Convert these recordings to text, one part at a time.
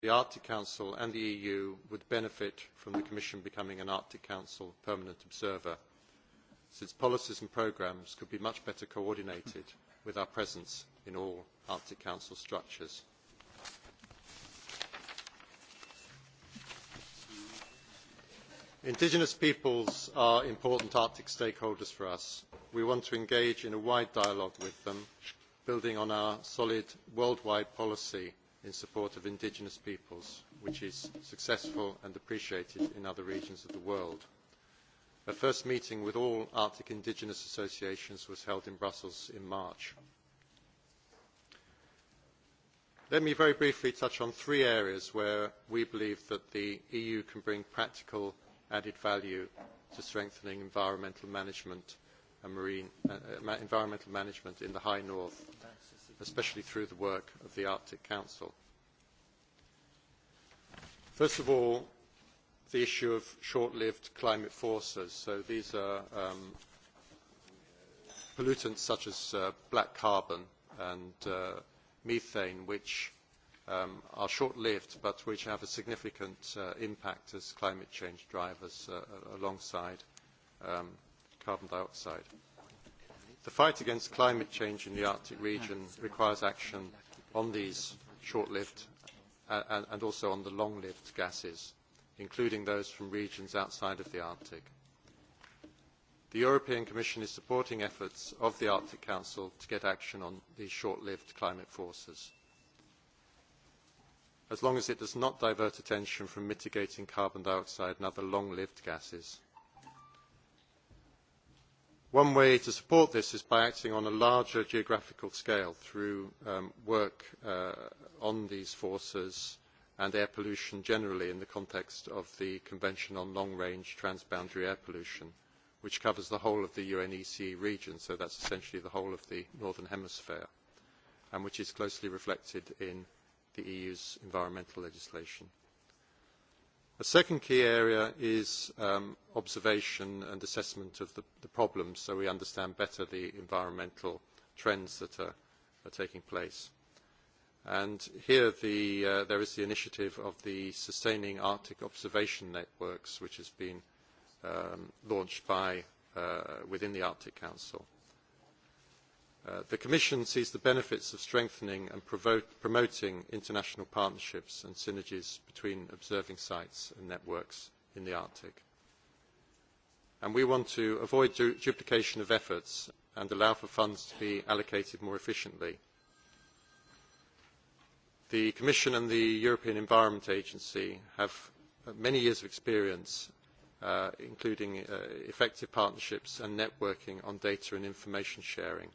The Arctic Council and the EU would benefit from the Commission becoming an Arctic Council permanent observer, since policies and programmes could be much better coordinated with our presence in all Arctic Council structures. Indigenous peoples are important Arctic stakeholders for us. We want to engage in a wide dialogue with them, building on our solid worldwide policy in support of indigenous peoples, which is successful and appreciated in other regions of the world. A first meeting with all Arctic Indigenous associations was held in Brussels in March. Let me very briefly touch on three areas where we believe that the EU can bring practical added value to strengthening environmental management and marine uh, uh environmental management in the high north especially through the work of the Arctic Council. First of all, the issue of short-lived climate forces. So these are um, pollutants such as uh, black carbon and uh, methane, which um, are short-lived but which have a significant uh, impact as climate change drivers uh, alongside um, carbon dioxide. The fight against climate change in the Arctic region requires action on these short-lived uh, uh, and also on the long-lived gases, including those from regions outside of the Arctic. The European Commission is supporting efforts of the Arctic Council to get action on these short-lived climate forces. As long as it does not divert attention from mitigating carbon dioxide and other long-lived gases, One way to support this is by acting on a larger geographical scale through um, work uh, on these forces and air pollution generally in the context of the Convention on Long-Range Transboundary Air Pollution, which covers the whole of the UNEC region, so that's essentially the whole of the Northern Hemisphere, and which is closely reflected in the EU's environmental legislation. A second key area is um, observation and assessment of the, the problems so we understand better the environmental trends that are, are taking place. And here the, uh, there is the initiative of the Sustaining Arctic Observation Networks, which has been um, launched by, uh, within the Arctic Council. Uh, the Commission sees the benefits of strengthening and promoting international partnerships and synergies between observing sites and networks in the Arctic. And we want to avoid du duplication of efforts and allow for funds to be allocated more efficiently. The Commission and the European Environment Agency have uh, many years of experience, uh, including uh, effective partnerships and networking on data and information sharing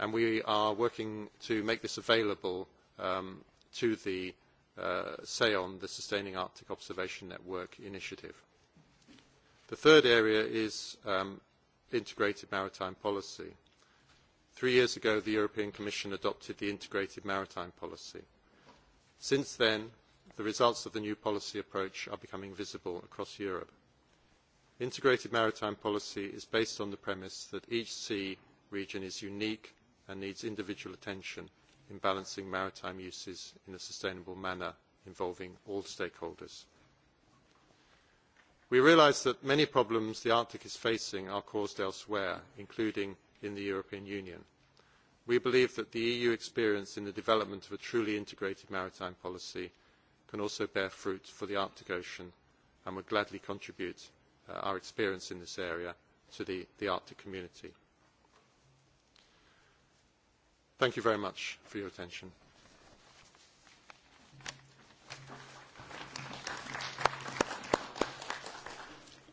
and we are working to make this available um, to the uh, SEON, the Sustaining Arctic Observation Network initiative. The third area is um, integrated maritime policy. Three years ago, the European Commission adopted the integrated maritime policy. Since then, the results of the new policy approach are becoming visible across Europe. Integrated maritime policy is based on the premise that each sea region is unique and needs individual attention in balancing maritime uses in a sustainable manner involving all stakeholders. We realise that many problems the Arctic is facing are caused elsewhere, including in the European Union. We believe that the EU experience in the development of a truly integrated maritime policy can also bear fruit for the Arctic Ocean and would gladly contribute uh, our experience in this area to the, the Arctic community. Thank you very much for your attention.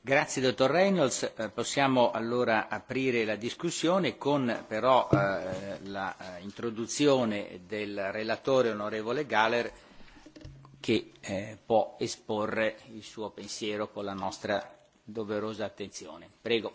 Grazie dottor Reynolds, eh, possiamo allora aprire la discussione con però eh, l'introduzione eh, del relatore onorevole Galler che eh, può esporre il suo pensiero con la nostra doverosa attenzione. Prego.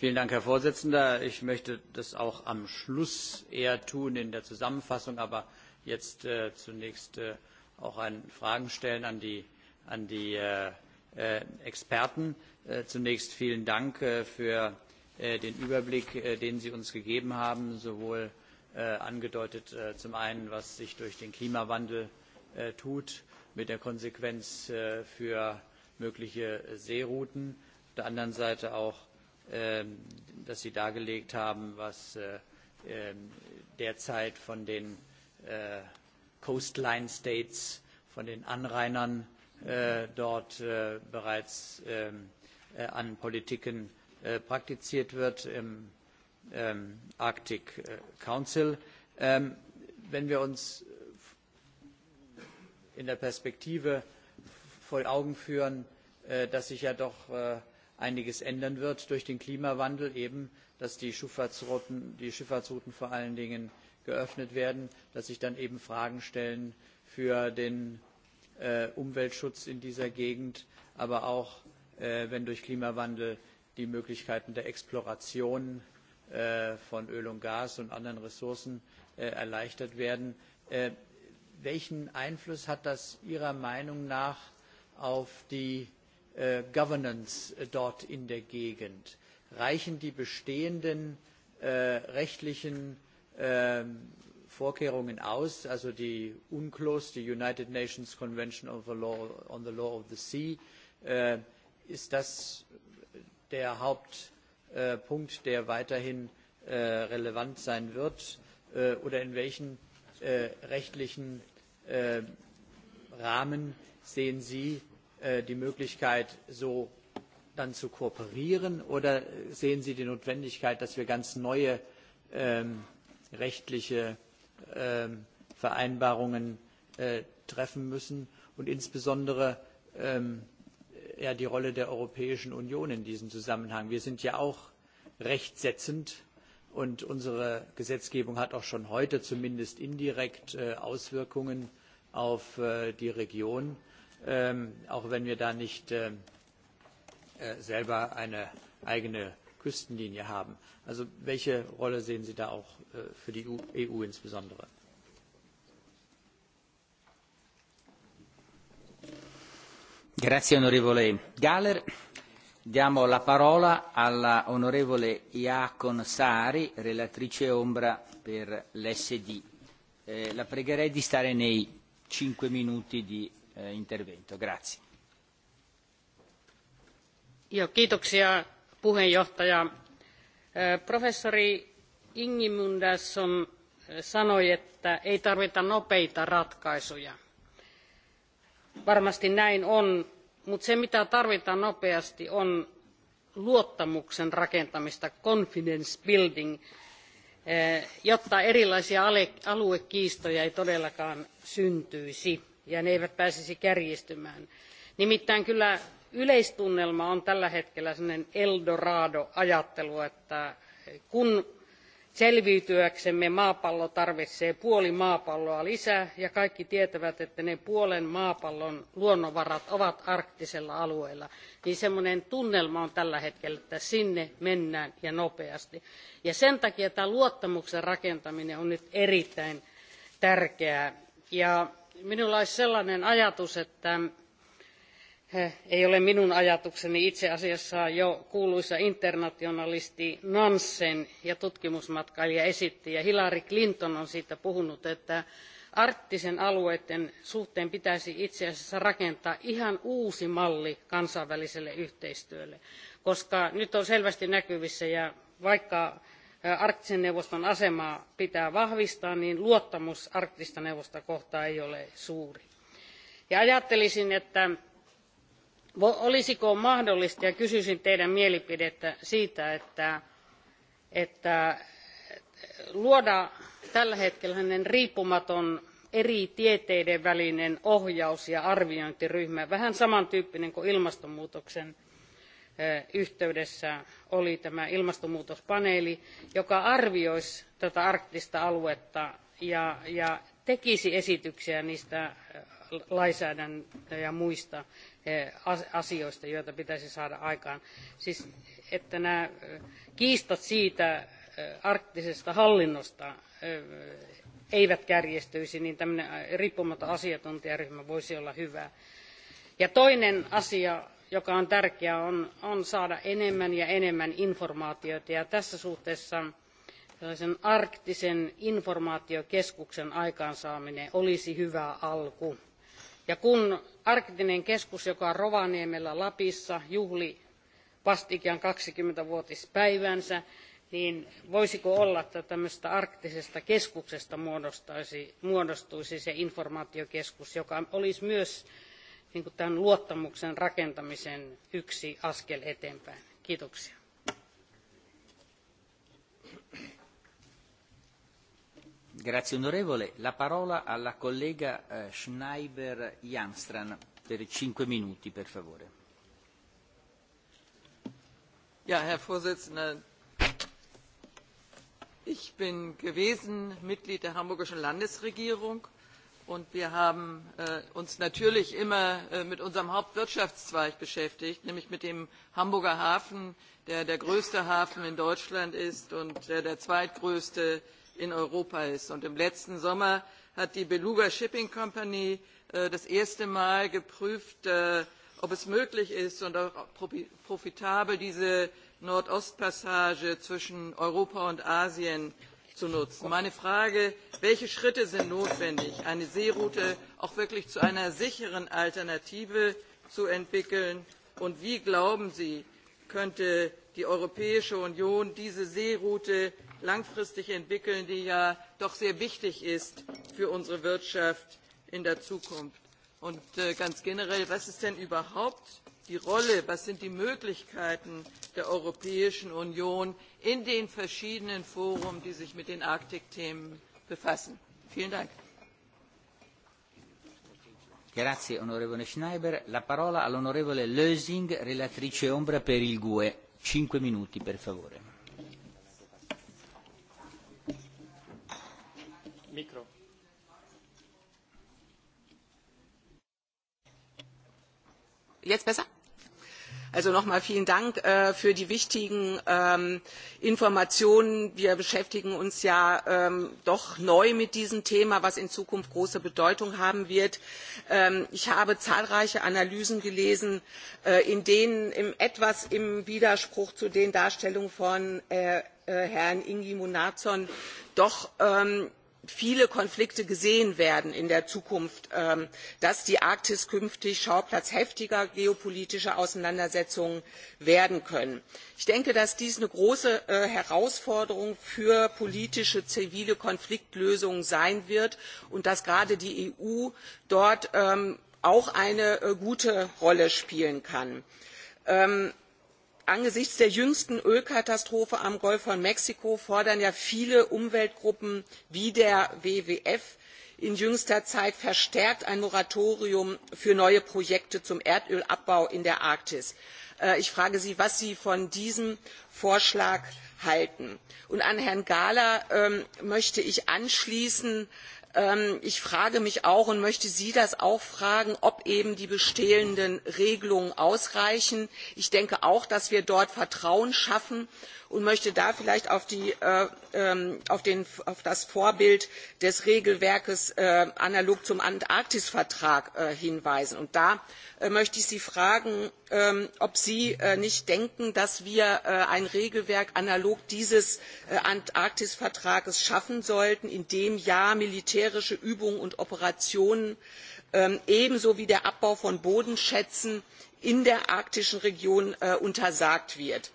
Vielen Dank, Herr Vorsitzender. Ich möchte das auch am Schluss eher tun in der Zusammenfassung, aber jetzt äh, zunächst äh, auch ein Fragen stellen an die, an die äh, äh, Experten. Äh, zunächst vielen Dank äh, für äh, den Überblick, äh, den Sie uns gegeben haben, sowohl äh, angedeutet äh, zum einen, was sich durch den Klimawandel äh, tut, mit der Konsequenz äh, für mögliche Seerouten, auf der anderen Seite auch Ähm, das Sie dargelegt haben, was äh, ähm, derzeit von den äh, Coastline States, von den Anrainern äh, dort bereits ähm, an Politiken praktiziert wird im Arctic Council. Wenn wir uns in der Perspektive vor Augen führen, dass sich ja doch einiges ändern wird durch den Klimawandel, eben, dass die Schifffahrtsrouten, die Schifffahrtsrouten vor allen Dingen geöffnet werden, dass sich dann eben Fragen stellen für den äh, Umweltschutz in dieser Gegend, aber auch, äh, wenn durch Klimawandel die Möglichkeiten der Exploration äh, von Öl und Gas und anderen Ressourcen äh, erleichtert werden. Äh, welchen Einfluss hat das Ihrer Meinung nach auf die äh, Governance äh, dort in der Gegend? Reichen die bestehenden äh, rechtlichen äh, Vorkehrungen aus, also die UNCLOS, die United Nations Convention on the Law, on the Law of the Sea, äh, ist das der Hauptpunkt, äh, der weiterhin äh, relevant sein wird äh, oder in welchen äh, rechtlichen Rahmen sehen Sie Äh, die Möglichkeit, so dann zu kooperieren? Oder sehen Sie die Notwendigkeit, dass wir ganz neue ähm, rechtliche ähm, Vereinbarungen äh, treffen müssen und insbesondere ähm, ja, die Rolle der Europäischen Union in diesem Zusammenhang? Wir sind ja auch rechtsetzend und unsere Gesetzgebung hat auch schon heute zumindest indirekt äh, Auswirkungen auf äh, die Region ähm, auch wenn wir da nicht ähm, äh, selber eine eigene Küstenlinie haben. Also welche Rolle sehen Sie da auch äh, für die EU, EU insbesondere? Grazie onorevole Galler. Diamo la parola alla onorevole Iacon Sari, relatrice ombra per l'SD. Eh, la pregherei di stare nei cinque minuti di eh, intervento. Grazie. Io, kiitoksia puheenjohtaja. Eh, professori Ingimundasson eh, sanoi, että ei tarvita nopeita ratkaisuja. Varmasti näin on, mutta se mitä tarvitaan nopeasti on luottamuksen rakentamista, confidence building, eh, jotta erilaisia aluekiistoja ei todellakaan syntyisi ja ne eivät pääsisi kärjistymään. Nimittäin kyllä yleistunnelma on tällä hetkellä sellainen Eldorado-ajattelu, että kun selviytyäksemme maapallo tarvitsee puoli maapalloa lisää ja kaikki tietävät, että ne puolen maapallon luonnonvarat ovat arktisella alueella, niin semmoinen tunnelma on tällä hetkellä, että sinne mennään ja nopeasti. Ja sen takia tämä luottamuksen rakentaminen on nyt erittäin tärkeää. Ja minulla olisi sellainen ajatus, että eh, ei ole minun ajatukseni itse asiassa jo kuuluisa internationalisti Nansen ja tutkimusmatkailija esitti, ja Hillary Clinton on siitä puhunut, että arktisen alueiden suhteen pitäisi itse asiassa rakentaa ihan uusi malli kansainväliselle yhteistyölle, koska nyt on selvästi näkyvissä ja vaikka Äh, arktisen neuvoston asemaa pitää vahvistaa, niin luottamus arktista neuvosta kohta ei ole suuri. Ja ajattelisin, että olisiko mahdollista, ja kysyisin teidän mielipidettä siitä, että, että luoda tällä hetkellä hänen riippumaton eri tieteiden välinen ohjaus ja arviointiryhmä, vähän samantyyppinen kuin ilmastonmuutoksen yhteydessä oli tämä ilmastonmuutospaneeli, joka arvioisi tätä arktista aluetta ja, ja tekisi esityksiä niistä lainsäädäntö ja muista asioista, joita pitäisi saada aikaan. Siis, että nämä kiistat siitä arktisesta hallinnosta eivät kärjestyisi, niin tämmöinen riippumaton asiantuntijaryhmä voisi olla hyvä. Ja toinen asia joka on tärkeää, on, on saada enemmän ja enemmän informaatiota. Ja tässä suhteessa tällaisen arktisen informaatiokeskuksen aikaansaaminen olisi hyvä alku. Ja kun arktinen keskus, joka on Rovaniemellä Lapissa, juhli vastikian 20-vuotispäivänsä, niin voisiko olla, että tämmöistä arktisesta keskuksesta muodostuisi se informaatiokeskus, joka olisi myös niin kuin tämän luottamuksen rakentamisen yksi askel eteenpäin. Kiitoksia. Grazie onorevole. La parola alla collega eh, Schneider Janstran per 5 minuti, per favore. Ja, Herr Vorsitzender, ich bin gewesen Mitglied der hamburgischen Landesregierung Und wir haben äh, uns natürlich immer äh, mit unserem Hauptwirtschaftszweig beschäftigt, nämlich mit dem Hamburger Hafen, der der größte Hafen in Deutschland ist und der der zweitgrößte in Europa ist. Und im letzten Sommer hat die Beluga Shipping Company äh, das erste Mal geprüft, äh, ob es möglich ist und auch profitabel diese Nordostpassage zwischen Europa und Asien zu nutzen. Meine Frage, welche Schritte sind notwendig, eine Seeroute auch wirklich zu einer sicheren Alternative zu entwickeln? Und wie glauben Sie, könnte die Europäische Union diese Seeroute langfristig entwickeln, die ja doch sehr wichtig ist für unsere Wirtschaft in der Zukunft? Und äh, ganz generell, was ist denn überhaupt die Rolle, was sind die Möglichkeiten der Europäischen Union, in den verschiedenen Forum, die sich mit den Arktikthemen befassen. Vielen Dank. Grazie onorevole La parola all'onorevole Lösing, relatrice ombra per il GUE. Cinque minuti per favore. Micro. Jetzt besser? Also nochmal vielen Dank äh, für die wichtigen ähm, Informationen. Wir beschäftigen uns ja ähm, doch neu mit diesem Thema, was in Zukunft große Bedeutung haben wird. Ähm, ich habe zahlreiche Analysen gelesen, äh, in denen im, etwas im Widerspruch zu den Darstellungen von äh, äh Herrn Ingi Munazon doch ähm, viele Konflikte gesehen werden in der Zukunft, ähm, dass die Arktis künftig Schauplatz heftiger geopolitischer Auseinandersetzungen werden können. Ich denke, dass dies eine große äh, Herausforderung für politische zivile Konfliktlösungen sein wird und dass gerade die EU dort ähm, auch eine äh, gute Rolle spielen kann. Ähm, angesichts der jüngsten Ölkatastrophe am Golf von Mexiko fordern ja viele Umweltgruppen wie der WWF in jüngster Zeit verstärkt ein Moratorium für neue Projekte zum Erdölabbau in der Arktis. Äh, ich frage Sie, was Sie von diesem Vorschlag halten. Und an Herrn Gahler ähm, möchte ich anschließen, Ähm, ich frage mich auch und möchte Sie das auch fragen, ob eben die bestehenden Regelungen ausreichen. Ich denke auch, dass wir dort Vertrauen schaffen und möchte da vielleicht auf, die, äh, ähm, auf, den, auf das Vorbild des Regelwerkes äh, analog zum Antarktisvertrag äh, hinweisen. Und da möchte ich Sie fragen, ähm, ob Sie nicht denken, dass wir ein Regelwerk analog dieses Antarktisvertrages schaffen sollten, in dem ja militärische Übungen und Operationen ähm, ebenso wie der Abbau von Bodenschätzen in der arktischen Region untersagt wird.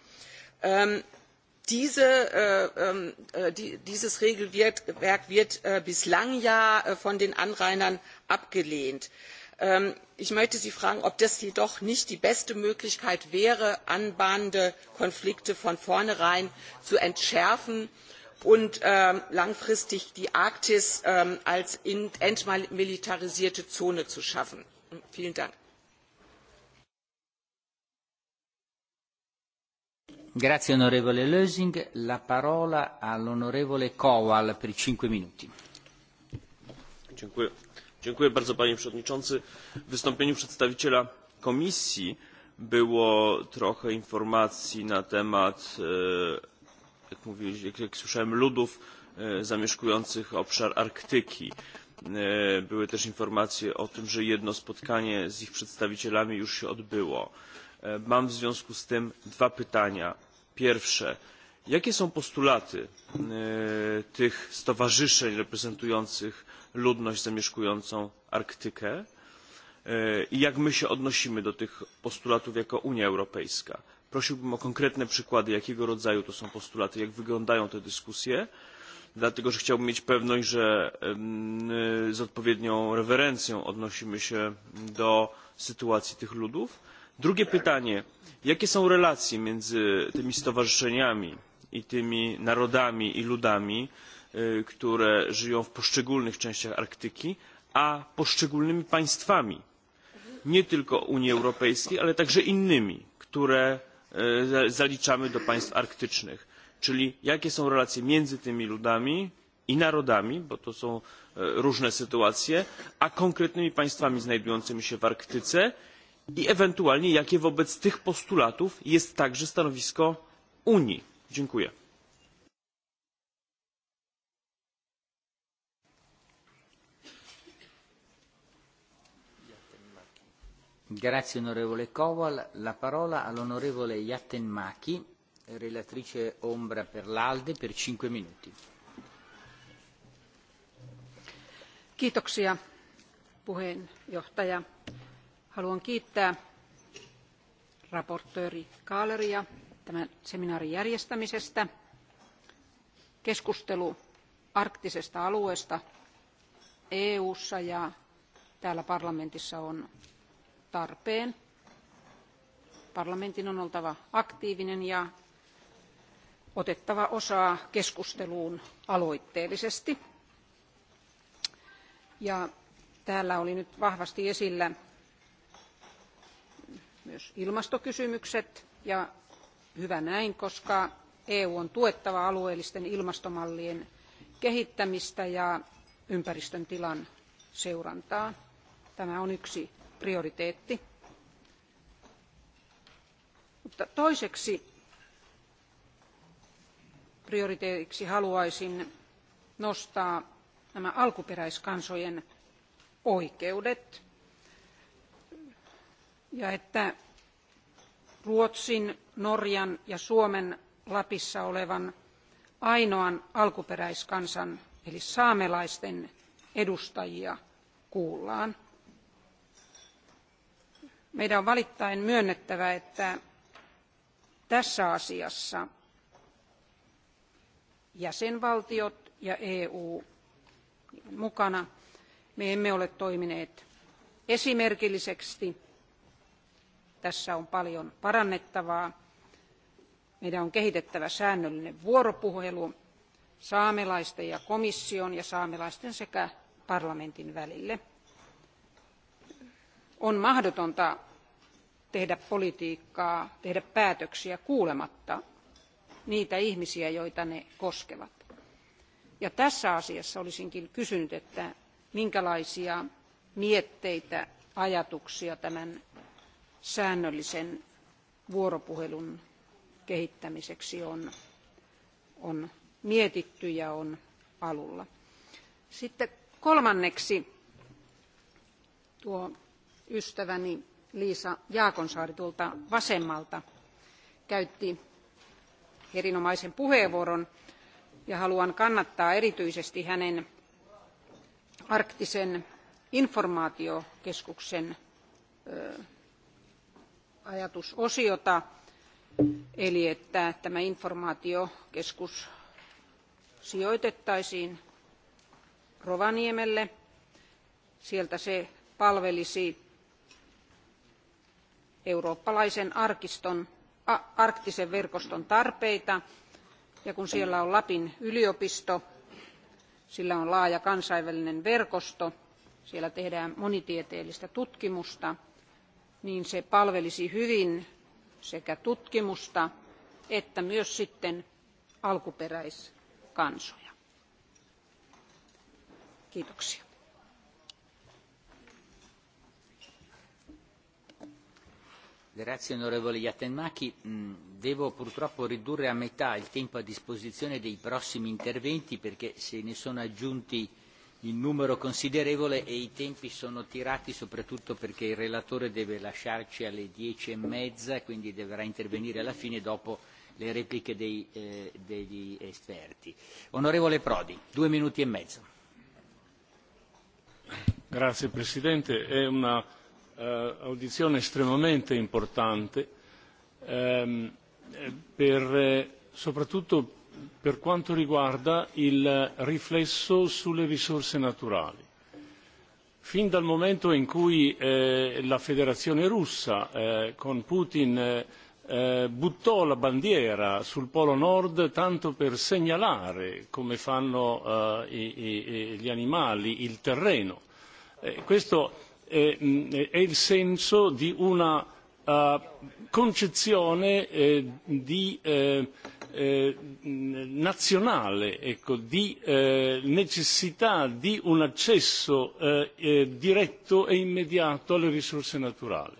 Diese, äh, ähm, äh, die, dieses Regelwerk wird äh, bislang ja äh, von den Anrainern abgelehnt. Ähm, ich möchte Sie fragen, ob das jedoch nicht die beste Möglichkeit wäre, anbahnende Konflikte von vornherein zu entschärfen und ähm, langfristig die Arktis ähm, als entmilitarisierte Zone zu schaffen. Vielen Dank. Grazie onorevole Lösing. La parola all'onorevole Kowal per 5 minuti. Dziękuję. Dziękuję bardzo panie przewodniczący. W wystąpieniu przedstawiciela komisji było trochę informacji na temat, e, jak, mówiłeś, jak, jak słyszałem, ludów e, zamieszkujących obszar Arktyki. E, były też informacje o tym, że jedno spotkanie z ich przedstawicielami już się odbyło. E, mam w związku z tym dwa pytania. Pierwsze, jakie są postulaty e, tych stowarzyszeń reprezentujących ludność zamieszkującą Arktykę e, i jak my się odnosimy do tych postulatów jako Unia Europejska? Prosiłbym o konkretne przykłady, jakiego rodzaju to są postulaty, jak wyglądają te dyskusje dlatego że chciałbym mieć pewność, że z odpowiednią rewerencją odnosimy się do sytuacji tych ludów. Drugie pytanie. Jakie są relacje między tymi stowarzyszeniami i tymi narodami i ludami, które żyją w poszczególnych częściach Arktyki, a poszczególnymi państwami, nie tylko Unii Europejskiej, ale także innymi, które zaliczamy do państw arktycznych? Czyli jakie są relacje między tymi ludami i narodami, bo to są różne sytuacje, a konkretnymi państwami znajdującymi się w Arktyce i ewentualnie jakie wobec tych postulatów jest także stanowisko Unii. Dziękuję. Grazie onorevole Koval. La parola all'onorevole Yattenmaki, relatrice ombra per l'Alde, per 5 minuti. Kiitoksia puheenjohtaja. Haluan kiittää raportööri Kaaleria tämän seminaarin järjestämisestä. Keskustelu arktisesta alueesta EU:ssa ja täällä parlamentissa on tarpeen. Parlamentin on oltava aktiivinen ja otettava osaa keskusteluun aloitteellisesti. Ja täällä oli nyt vahvasti esillä myös ilmastokysymykset ja hyvä näin, koska EU on tuettava alueellisten ilmastomallien kehittämistä ja ympäristön tilan seurantaa. Tämä on yksi prioriteetti. Mutta toiseksi prioriteetiksi haluaisin nostaa nämä alkuperäiskansojen oikeudet ja että Ruotsin, Norjan ja Suomen Lapissa olevan ainoan alkuperäiskansan eli saamelaisten edustajia kuullaan. Meidän on valittain myönnettävä, että tässä asiassa jäsenvaltiot ja EU mukana me emme ole toimineet esimerkillisesti tässä on paljon parannettavaa. meidän on kehitettävä säännöllinen vuoropuhelu saamelaisten ja komission ja saamelaisten sekä parlamentin välille. on mahdotonta tehdä politiikkaa tehdä päätöksiä kuulematta niitä ihmisiä joita ne koskevat. Ja tässä asiassa olisinkin kysynyt että minkälaisia mietteitä ajatuksia tämän säännöllisen vuoropuhelun kehittämiseksi on, on mietitty ja on alulla. Sitten kolmanneksi tuo ystäväni Liisa Jaakonsaari tuolta vasemmalta käytti erinomaisen puheenvuoron ja haluan kannattaa erityisesti hänen arktisen informaatiokeskuksen ajatusosiota, eli että tämä informaatiokeskus sijoitettaisiin Rovaniemelle. Sieltä se palvelisi eurooppalaisen arkiston, arktisen verkoston tarpeita. Ja kun siellä on Lapin yliopisto, sillä on laaja kansainvälinen verkosto, siellä tehdään monitieteellistä tutkimusta niin se palvelisi hyvin sekä tutkimusta että myös sitten alkuperäiskansoja. Kiitoksia. Grazie onorevole Yatenmaki. Mm, devo purtroppo ridurre a metà il tempo a disposizione dei prossimi interventi perché se ne sono aggiunti in numero considerevole e i tempi sono tirati soprattutto perché il relatore deve lasciarci alle dieci e mezza, e quindi dovrà intervenire alla fine dopo le repliche dei, eh, degli esperti. Onorevole Prodi, due minuti e mezzo. Grazie Presidente, è un'audizione eh, estremamente importante um, per, eh, soprattutto per quanto riguarda il riflesso sulle risorse naturali. Fin dal momento in cui eh, la Federazione russa eh, con Putin eh, eh buttò la bandiera sul Polo Nord tanto per segnalare, come fanno eh, i, i, gli animali, il terreno. Eh, questo è, è il senso di una uh, concezione eh, di eh, Eh, nazionale ecco, di eh, necessità di un accesso eh, eh, diretto e immediato alle risorse naturali.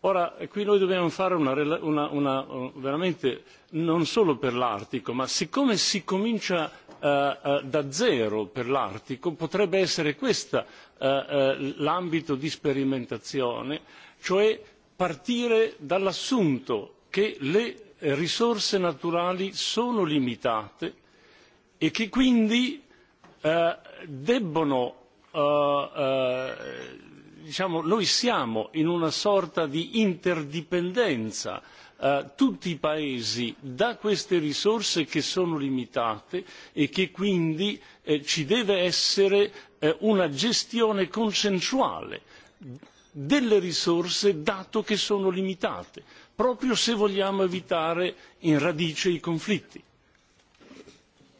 Ora, qui noi dobbiamo fare una, una, una, uh, veramente non solo per l'Artico, ma siccome si comincia eh, da zero per l'Artico, potrebbe essere questo l'ambito di sperimentazione, cioè partire dall'assunto che le risorse naturali sono limitate e che quindi eh, debbono eh, eh diciamo noi siamo in una sorta di interdipendenza eh, tutti i paesi da queste risorse che sono limitate e che quindi eh, ci deve essere una gestione consensuale delle risorse dato che sono limitate proprio se vogliamo evitare in radice i conflitti.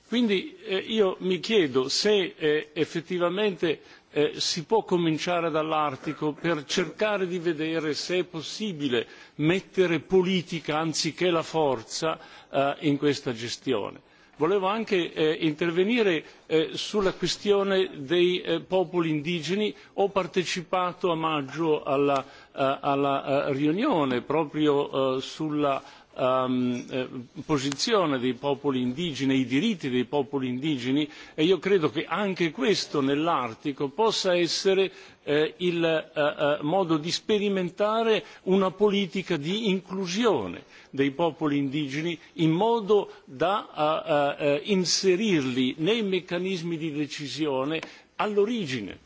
Quindi eh, io mi chiedo se eh, effettivamente eh, si può cominciare dall'Artico per cercare di vedere se è possibile mettere politica anziché la forza eh, in questa gestione volevo anche eh, intervenire eh, sulla questione dei eh, popoli indigeni. Ho partecipato a maggio alla, eh, alla eh, riunione proprio eh, sulla um, posizione dei popoli indigeni, i diritti dei popoli indigeni e io credo che anche questo nell'Artico possa essere eh, il eh, eh modo di sperimentare una politica di inclusione dei popoli indigeni in modo da eh, eh inserirli nei meccanismi di decisione all'origine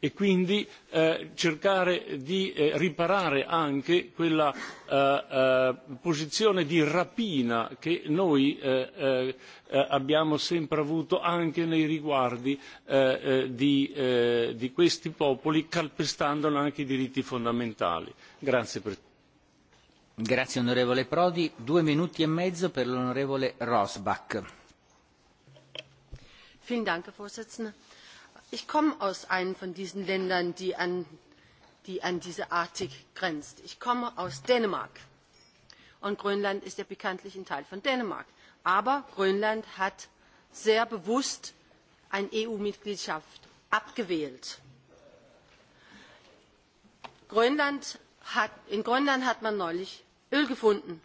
e quindi eh, cercare di eh, riparare anche quella eh, eh posizione di rapina che noi eh, eh, abbiamo sempre avuto anche nei riguardi di, di, questi popoli calpestando anche i diritti fondamentali. Grazie per Grazie onorevole Prodi. Due minuti e mezzo per l'onorevole Rosbach. Vielen Dank, Herr Vorsitzender. Ich komme aus einem von diesen Ländern, die an, die an diese Arktik grenzt. Ich komme aus Dänemark. Und Grönland ist ja bekanntlich ein Teil von Dänemark. Aber Grönland hat sehr bewusst eine EU-Mitgliedschaft abgewählt. Grönland hat, in Grönland hat man neulich Öl gefunden.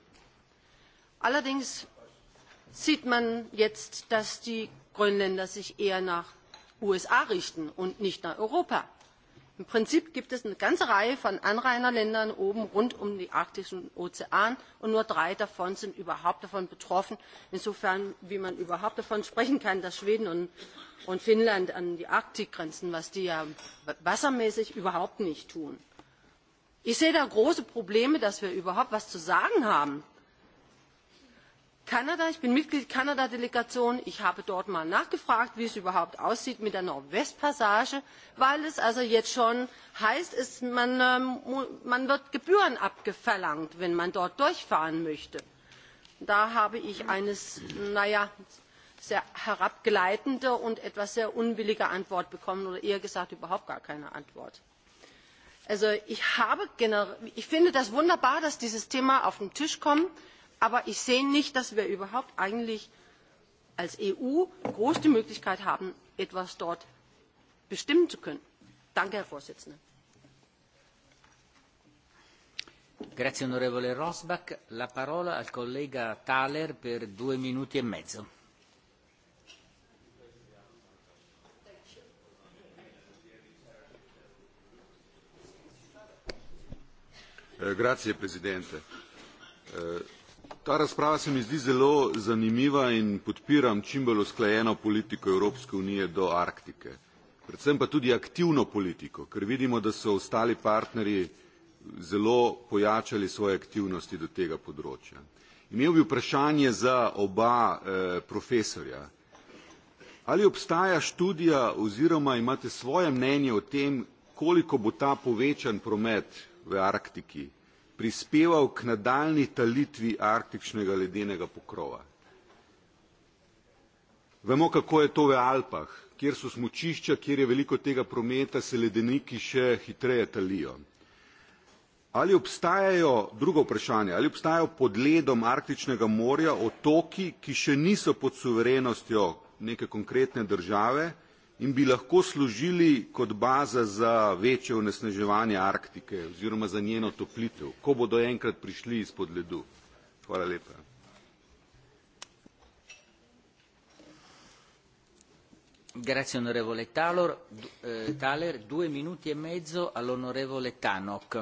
Allerdings sieht man jetzt, dass die Grönländer sich eher nach USA richten und nicht nach Europa. Im Prinzip gibt es eine ganze Reihe von Anrainerländern oben rund um den arktischen Ozean und nur drei davon sind überhaupt davon betroffen. Insofern, wie man überhaupt davon sprechen kann, dass Schweden und, und Finnland an die Arktik grenzen, was die ja wassermäßig überhaupt nicht tun. Ich sehe da große Probleme, dass wir überhaupt was zu sagen haben Kanada, ich bin Mitglied der Kanada-Delegation. Ich habe dort mal nachgefragt, wie es überhaupt aussieht mit der Nordwestpassage, weil es also jetzt schon heißt, es, man, ähm, man wird Gebühren abgeverlangt, wenn man dort durchfahren möchte. Da habe ich eine naja, sehr herabgleitende und etwas sehr unwillige Antwort bekommen oder eher gesagt überhaupt gar keine Antwort. Also ich, habe ich finde das wunderbar, dass dieses Thema auf den Tisch kommt Aber ich sehe nicht, dass wir überhaupt eigentlich als EU groß die Möglichkeit haben, etwas dort bestimmen zu können. Danke, Herr Vorsitzender. Grazie onorevole Rosbach. La parola al collega Thaler per due minuti e mezzo. Eh, grazie Presidente. Eh, Ta razprava se mi zdi zelo zanimiva in podpiram čim bolj usklajeno politiko Evropske unije do Arktike. Predvsem pa tudi aktivno politiko, ker vidimo, da so ostali partnerji zelo pojačali svoje aktivnosti do tega področja. Imel bi vprašanje za oba eh, profesorja. Ali obstaja študija oziroma imate svoje mnenje o tem, koliko bo ta povečan promet v Arktiki prispeval k nadaljni talitvi arktičnega ledenega pokrova. Vemo, kako je to v Alpah, kjer so smučišča, kjer je veliko tega prometa, se ledeniki še hitreje talijo. Ali obstajajo, drugo vprašanje, ali obstajajo pod ledom Arktičnega morja otoki, ki še niso pod suverenostjo neke konkretne države, in bi lahko služili kot baza za večje onesnaževanje Arktike oziroma za njeno toplitev, ko bodo enkrat prišli izpod ledu. Hvala lepa. Grazie onorevole Talor. Eh, Taler, due minuti e mezzo all'onorevole Tanok.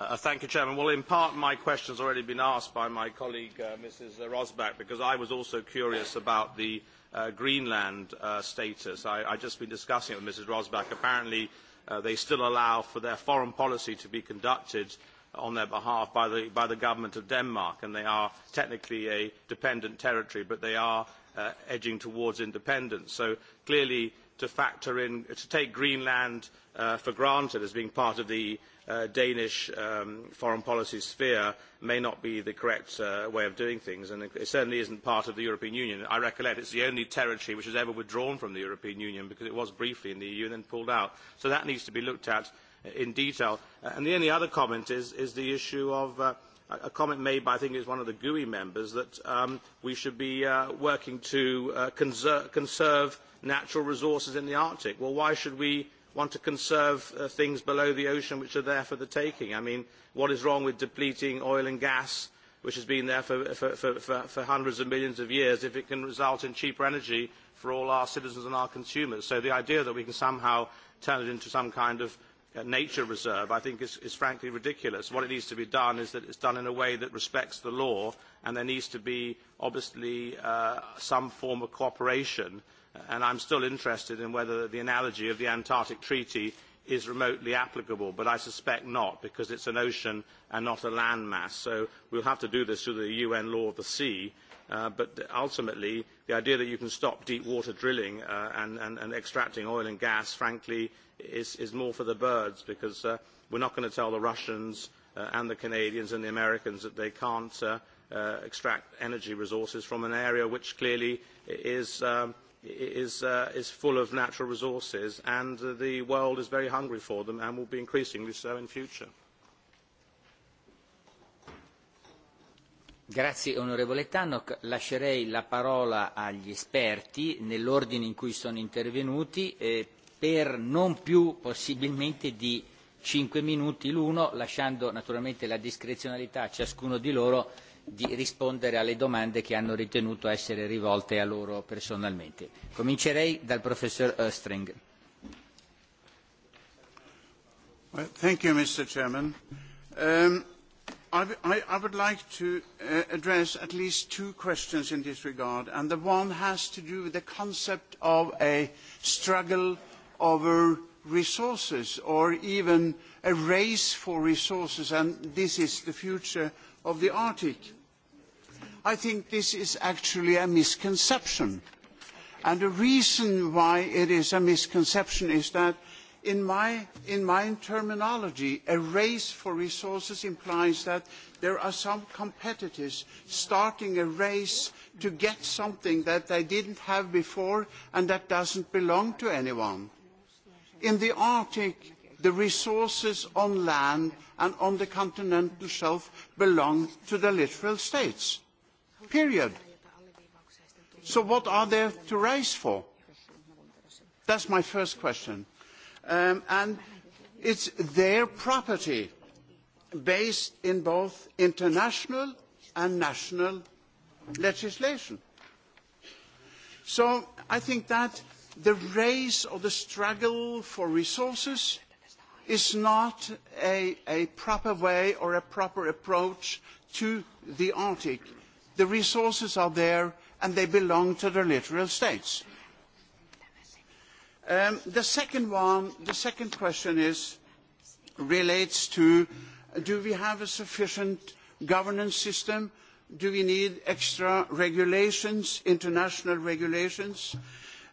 Uh, thank you, Chairman. Well, in part, my question has already been asked by my colleague, uh, Mrs. Rosbach, because I was also curious about the uh, uh, Greenland uh, status. I, I've just been discussing it with Mrs. Rosbach. Apparently, uh, they still allow for their foreign policy to be conducted on their behalf by the, by the government of Denmark, and they are technically a dependent territory, but they are uh, edging towards independence. So clearly, to factor in, to take Greenland uh, for granted as being part of the uh, Danish um, foreign policy sphere may not be the correct uh, way of doing things, and it, certainly isn't part of the European Union. I recollect it's the only territory which has ever withdrawn from the European Union because it was briefly in the EU and then pulled out. So that needs to be looked at in detail. Uh, and the only other comment is, is the issue of uh, a comment made by, I think it was one of the GUI members, that um, we should be uh, working to uh, conserve, conserve natural resources in the Arctic. Well, why should we want to conserve uh, things below the ocean which are there for the taking? I mean, what is wrong with depleting oil and gas, which has been there for, for, for, for hundreds of millions of years, if it can result in cheaper energy for all our citizens and our consumers? So the idea that we can somehow turn it into some kind of Uh, nature reserve I think is, is frankly ridiculous. What it needs to be done is that it is done in a way that respects the law and there needs to be obviously uh, some form of cooperation and I am still interested in whether the analogy of the Antarctic Treaty is remotely applicable but I suspect not because it is an ocean and not a land mass so we will have to do this through the UN law of the sea Uh, but ultimately the idea that you can stop deep water drilling uh, and, and, and extracting oil and gas frankly is, is more for the birds because uh, we're not going to tell the Russians uh, and the Canadians and the Americans that they can't uh, uh, extract energy resources from an area which clearly is, um, is, uh, is full of natural resources and uh, the world is very hungry for them and will be increasingly so in future. Grazie onorevole Tannock. Lascerei la parola agli esperti nell'ordine in cui sono intervenuti. Eh, per non più possibilmente di cinque minuti l'uno, lasciando naturalmente la discrezionalità a ciascuno di loro di rispondere alle domande che hanno ritenuto essere rivolte a loro personalmente. Comincerei dal professor Östring. Well, thank you, Mr. Chairman. Um, I, I, I would like to uh, address at least two questions in this regard, and the one has to do with the concept of a struggle over resources or even a race for resources and this is the future of the Arctic. I think this is actually a misconception. And the reason why it is a misconception is that in my, in my terminology, a race for resources implies that there are some competitors starting a race to get something that they didn't have before and that doesn't belong to anyone. In the Arctic, the resources on land and on the continental shelf belong to the literal states. Period. So what are there to raise for? That's my first question. Um, and it's their property based in both international and national legislation. So I think that the race or the struggle for resources is not a, a proper way or a proper approach to the Arctic. The resources are there and they belong to the literal states. Um, the second one, the second question is, relates to do we have a sufficient governance system? Do we need extra regulations, international regulations? Uh,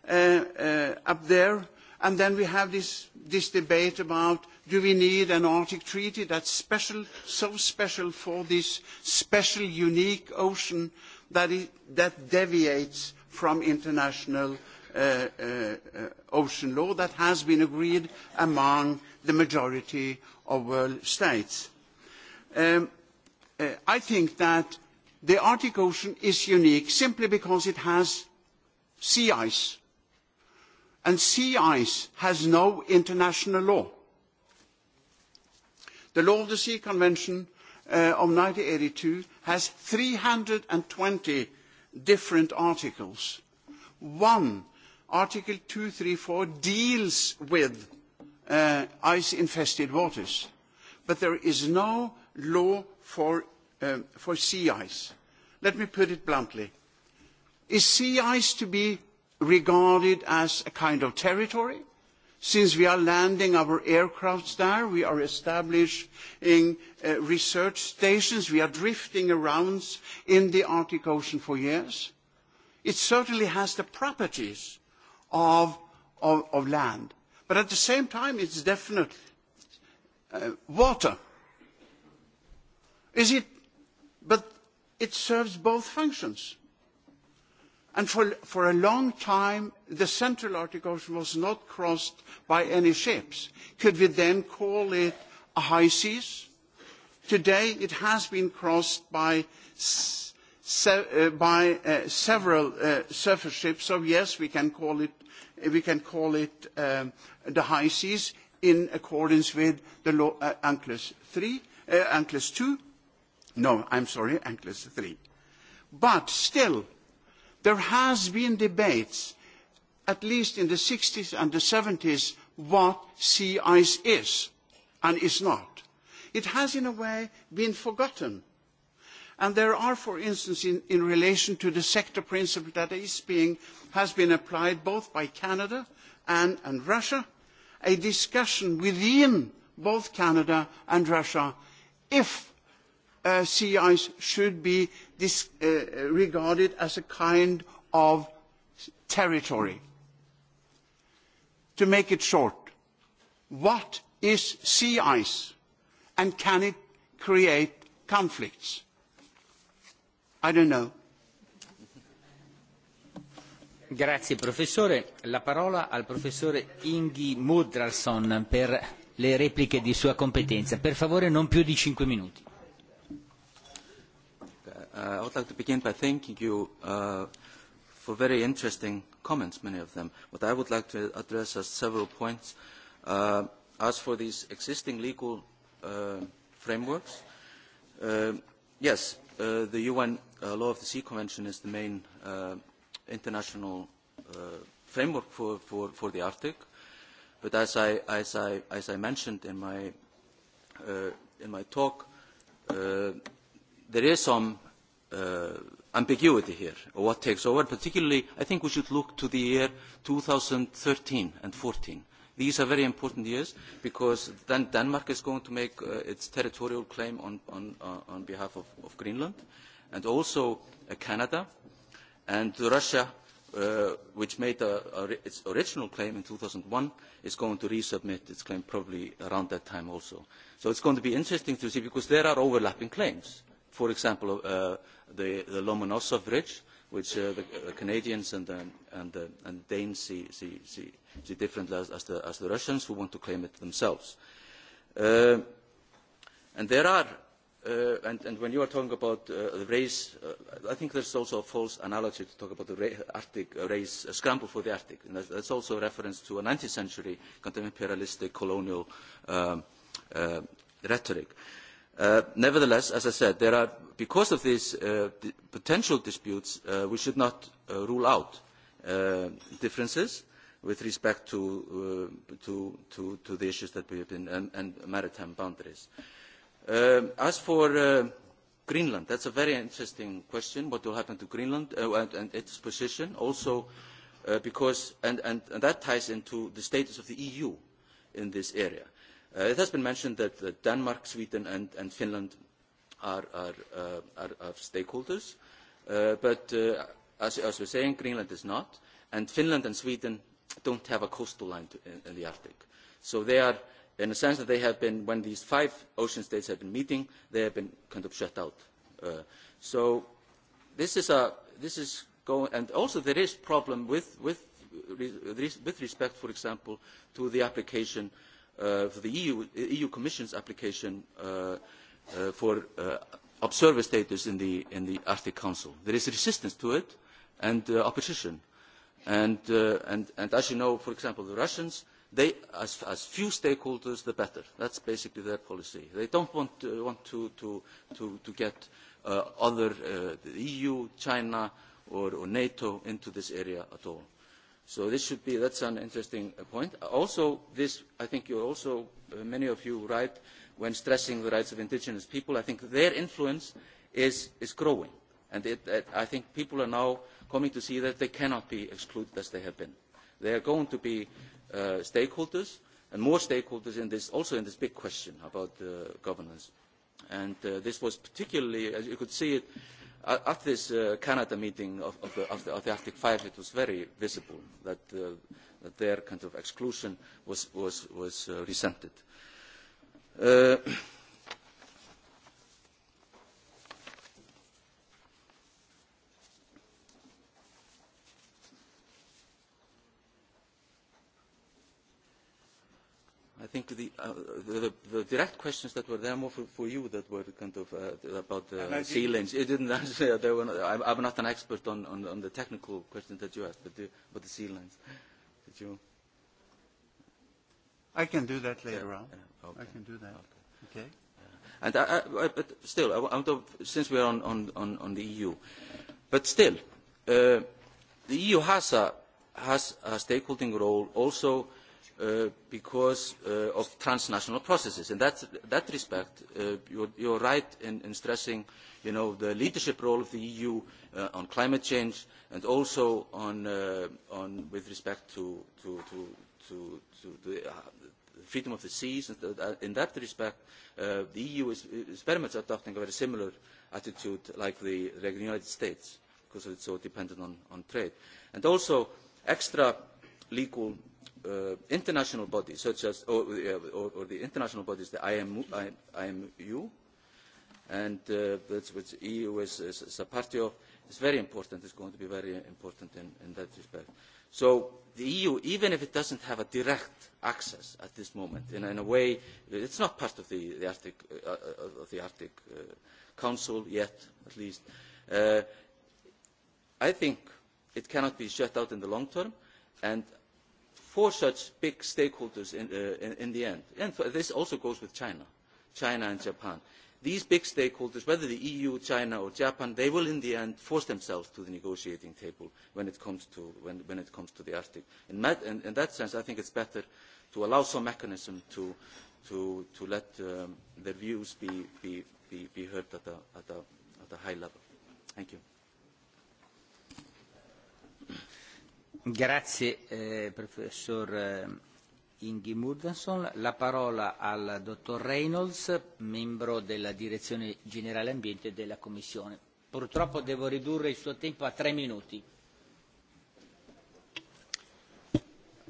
Uh, uh, up there. And then we have this, this debate about do we need an Arctic treaty that's special, so special for this special, unique ocean that, it, that deviates from international uh, uh, ocean law that has been agreed among the majority of world states. Um, uh, I think that the Arctic Ocean is unique simply because it has sea ice and sea ice has no international law. The Law of the Sea Convention uh, of eighty two has three hundred and twenty different articles. One, Article two hundred and four deals with uh, ice-infested waters, but there is no law for, uh, for sea ice. Let me put it bluntly. Is sea ice to be regarded as a kind of territory. Since we are landing our aircrafts there, we are establishing uh, research stations, we are drifting around in the Arctic Ocean for years. It certainly has the properties of, of, of land. But at the same time, it's definitely uh, water. Is it, but it serves both functions. And for, for a long time, the central Arctic Ocean was not crossed by any ships. Could we then call it a high seas? Today, it has been crossed by, se uh, by uh, several uh, surface ships, so yes, we can call it, we can call it um, the high seas in accordance with the law uh, Anclus 3, uh, Anclus 2. No, I'm sorry, Anclus 3. But still, There has been debates, at least in the 60s and the 70s, what sea ice is and is not. It has, in a way, been forgotten. And there are, for instance, in, in relation to the sector principle that is being, has been applied both by Canada and, and Russia, a discussion within both Canada and Russia if uh, CIs should be dis, uh, regarded as a kind of territory. To make it short, what is sea ice and can it create conflicts? I don't know. Grazie professore. La parola al professore Ingi Mudralson per le repliche di sua competenza. Per favore non più di cinque minuti. Uh, I would like to begin by thanking you uh, for very interesting comments, many of them. But I would like to address as several points. Uh, as for these existing legal uh, frameworks, uh, yes, uh, the UN uh, Law of the Sea Convention is the main uh, international uh, framework for, for, for the Arctic. But as I, as I, as I mentioned in my, uh, in my talk, uh, there is some uh, ambiguity here, or what takes over. Particularly, I think we should look to the year 2013 and 14. These are very important years because then Denmark is going to make uh, its territorial claim on, on, uh, on behalf of, of Greenland and also uh, Canada and Russia, uh, which made a, a, its original claim in 2001, is going to resubmit its claim probably around that time also. So it's going to be interesting to see because there are overlapping claims for example, uh, the, the Lomonosov Bridge, which uh, the, the uh, Canadians and the, and the and Danes see, see, see, see differently as, as, the, as the Russians who want to claim it themselves. Uh, and there are, uh, and, and when you are talking about uh, the race, uh, I think there's also a false analogy to talk about the ra Arctic uh, race, a uh, scramble for the Arctic. And that's, that's also a reference to a 19th century kind imperialistic colonial um, uh, rhetoric. Uh, Uh, nevertheless, as I said, there are, because of these uh, potential disputes, uh, we should not uh, rule out uh, differences with respect to, uh, to, to, to the issues that we have been, and, and maritime boundaries. Uh, as for uh, Greenland, that's a very interesting question, what will happen to Greenland uh, and, and its position, also uh, because, and, and, and that ties into the status of the EU in this area Uh, it has been mentioned that Denmark, Sweden and, and Finland are, are, uh, are, are stakeholders, uh, but uh, as, as we're saying, Greenland is not, and Finland and Sweden don't have a coastal line to, in, in the Arctic. So they are, in a sense that they have been, when these five ocean states have been meeting, they have been kind of shut out. Uh, so this is a, this is going, and also there is problem with, with, with respect, for example, to the application uh, the EU, EU Commission's application uh, uh, for uh, observer status in the, in the Arctic Council. There is resistance to it and uh, opposition. And, uh, and, and as you know, for example, the Russians, they, as, as few stakeholders, the better. That's basically their policy. They don't want to, uh, want to, to, to, to get uh, other, uh, the EU, China, or, or NATO into this area at all. So this should be, that's an interesting uh, point. Also, this, I think you also, uh, many of you right when stressing the rights of indigenous people. I think their influence is, is growing. And it, it, I think people are now coming to see that they cannot be excluded as they have been. They are going to be uh, stakeholders and more stakeholders in this, also in this big question about uh, governance. And uh, this was particularly, as you could see it, at this uh, Canada meeting of, of, the, of, the, of the Arctic Five, it was very visible that, uh, that their kind of exclusion was, was, was uh, resented. Uh, I think the, uh, the, the direct questions that were there more for, for you that were kind of uh, about uh, ceilings. You didn't answer. They were not, I'm, I'm not an expert on, on, on the technical questions that you asked, but the, about the ceilings. Did you? I can do that later yeah, on. Yeah, okay. I can do that. Okay. okay. Yeah. And I, I, I, but still, I, I'm to, since we're on, on, on, on the EU, but still, uh, the EU has a, has a stakeholding role also Uh, because uh, of transnational processes. In that, that respect, uh, you're, you're right in, in stressing you know, the leadership role of the EU uh, on climate change and also on, uh, on with respect to, to, to, to, to the, uh, freedom of the seas. In that respect, uh, the EU is, is very much adopting a very similar attitude like the, like the United States because it's so dependent on, on trade. And also, extra legal uh, international bodies, such as or, uh, or, or the international bodies, the IMU, IMU and uh, that's which EU is, is, is a party of, is very important. It's going to be very important in, in that respect. So the EU, even if it doesn't have a direct access at this moment, in, in a way, it's not part of the, the Arctic, uh, uh of the Arctic uh, Council yet, at least. Uh, I think it cannot be shut out in the long term, and for such big stakeholders in, uh, in, in the end. And for, this also goes with China, China and Japan. These big stakeholders, whether the EU, China or Japan, they will in the end force themselves to the negotiating table when it comes to, when, when it comes to the Arctic. In, mat, in, in that sense, I think it's better to allow some mechanism to, to, to let um, their views be, be, be, be heard at a, at, a, at a high level. Thank you. Grazie eh, professor eh, Ingi Murdenson. La parola al dottor Reynolds, membro della Direzione Generale Ambiente della Commissione. Purtroppo devo ridurre il suo tempo a tre minuti.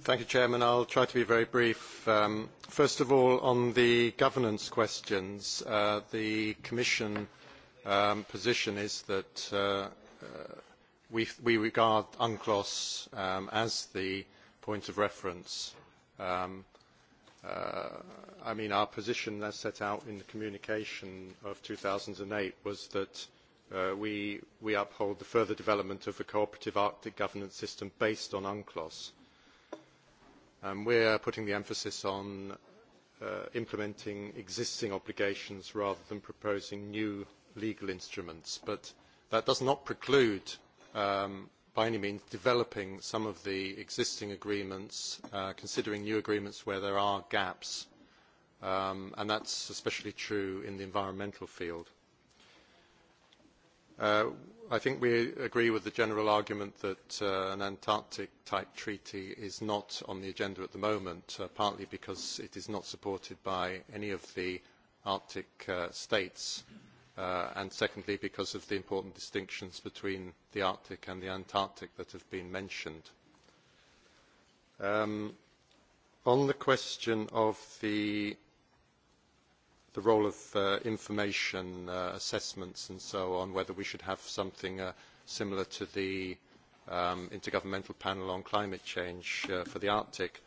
Thank you, Chairman. I'll try to be very brief. Um, first of all, on the governance questions, uh, the Commission um, position is that uh, uh, we, we regard UNCLOS um, as the point of reference. Um, uh, I mean, our position as set out in the communication of 2008 was that uh, we, we uphold the further development of a cooperative Arctic governance system based on UNCLOS. Um, we are putting the emphasis on uh, implementing existing obligations rather than proposing new legal instruments. But that does not preclude um, by any means developing some of the existing agreements, uh, considering new agreements where there are gaps. Um, and that's especially true in the environmental field. Uh, I think we agree with the general argument that uh, an Antarctic-type treaty is not on the agenda at the moment, uh, partly because it is not supported by any of the Arctic uh, states uh, and secondly because of the important distinctions between the Arctic and the Antarctic that have been mentioned. Um, on the question of the, the role of uh, information uh, assessments and so on, whether we should have something uh, similar to the um, Intergovernmental Panel on Climate Change uh, for the Arctic,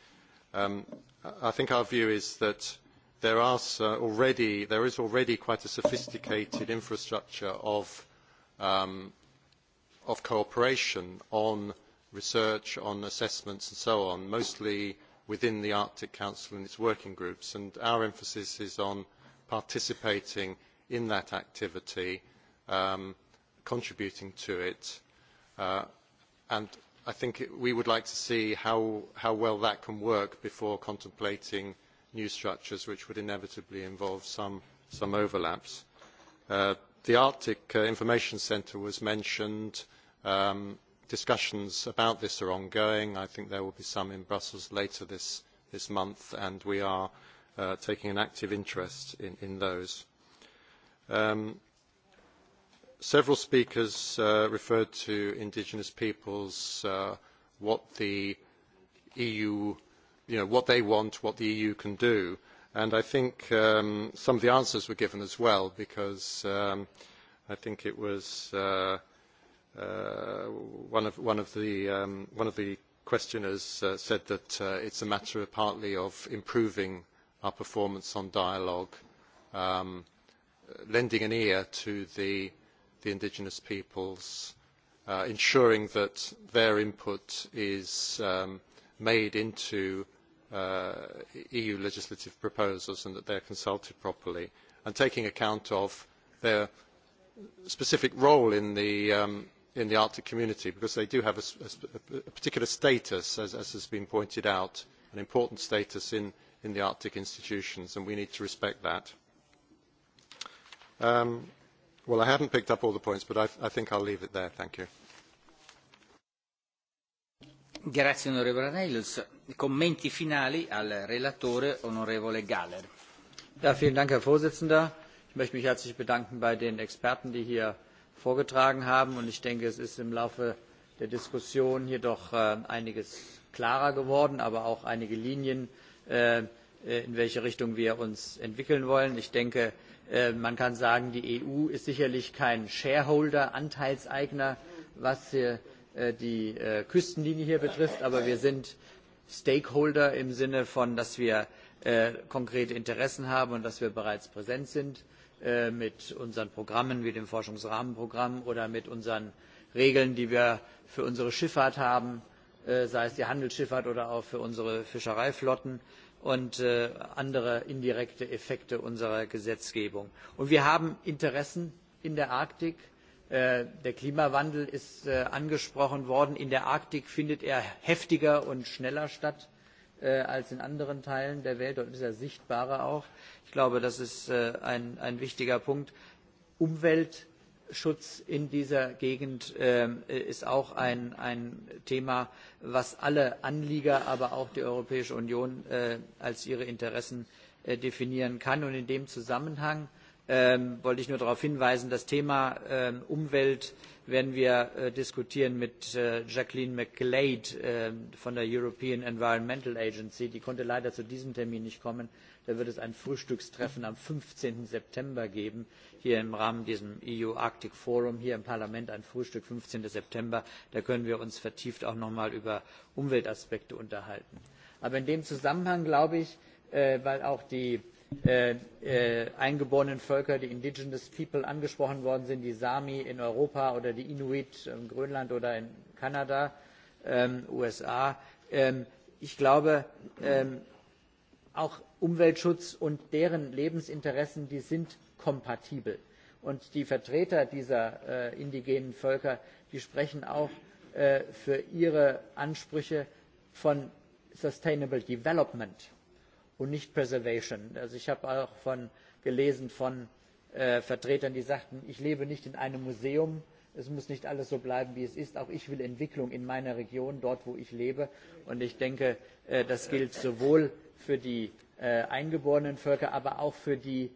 um, I think our view is that there, are, uh, already, there is already quite a sophisticated infrastructure of, um, of cooperation on research, on assessments and so on, mostly within the Arctic Council and its working groups. And our emphasis is on participating in that activity, um, contributing to it. Uh, and I think it, we would like to see how, how well that can work before contemplating new structures which would inevitably involve some, some overlaps. Uh, the Arctic uh, Information Centre was mentioned. Um, discussions about this are ongoing. I think there will be some in Brussels later this, this month, and we are uh, taking an active interest in, in those. Um, several speakers uh, referred to indigenous peoples, uh, what the EU you know, what they want, what the EU can do. And I think um, some of the answers were given as well, because um, I think it was uh, uh, one, of, one, of the, um, one of the questioners uh, said that uh, it's a matter of partly of improving our performance on dialogue, um, lending an ear to the, the indigenous peoples, uh, ensuring that their input is um, made into uh, EU legislative proposals and that they are consulted properly and taking account of their specific role in the, um, in the Arctic community because they do have a, a, a particular status, as, as has been pointed out, an important status in, in the Arctic institutions and we need to respect that. Um, well, I haven't picked up all the points, but I, I think I'll leave it there. Thank you. Grazie onorevole Reynolds. Commenti finali al relatore onorevole Galler. Ja, vielen Dank, Herr Vorsitzender. Ich möchte mich herzlich bedanken bei den Experten, die hier vorgetragen haben. Und ich denke, es ist im Laufe der Diskussion hier doch äh, einiges klarer geworden, aber auch einige Linien, äh, äh in welche Richtung wir uns entwickeln wollen. Ich denke, äh, man kann sagen, die EU ist sicherlich kein Shareholder, Anteilseigner, was Äh, die äh, Küstenlinie hier betrifft, aber wir sind Stakeholder im Sinne von, dass wir äh, konkrete Interessen haben und dass wir bereits präsent sind mit unseren Programmen wie dem Forschungsrahmenprogramm oder mit unseren Regeln, die wir für unsere Schifffahrt haben, sei es die Handelsschifffahrt oder auch für unsere Fischereiflotten und andere indirekte Effekte unserer Gesetzgebung. Und wir haben Interessen in der Arktik, Äh, der Klimawandel ist äh, angesprochen worden. In der Arktik findet er heftiger und schneller statt äh, als in anderen Teilen der Welt. Dort ist er sichtbarer auch. Ich glaube, das ist ein, ein wichtiger Punkt. Umweltschutz in dieser Gegend ähm, ist auch ein, ein Thema, was alle Anlieger, aber auch die Europäische Union als ihre Interessen definieren kann. Und in dem Zusammenhang ähm, wollte ich nur darauf hinweisen, das Thema ähm, Umwelt werden wir äh, diskutieren mit äh, Jacqueline McGlade äh, von der European Environmental Agency. Die konnte leider zu diesem Termin nicht kommen. Da wird es ein Frühstückstreffen am 15. September geben, hier im Rahmen diesem EU Arctic Forum, hier im Parlament ein Frühstück 15. September. Da können wir uns vertieft auch nochmal über Umweltaspekte unterhalten. Aber in dem Zusammenhang glaube ich, äh, weil auch die Äh, äh, eingeborenen Völker, die Indigenous People angesprochen worden sind, die Sami in Europa oder die Inuit in Grönland oder in Kanada, ähm, USA. Ähm, ich glaube, ähm, auch Umweltschutz und deren Lebensinteressen, die sind kompatibel. Und die Vertreter dieser äh, indigenen Völker, die sprechen auch äh, für ihre Ansprüche von Sustainable Development und nicht Preservation. Also ich habe auch von, gelesen von äh, Vertretern, die sagten, ich lebe nicht in einem Museum, es muss nicht alles so bleiben, wie es ist. Auch ich will Entwicklung in meiner Region, dort, wo ich lebe. Und ich denke, äh, das gilt sowohl für die äh, eingeborenen Völker, aber auch für die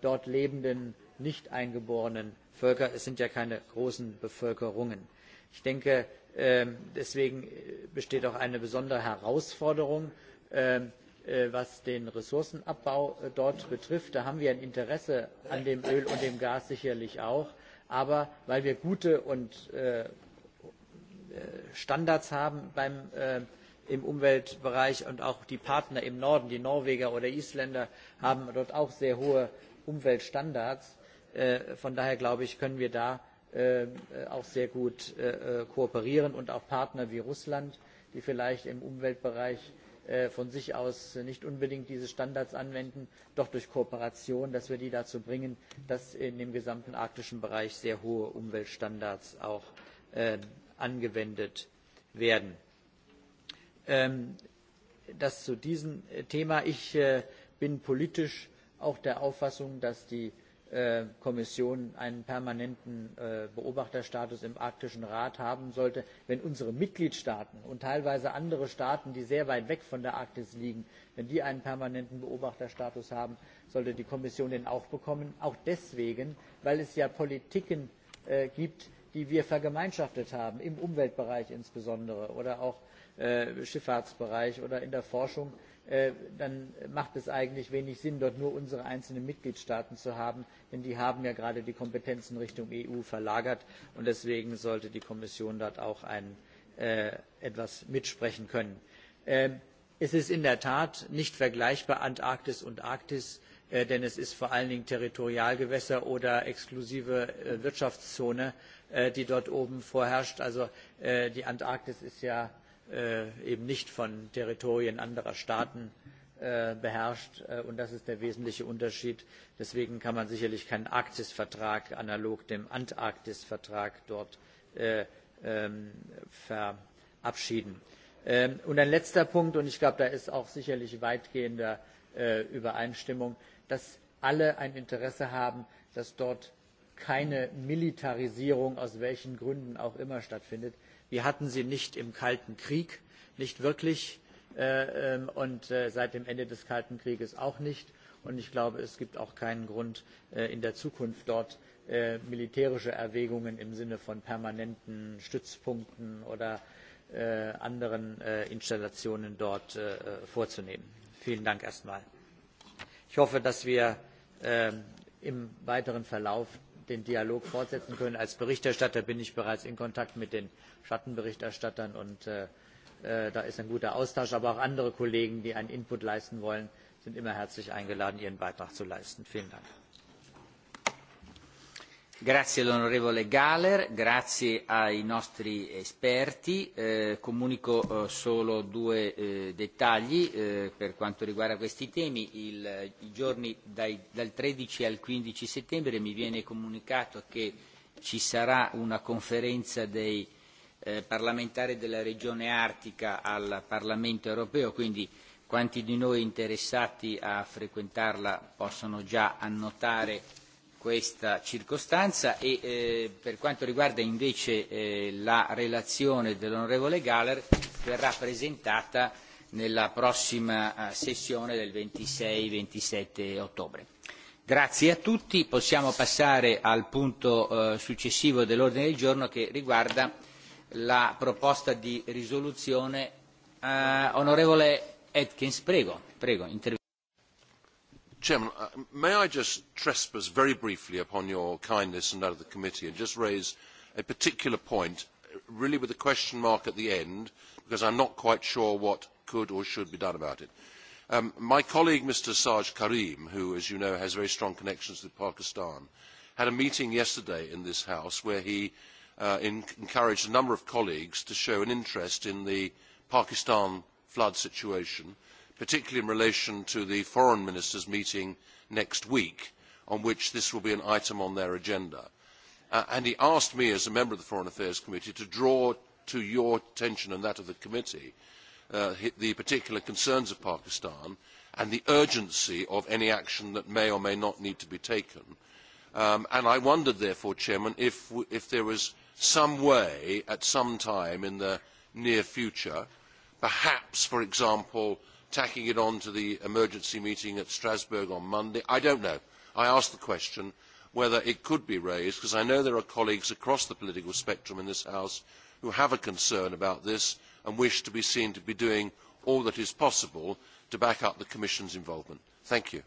dort lebenden nicht eingeborenen Völker. Es sind ja keine großen Bevölkerungen. Ich denke, ähm, äh, deswegen besteht auch eine besondere Herausforderung, äh, Äh, was den Ressourcenabbau äh, dort betrifft. Da haben wir ein Interesse an dem Öl und dem Gas sicherlich auch. Aber weil wir gute und äh, Standards haben beim, äh, im Umweltbereich und auch die Partner im Norden, die Norweger oder Isländer, haben dort auch sehr hohe Umweltstandards. Äh, von daher glaube ich, können wir da äh, auch sehr gut kooperieren und auch Partner wie Russland, die vielleicht im Umweltbereich Äh, von sich aus nicht unbedingt diese Standards anwenden, doch durch Kooperation, dass wir die dazu bringen, dass in dem gesamten arktischen Bereich sehr hohe Umweltstandards auch äh, angewendet werden. Ähm, das zu diesem äh, Thema. Ich äh, bin politisch auch der Auffassung, dass die Äh, Kommission einen permanenten äh, Beobachterstatus im Arktischen Rat haben sollte, wenn unsere Mitgliedstaaten und teilweise andere Staaten, die sehr weit weg von der Arktis liegen, wenn die einen permanenten Beobachterstatus haben, sollte die Kommission den auch bekommen. Auch deswegen, weil es ja Politiken äh, gibt, die wir vergemeinschaftet haben, im Umweltbereich insbesondere oder auch im Schifffahrtsbereich oder in der Forschung, Äh, dann macht es eigentlich wenig Sinn, dort nur unsere einzelnen Mitgliedstaaten zu haben, denn die haben ja gerade die Kompetenzen Richtung EU verlagert und deswegen sollte die Kommission dort auch ein, äh, etwas mitsprechen können. Ähm, es ist in der Tat nicht vergleichbar Antarktis und Arktis, äh, denn es ist vor allen Dingen Territorialgewässer oder exklusive äh, Wirtschaftszone, äh, die dort oben vorherrscht. Also äh, die Antarktis ist ja Äh, eben nicht von Territorien anderer Staaten äh, beherrscht. Äh, und das ist der wesentliche Unterschied. Deswegen kann man sicherlich keinen Arktisvertrag analog dem Antarktisvertrag dort ähm, verabschieden. Ähm, und ein letzter Punkt, und ich glaube, da ist auch sicherlich weitgehender Übereinstimmung, dass alle ein Interesse haben, dass dort keine Militarisierung aus welchen Gründen auch immer stattfindet. Wir hatten sie nicht im Kalten Krieg, nicht wirklich, äh, ähm, und äh, seit dem Ende des Kalten Krieges auch nicht. Und ich glaube, es gibt auch keinen Grund, äh, in der Zukunft dort äh, militärische Erwägungen im Sinne von permanenten Stützpunkten oder äh, anderen äh, Installationen dort äh, vorzunehmen. Vielen Dank erstmal. Ich hoffe, dass wir äh, im weiteren Verlauf den Dialog fortsetzen können. Als Berichterstatter bin ich bereits in Kontakt mit den Schattenberichterstattern und äh, äh, da ist ein guter Austausch. Aber auch andere Kollegen, die einen Input leisten wollen, sind immer herzlich eingeladen, ihren Beitrag zu leisten. Vielen Dank. Grazie all'onorevole Galler, grazie ai nostri esperti. Eh, comunico eh, solo due eh, dettagli eh, per quanto riguarda questi temi. Il, I giorni dai, dal 13 al 15 settembre mi viene comunicato che ci sarà una conferenza dei eh, parlamentari della regione artica al Parlamento europeo, quindi quanti di noi interessati a frequentarla possono già annotare questa circostanza e eh, per quanto riguarda invece eh, la relazione dell'onorevole Galler verrà presentata nella prossima eh, sessione del 26-27 ottobre. Grazie a tutti, possiamo passare al punto eh, successivo dell'ordine del giorno che riguarda la proposta di risoluzione. Eh, onorevole Atkins, prego, prego interv- Chairman, uh, may I just trespass very briefly upon your kindness and that of the committee and just raise a particular point, really with a question mark at the end, because I am not quite sure what could or should be done about it. Um, my colleague, Mr. Saj Karim, who, as you know, has very strong connections with Pakistan, had a meeting yesterday in this House where he uh, encouraged a number of colleagues to show an interest in the Pakistan flood situation particularly in relation to the foreign ministers meeting next week, on which this will be an item on their agenda. Uh, and he asked me as a member of the Foreign Affairs Committee to draw to your attention and that of the committee uh, the particular concerns of Pakistan and the urgency of any action that may or may not need to be taken. Um, and I wondered, therefore, Chairman, if, if there was some way at some time in the near future, perhaps, for example, tacking it on to the emergency meeting at Strasbourg on Monday? I don't know. I asked the question whether it could be raised, because I know there are colleagues across the political spectrum in this House who have a concern about this and wish to be seen to be doing all that is possible to back up the Commission's involvement. Thank you.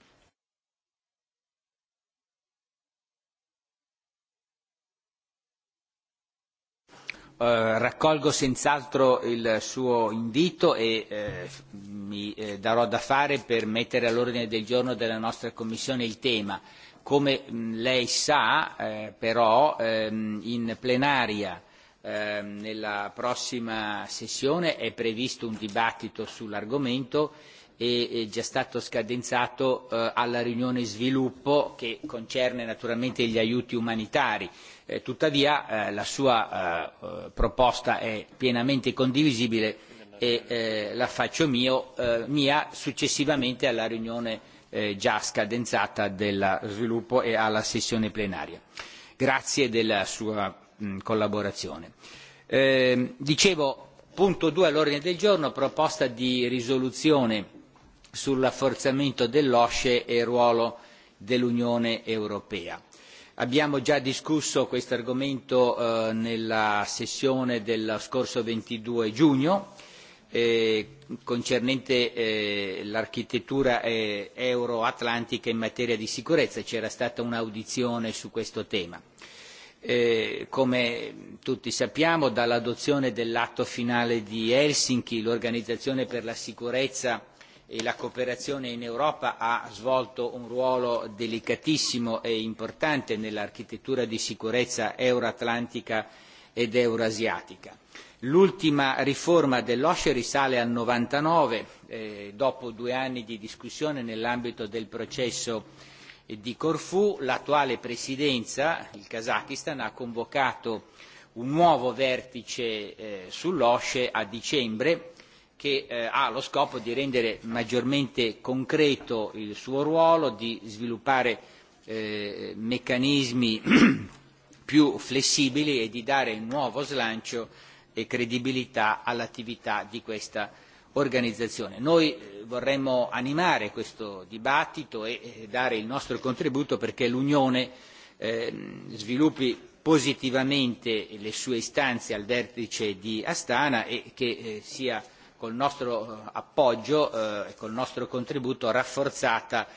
Eh, raccolgo senz'altro il suo invito e eh, mi eh, darò da fare per mettere all'ordine del giorno della nostra Commissione il tema. Come mh, mm, lei sa, eh, però, ehm, in plenaria eh, nella prossima sessione è previsto un dibattito sull'argomento E, e già stato scadenzato eh, alla riunione sviluppo che concerne naturalmente gli aiuti umanitari. Eh, tuttavia eh, la sua eh, eh proposta è pienamente condivisibile e eh, la faccio mio, eh, mia successivamente alla riunione eh, già scadenzata del sviluppo e alla sessione plenaria. Grazie della sua mh, collaborazione. Eh, dicevo, punto 2 all'ordine del giorno, proposta di risoluzione sul rafforzamento dell'OSCE e il ruolo dell'Unione Europea. Abbiamo già discusso questo argomento eh, nella sessione del scorso 22 giugno eh, concernente eh, l'architettura eh, euroatlantica in materia di sicurezza. C'era stata un'audizione su questo tema. Eh, come tutti sappiamo, dall'adozione dell'atto finale di Helsinki, l'Organizzazione per la sicurezza e la cooperazione in Europa ha svolto un ruolo delicatissimo e importante nell'architettura di sicurezza euroatlantica ed eurasiatica. L'ultima riforma dell'OSCE risale al 99, eh, dopo due anni di discussione nell'ambito del processo di Corfù, l'attuale presidenza, il Kazakistan, ha convocato un nuovo vertice eh, sull'OSCE a dicembre che eh, ha lo scopo di rendere maggiormente concreto il suo ruolo, di sviluppare eh, meccanismi più flessibili e di dare nuovo slancio e credibilità all'attività di questa organizzazione. Noi eh, vorremmo animare questo dibattito e eh, dare il nostro contributo perché l'Unione eh, sviluppi positivamente le sue istanze al vertice di Astana e che eh, sia col nostro eh, appoggio eh, e col nostro contributo rafforzata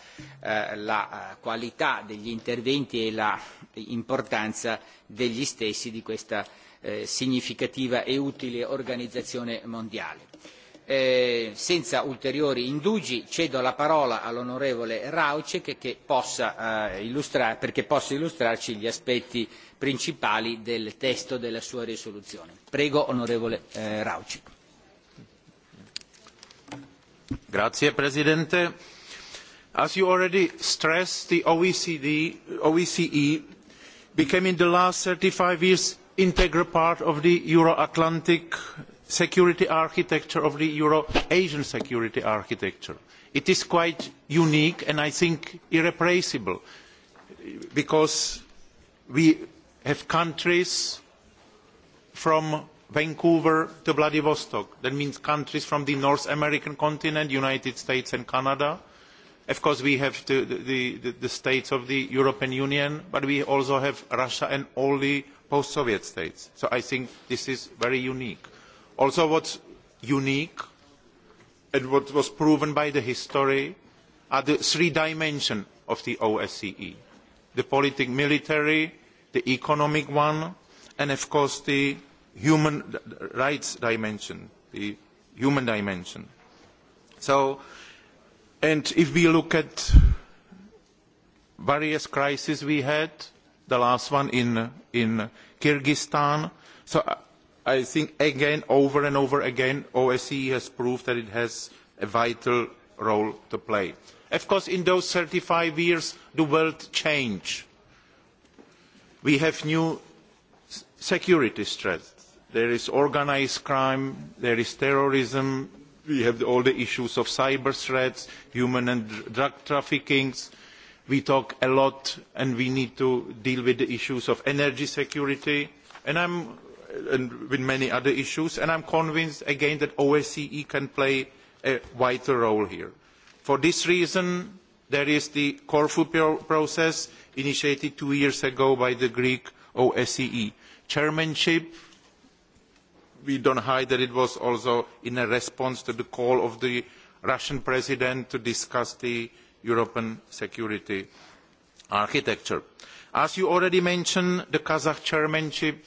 eh, la qualità degli interventi e l'importanza degli stessi di questa significativa e utile organizzazione mondiale. Eh, senza ulteriori indugi cedo la parola all'onorevole Rauce che possa, eh, illustrar, perché possa illustrarci gli aspetti principali del testo della sua risoluzione. Prego onorevole eh, Raucek. Grazie, Presidente. As you already stressed, the OECD, OECE e became in the last thirty five years integral part of the Euro-Atlantic security architecture of the Euro-Asian security architecture. It is quite unique and I think irreplaceable because we have countries from Vancouver to Vladivostok. That means countries from the North American continent, United States and Canada. Of course, we have to, the, the, the states of the European Union, but we also have Russia and all the post-Soviet states. So I think this is very unique. Also, what's unique and what was proven by the history are the three dimensions of the OSCE. The political military, the economic one, and of course the human rights dimension, the human dimension. So, and if we look at various crises we had, the last one in, in Kyrgyzstan, so I think again, over and over again, OSCE has proved that it has a vital role to play. Of course, in those thirty five years, the world changed. We have new security threats there is organised crime, there is terrorism, we have all the issues of cyber threats, human and drug trafficking. We talk a lot and we need to deal with the issues of energy security and, I'm, and with many other issues. And I am convinced again that OSCE can play a vital role here. For this reason, there is the Corfu process initiated two years ago by the Greek OSCE chairmanship we don't hide that it was also in a response to the call of the Russian president to discuss the European security architecture. As you already mentioned, the Kazakh chairmanship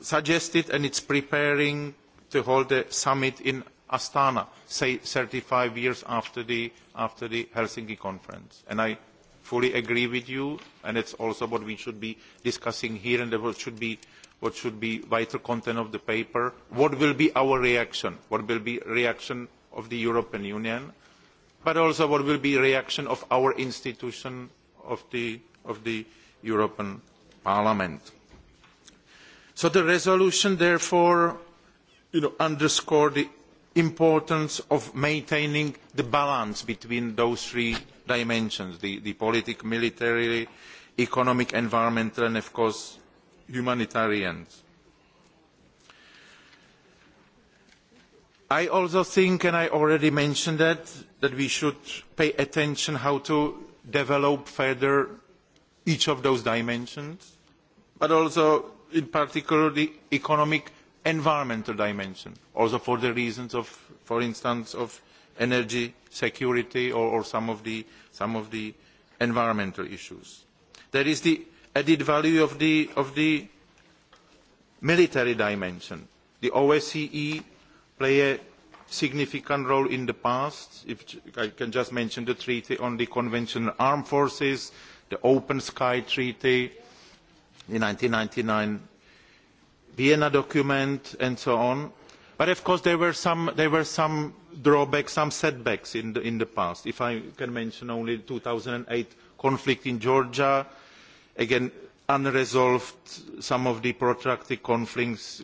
suggested and it is preparing to hold a summit in Astana, say thirty five years after the, after the Helsinki conference. And I fully agree with you, and it is also what we should be discussing here and what should be what should be vital content of the paper, what will be our reaction, what will be reaction of the European Union, but also what will be reaction of our institution of the, of the European Parliament. So the resolution therefore you know, the importance of maintaining the balance between those three dimensions, the, the political, military, economic, environmental, and of course humanitarians. I also think, and I already mentioned that, that we should pay attention how to develop further each of those dimensions, but also in particular the economic environmental dimension, also for the reasons of, for instance, of energy security or, or some, of the, some of the environmental issues. There is the added value of the, of the military dimension. The OSCE played a significant role in the past. If I can just mention the Treaty on the Conventional Armed Forces, the Open Sky Treaty in ninety nine, Vienna document, and so on. But of course, there were some, there were some drawbacks, some setbacks in the, in the past. If I can mention only the two thousand eight conflict in Georgia, again unresolved some of the protracted conflicts,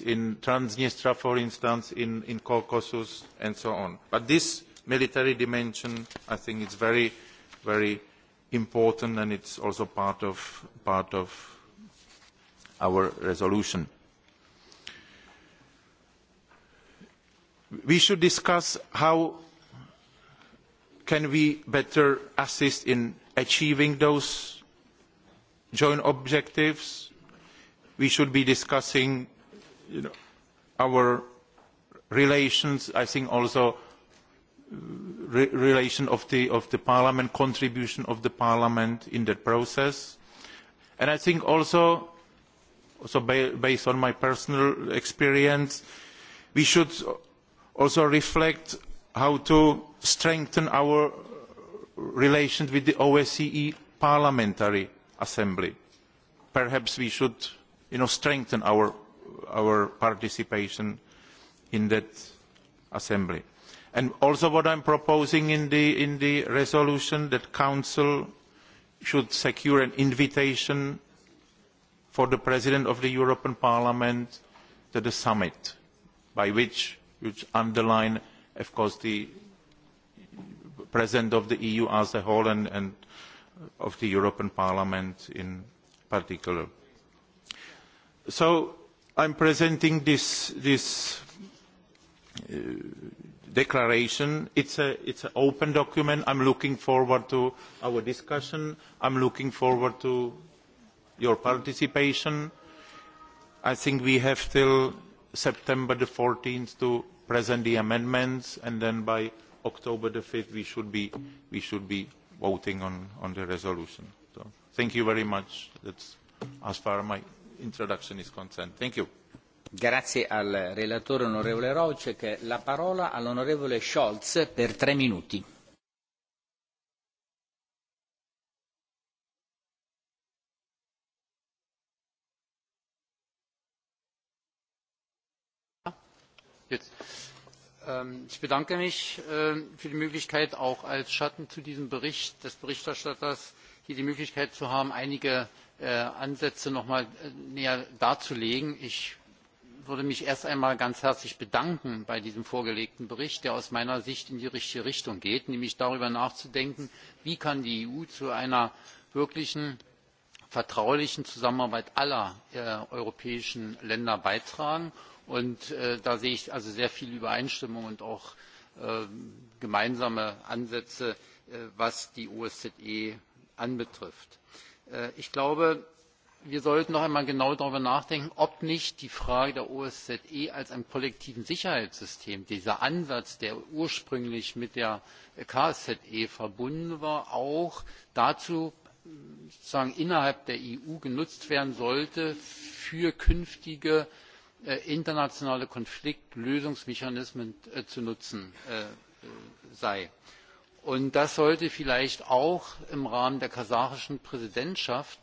in Transnistria, for instance, in, Caucasus, and so on. But this military dimension, I think, is very, very important, and it is also part of, part of our resolution. We should discuss how can we better assist in achieving those joint objectives. We should be discussing you know, our relations, I think also uh, re relation of the, of the parliament, contribution of the parliament in that process. And I think also, also ba based on my personal experience, we should also reflect how to strengthen our relations with the OSCE parliamentary assembly. Perhaps we should you know, strengthen our, our participation in that assembly. And also what I am proposing in the, in the resolution that Council should secure an invitation for the President of the European Parliament to the summit, by which you underline, of course, the President of the EU as a whole and, and of the European Parliament in particular. So I am presenting this, this uh, declaration. It's, a, it's an open document. I am looking forward to our discussion. I am looking forward to your participation. I think we have till September the 14th to present the amendments and then by October the 5th we should be, we should be voting on, on the resolution. So, thank you very much. That's as far as my introduction is concerned. Thank you. Grazie al relatore onorevole Roche. La parola all'onorevole Scholz per tre minuti. Ähm, ich bedanke mich ähm, für die Möglichkeit, auch als Schatten zu diesem Bericht des Berichterstatters hier die Möglichkeit zu haben, einige äh, Ansätze noch mal äh, näher darzulegen. Ich würde mich erst einmal ganz herzlich bedanken bei diesem vorgelegten Bericht, der aus meiner Sicht in die richtige Richtung geht, nämlich darüber nachzudenken, wie kann die EU zu einer wirklichen vertraulichen Zusammenarbeit aller äh, europäischen Länder beitragen. Und äh, da sehe ich also sehr viel Übereinstimmung und auch äh, gemeinsame Ansätze, äh, was die OSZE anbetrifft. Äh, ich glaube, wir sollten noch einmal genau darüber nachdenken, ob nicht die Frage der OSZE als einem kollektiven Sicherheitssystem, dieser Ansatz, der ursprünglich mit der KSZE verbunden war, auch dazu sozusagen innerhalb der EU genutzt werden sollte für künftige äh, internationale Konfliktlösungsmechanismen äh, zu nutzen äh, sei. Und das sollte vielleicht auch im Rahmen der kasachischen Präsidentschaft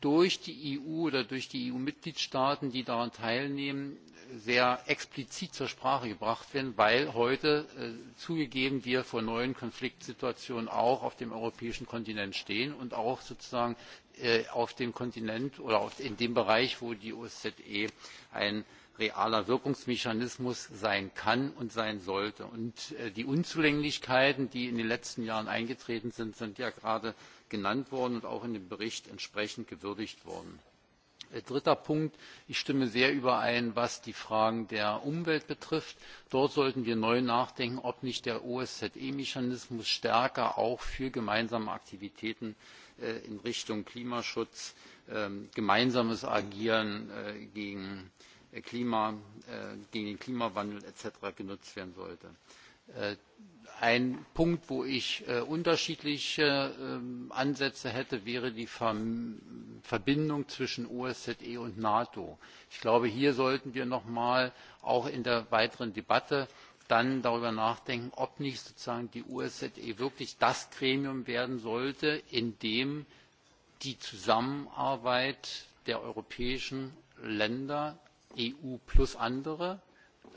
durch die EU oder durch die EU-Mitgliedstaaten, die daran teilnehmen, sehr explizit zur Sprache gebracht werden, weil heute äh, zugegeben wir vor neuen Konfliktsituationen auch auf dem europäischen Kontinent stehen und auch sozusagen äh, auf dem Kontinent oder auf, in dem Bereich, wo die OSZE ein realer Wirkungsmechanismus sein kann und sein sollte. Und äh, die Unzulänglichkeiten, die in den letzten Jahren eingetreten sind, sind ja gerade genannt worden und auch in dem Bericht entsprechend gewürdigt worden. Äh, dritter Punkt. Ich stimme sehr überein, was die Fragen der Umwelt betrifft. Dort sollten wir neu nachdenken, ob nicht der OSZE-Mechanismus stärker auch für gemeinsame Aktivitäten äh, in Richtung Klimaschutz, ähm, gemeinsames Agieren äh, gegen, Klima, gegen den Klimawandel etc. genutzt werden sollte Ein Punkt, wo ich äh, unterschiedliche äh, Ansätze hätte, wäre die Ver Verbindung zwischen OSZE und NATO. Ich glaube, hier sollten wir noch mal auch in der weiteren Debatte dann darüber nachdenken, ob nicht sozusagen die OSZE wirklich das Gremium werden sollte, in dem die Zusammenarbeit der europäischen Länder, EU plus andere,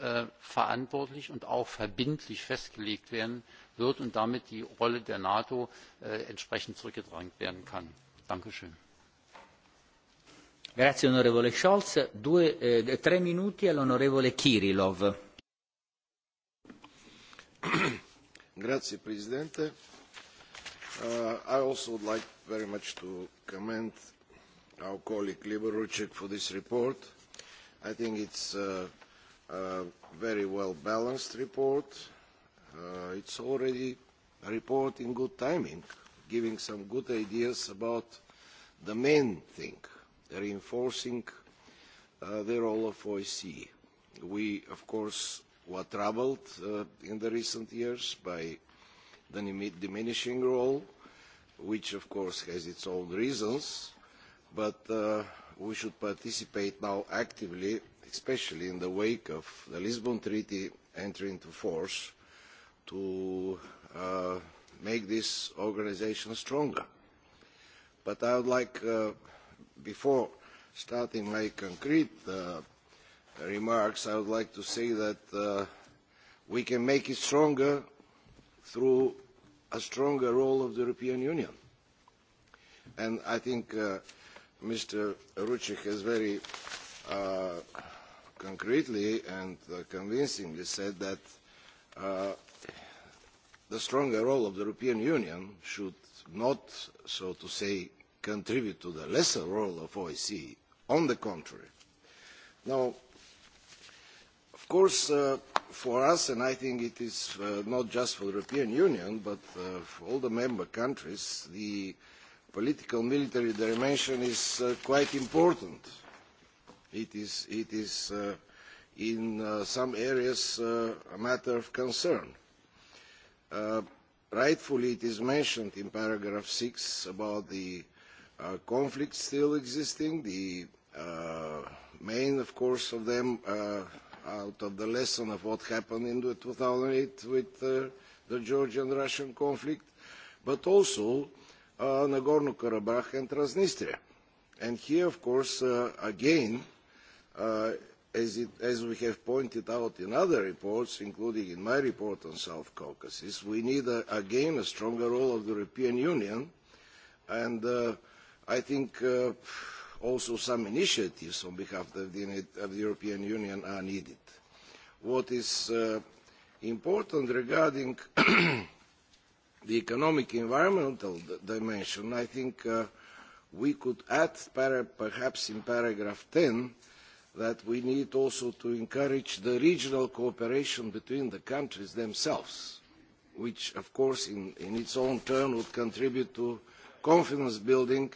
Äh, verantwortlich und auch verbindlich festgelegt werden wird und damit die Rolle der NATO äh, entsprechend zurückgedrängt werden kann. Dankeschön. Grazie eh, Grazie Presidente. Uh, I also would like very much to commend our colleague Libor Ruchek for this report. I think it's uh, very well balanced report. Uh, it's already a report in good timing, giving some good ideas about the main thing, reinforcing uh, the role of OSCE. We, of course, were troubled uh, in the recent years by the diminishing role, which, of course, has its own reasons, but uh, we should participate now actively especially in the wake of the Lisbon Treaty entering into force, to uh, make this organisation stronger. But I would like, uh, before starting my concrete uh, remarks, I would like to say that uh, we can make it stronger through a stronger role of the European Union. And I think uh, Mr. Rucic has very uh, concretely and uh, convincingly said that uh, the stronger role of the European Union should not, so to say, contribute to the lesser role of OSCE. On the contrary. Now, of course, uh, for us, and I think it is uh, not just for the European Union, but uh, for all the member countries, the political military dimension is uh, quite important It is, it is uh, in uh, some areas uh, a matter of concern. Uh, rightfully, it is mentioned in paragraph 6 about the uh, conflict still existing. The uh, main, of course, of them uh, out of the lesson of what happened in 2008 with uh, the Georgian-Russian conflict, but also uh, Nagorno-Karabakh and Transnistria. And here, of course, uh, again, Uh, as, it, as we have pointed out in other reports, including in my report on South Caucasus, we need, a, again, a stronger role of the European Union. And uh, I think uh, also some initiatives on behalf of the, of the European Union are needed. What is uh, important regarding the economic environmental dimension, I think uh, we could add para perhaps in paragraph 10 that we need also to encourage the regional cooperation between the countries themselves, which of course in, in its own turn would contribute to confidence building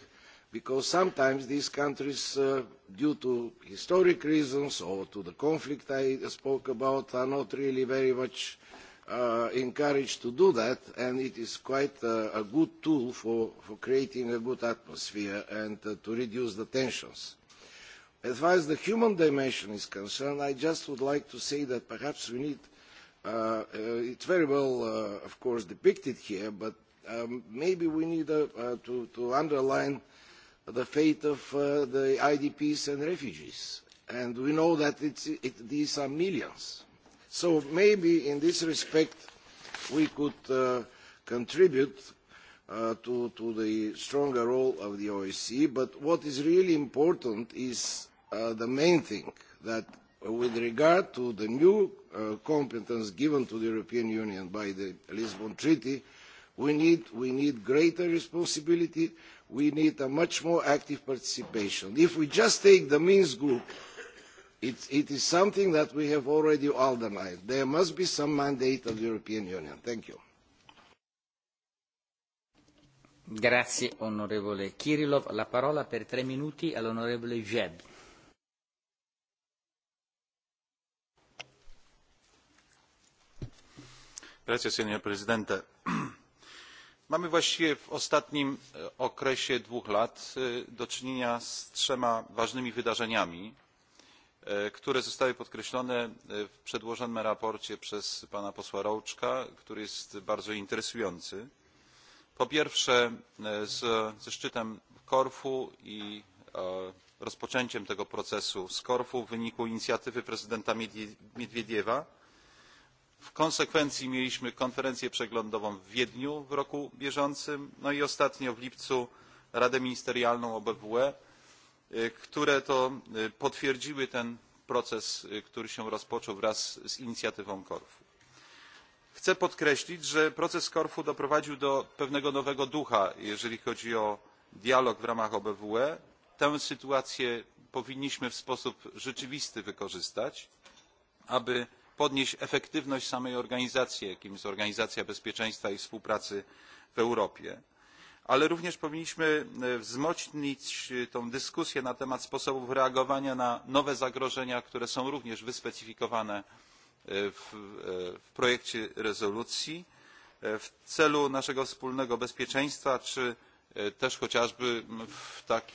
because sometimes these countries, uh, due to historic reasons or to the conflict I spoke about, are not really very much uh, encouraged to do that, and it is quite a, a good tool for, for creating a good atmosphere and uh, to reduce the tensions. As far as the human dimension is concerned, I just would like to say that perhaps we need, uh, uh, it's very well, uh, of course, depicted here, but um, maybe we need uh, uh, to, to underline the fate of uh, the IDPs and refugees. And we know that it's, it, these are millions. So maybe in this respect we could uh, contribute uh, to, to the stronger role of the OSCE, but what is really important is Uh, the main thing that with regard to the new uh, competence given to the European Union by the Lisbon Treaty, we need, we need greater responsibility, we need a much more active participation. If we just take the Minsk group, it, it is something that we have already underlined. There must be some mandate of the European Union. Thank you. Grazie, onorevole La parola per tre minuti all'onorevole Jeb. presidente. Mamy właściwie w ostatnim e, okresie dwóch lat e, do czynienia z trzema ważnymi wydarzeniami, e, które zostały podkreślone w przedłożonym sprawozdaniu przez pana posła Rołczka, który jest bardzo interesujący. Po pierwsze z, ze szczytem w Korfu i rozpoczęciem tego procesu z Korfu w wyniku inicjatywy prezydenta Miedwiediewa W konsekwencji mieliśmy konferencję przeglądową w Wiedniu w roku bieżącym, no i ostatnio w lipcu Radę Ministerialną OBWE, które to potwierdziły ten proces, który się rozpoczął wraz z inicjatywą Korfu. Chcę podkreślić, że proces Korfu doprowadził do pewnego nowego ducha, jeżeli chodzi o dialog w ramach OBWE. Tę sytuację powinniśmy w sposób rzeczywisty wykorzystać, aby podnieść efektywność samej organizacji, jakim jest Organizacja Bezpieczeństwa i Współpracy w Europie. Ale również powinniśmy e, wzmocnić e, tę dyskusję na temat sposobów reagowania na nowe zagrożenia, które są również wyspecyfikowane e, w, w projekcie rezolucji w celu naszego wspólnego bezpieczeństwa, czy też chociażby w tak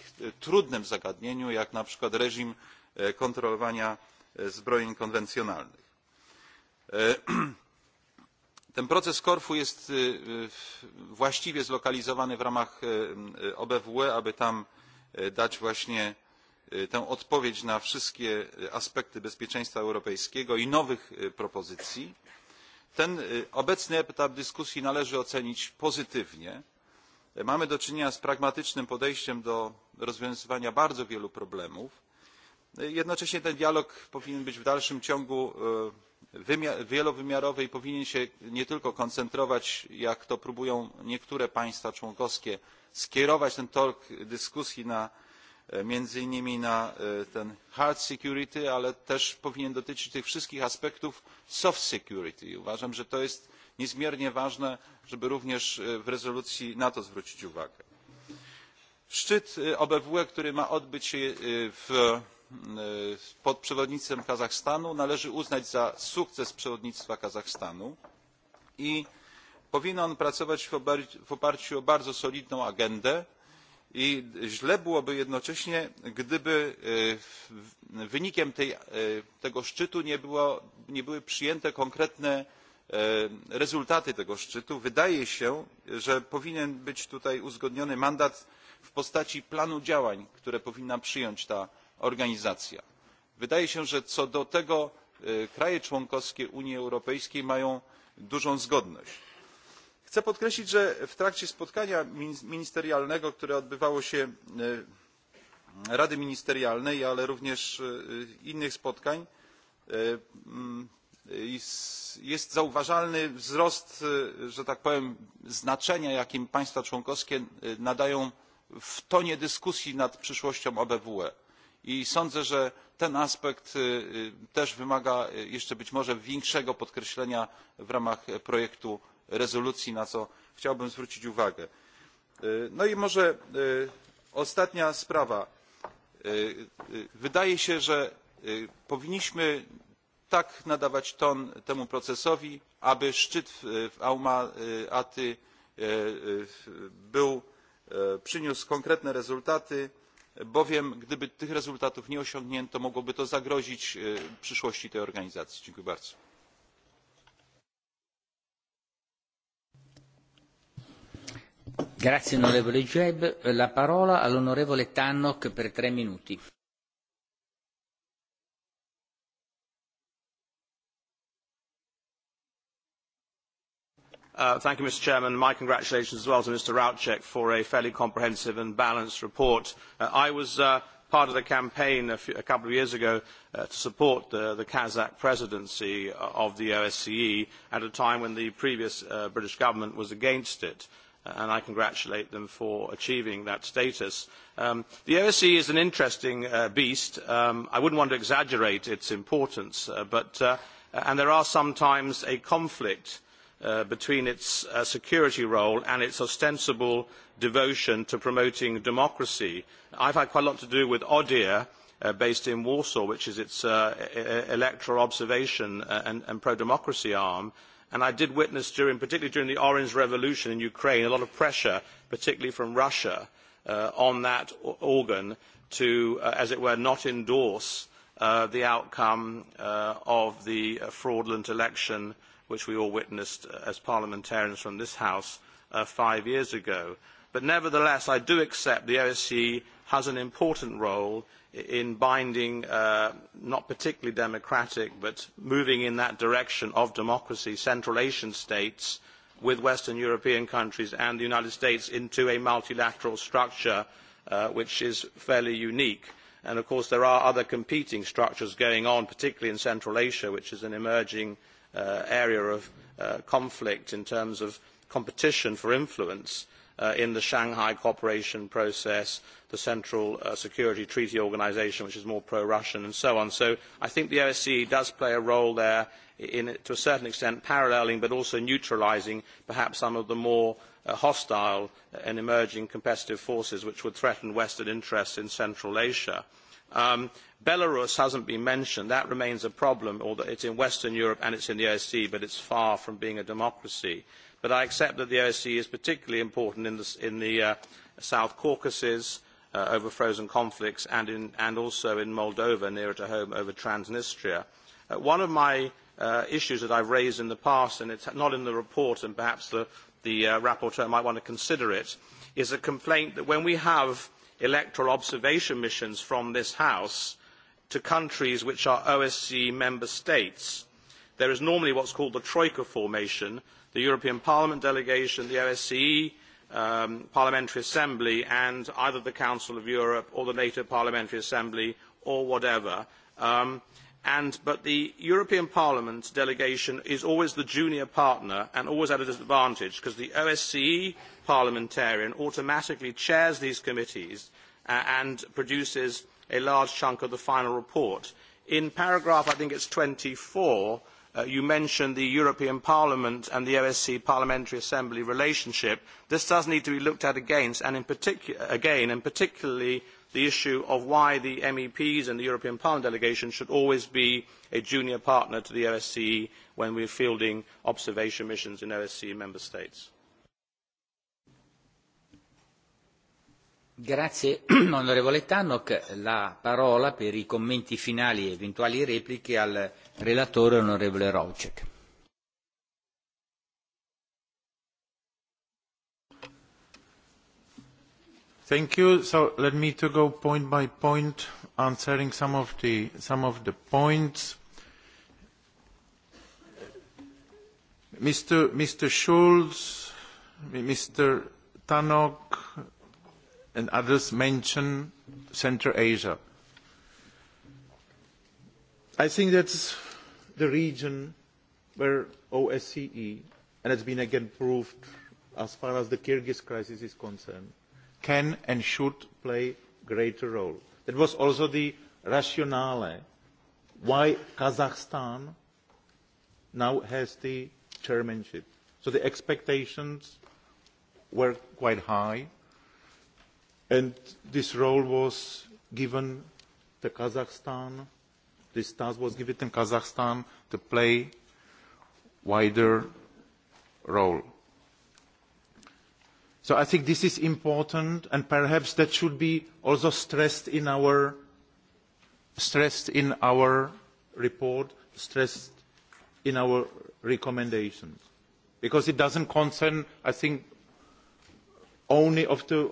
trudnym zagadnieniu jak na przykład reżim kontrolowania zbrojeń konwencjonalnych. E, ten proces Korfu jest e, właściwie zlokalizowany w ramach OBWE, e, aby tam dać właśnie tę odpowiedź na wszystkie aspekty bezpieczeństwa europejskiego i nowych propozycji. Ten obecny etap dyskusji należy ocenić pozytywnie. Mamy do czynienia z pragmatycznym podejściem do rozwiązywania bardzo wielu problemów. Jednocześnie ten dialog powinien być w dalszym ciągu wielowymiarowy i powinien się nie tylko koncentrować jak to próbują niektóre państwa członkowskie skierować ten tok dyskusji na e, między innymi na e, ten hard security ale też powinien dotyczyć tych wszystkich aspektów soft security. uważam że to jest niezmiernie ważne żeby również e, w rezolucji na to zwrócić uwagę. szczyt obwe który ma odbyć się w pod przewodnictwem Kazachstanu należy uznać za sukces przewodnictwa Kazachstanu i powinien on pracować w oparciu o bardzo solidną agendę i źle byłoby jednocześnie gdyby wynikiem tej, tego szczytu nie, było, nie były przyjęte konkretne rezultaty tego szczytu. wydaje się że powinien być tutaj uzgodniony mandat w postaci planu działań które powinna przyjąć ta organizacja. wydaje się że co do tego kraje członkowskie unii europejskiej mają dużą zgodność. chcę podkreślić że w trakcie spotkania ministerialnego które odbywało się rady ministerialnej ale również innych spotkań jest zauważalny wzrost że tak powiem znaczenia jakim państwa członkowskie nadają w tonie dyskusji nad przyszłością obwe i sądzę, że ten aspekt też wymaga jeszcze być może większego podkreślenia w ramach projektu rezolucji, na co chciałbym zwrócić uwagę. No i może ostatnia sprawa. Wydaje się, że powinniśmy tak nadawać ton temu procesowi, aby szczyt w Auma Aty przyniósł konkretne rezultaty, bowiem gdyby tych rezultatów nie osiągnięto mogłoby to zagrozić e, przyszłości tej organizacji. dziękuję bardzo. Uh, thank you, Mr. Chairman. My congratulations as well to Mr. rouek for a fairly comprehensive and balanced report. Uh, I was uh, part of the campaign a, couple of years ago to support the, Kazakh presidency of the OSCE at a time when the previous British government was against it and I congratulate them for achieving that status. Um, the OSCE is an interesting beast. Um, I would not want to exaggerate its importance, and there are sometimes a conflict Uh, between its uh, security role and its ostensible devotion to promoting democracy. I have had quite a lot to do with ODIHR, uh, based in Warsaw, which is its e-, e-, electoral observation and, and pro-democracy arm, and I did witness, during, particularly during the Orange Revolution in Ukraine, a lot of pressure, particularly from Russia, on that organ to, as it were, not endorse the outcome of the fraudulent election which we all witnessed uh, as parliamentarians from this House uh, five years ago. But nevertheless, I do accept the OSCE has an important role in binding, uh, not particularly democratic, but moving in that direction of democracy, Central Asian states with Western European countries and the United States into a multilateral structure uh, which is fairly unique. And of course, there are other competing structures going on, particularly in Central Asia, which is an emerging Uh, area of uh, conflict in terms of competition for influence uh, in the Shanghai cooperation process, the Central Security Treaty Organisation, which is more pro-Russian, and so on. So I think the OSCE does play a role there in, to a certain extent, paralleling but also neutralising perhaps some of the more hostile and emerging competitive forces which would threaten Western interests in Central Asia. Um, Belarus has not been mentioned. That remains a problem, although it is in Western Europe and it is in the OSCE, but it is far from being a democracy. But I accept that the OSCE is particularly important in the, uh, South Caucasus uh, over frozen conflicts and, also in Moldova, nearer to home, over Transnistria. Uh, one of my issues that I have raised in the past, and it is not in the report, and perhaps the rapporteur might want to consider it, is a complaint that when we have electoral observation missions from this House to countries which are OSCE member states. There is normally what is called the Troika formation, the European Parliament delegation, the OSCE, um, Parliamentary Assembly, and either the Council of Europe or the NATO Parliamentary Assembly or whatever. Um, but the European Parliament delegation is always the junior partner and always at a disadvantage because the OSCE parliamentarian automatically chairs these committees uh, and produces a large chunk of the final report. In paragraph, I think is twenty four, uh, you mentioned the European Parliament and the OSCE Parliamentary Assembly relationship. This does need to be looked at against, and in again, and particularly the issue of why the meps and the european parliament delegation should always be a junior partner to the osce when we are fielding observation missions in osce member states. Grazie onorevole Tannock, la parola per i commenti finali e eventuali repliche al relatore onorevole Rocek. Thank you. So let me to go point by point, answering some of the, some of the points. Mr. Mr. Schulz, Mr. Tannock, and others mention Central Asia. I think that's the region where OSCE, and it's been again proved as far as the Kyrgyz crisis is concerned, can and should play a greater role. That was also the rationale why Kazakhstan now has the chairmanship. So the expectations were quite high, and this role was given to Kazakhstan, this task was given to Kazakhstan to play wider role. So I think this is important and perhaps that should be also stressed in our, stressed in our report, stressed in our recommendations. Because it doesn't concern, I think, only of the uh,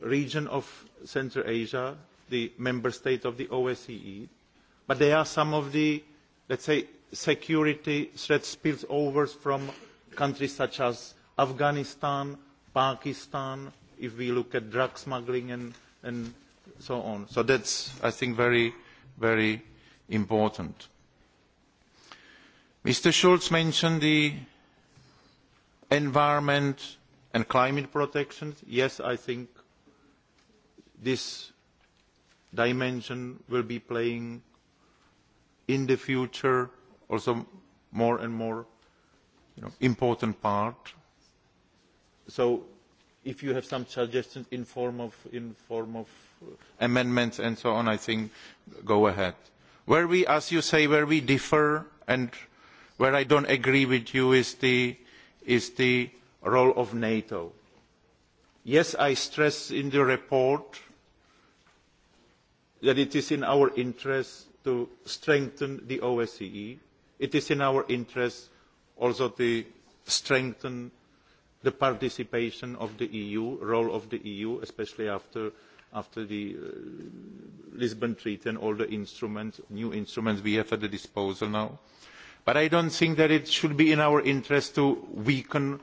region of Central Asia, the member state of the OSCE, but there are some of the, let's say, security threats spills over from countries such as Afghanistan, Pakistan, if we look at drug smuggling and, and so on. So that's, I think, very, very important. Mr. Schulz mentioned the environment and climate protection. Yes, I think this dimension will be playing in the future also more and more you know, important part so if you have some suggestions in form of, in form of uh, amendments and so on, I think go ahead. Where we, as you say, where we differ and where I don't agree with you is the, is the role of NATO. Yes, I stress in the report that it is in our interest to strengthen the OSCE. It is in our interest also to strengthen the participation of the EU, role of the EU, especially after, after the uh, Lisbon Treaty and all the instruments, new instruments we have at the disposal now. But I don't think that it should be in our interest to weaken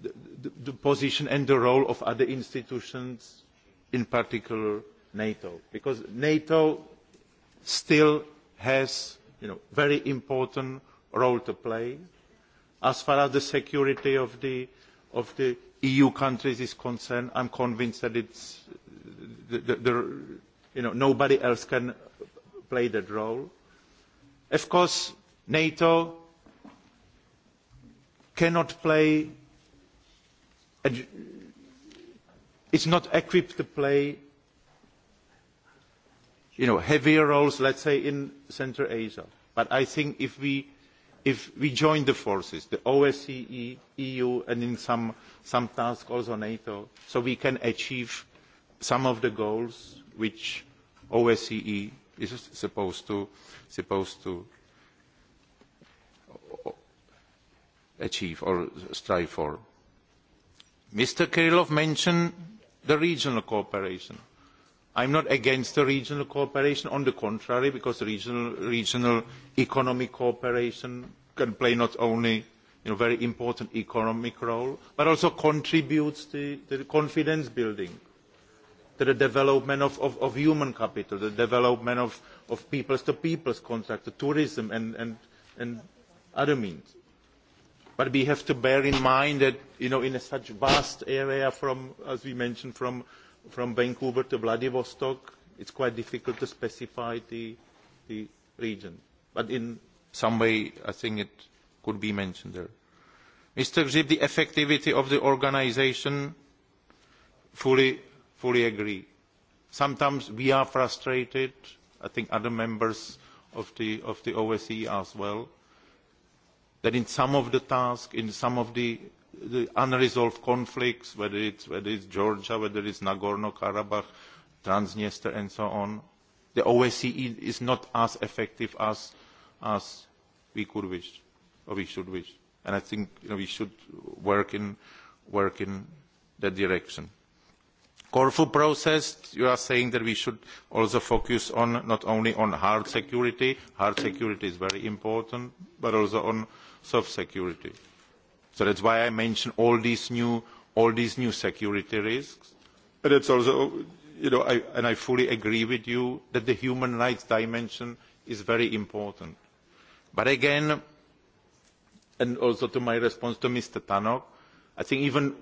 the, the, the position and the role of other institutions, in particular NATO, because NATO still has a you know, very important role to play As far as the security of the, of the EU countries is concerned, I am convinced that it's, the, the, the, you know, nobody else can play that role. Of course, NATO cannot play, it is not equipped to play you know, heavier roles, let's say, in Central Asia. But I think if we if we join the forces, the OSCE, EU, and in some, some tasks also NATO, so we can achieve some of the goals which OSCE is supposed to, supposed to achieve or strive for. Mr. Kirillov mentioned the regional cooperation. I am not against regional cooperation, on the contrary, because regional, regional economic cooperation can play not only a you know, very important economic role, but also contributes to, the confidence building, to the development of, of, of human capital, the development of, of peoples-to-peoples contact, to tourism and, and, and other means. But we have to bear in mind that, you know, in a such vast area from, as we mentioned, from from Vancouver to Vladivostok, it's quite difficult to specify the, the region. But in some way, I think it could be mentioned there. Mr. Grzyb, the effectivity of the organization, fully, fully agree. Sometimes we are frustrated, I think other members of the, of the OSCE as well, that in some of the tasks, in some of the the unresolved conflicts, whether it's, whether it's Georgia, whether it's Nagorno-Karabakh, Transnistria, and so on. The OSCE is not as effective as, as we could wish, or we should wish. And I think you know, we should work in, work in that direction. Corfu process, you are saying that we should also focus on not only on hard security, hard security is very important, but also on soft security. So that is why I mention all these new, all these new security risks. But it's also, you know, I, and I fully agree with you that the human rights dimension is very important. But again, and also to my response to Mr. Tannock, I think even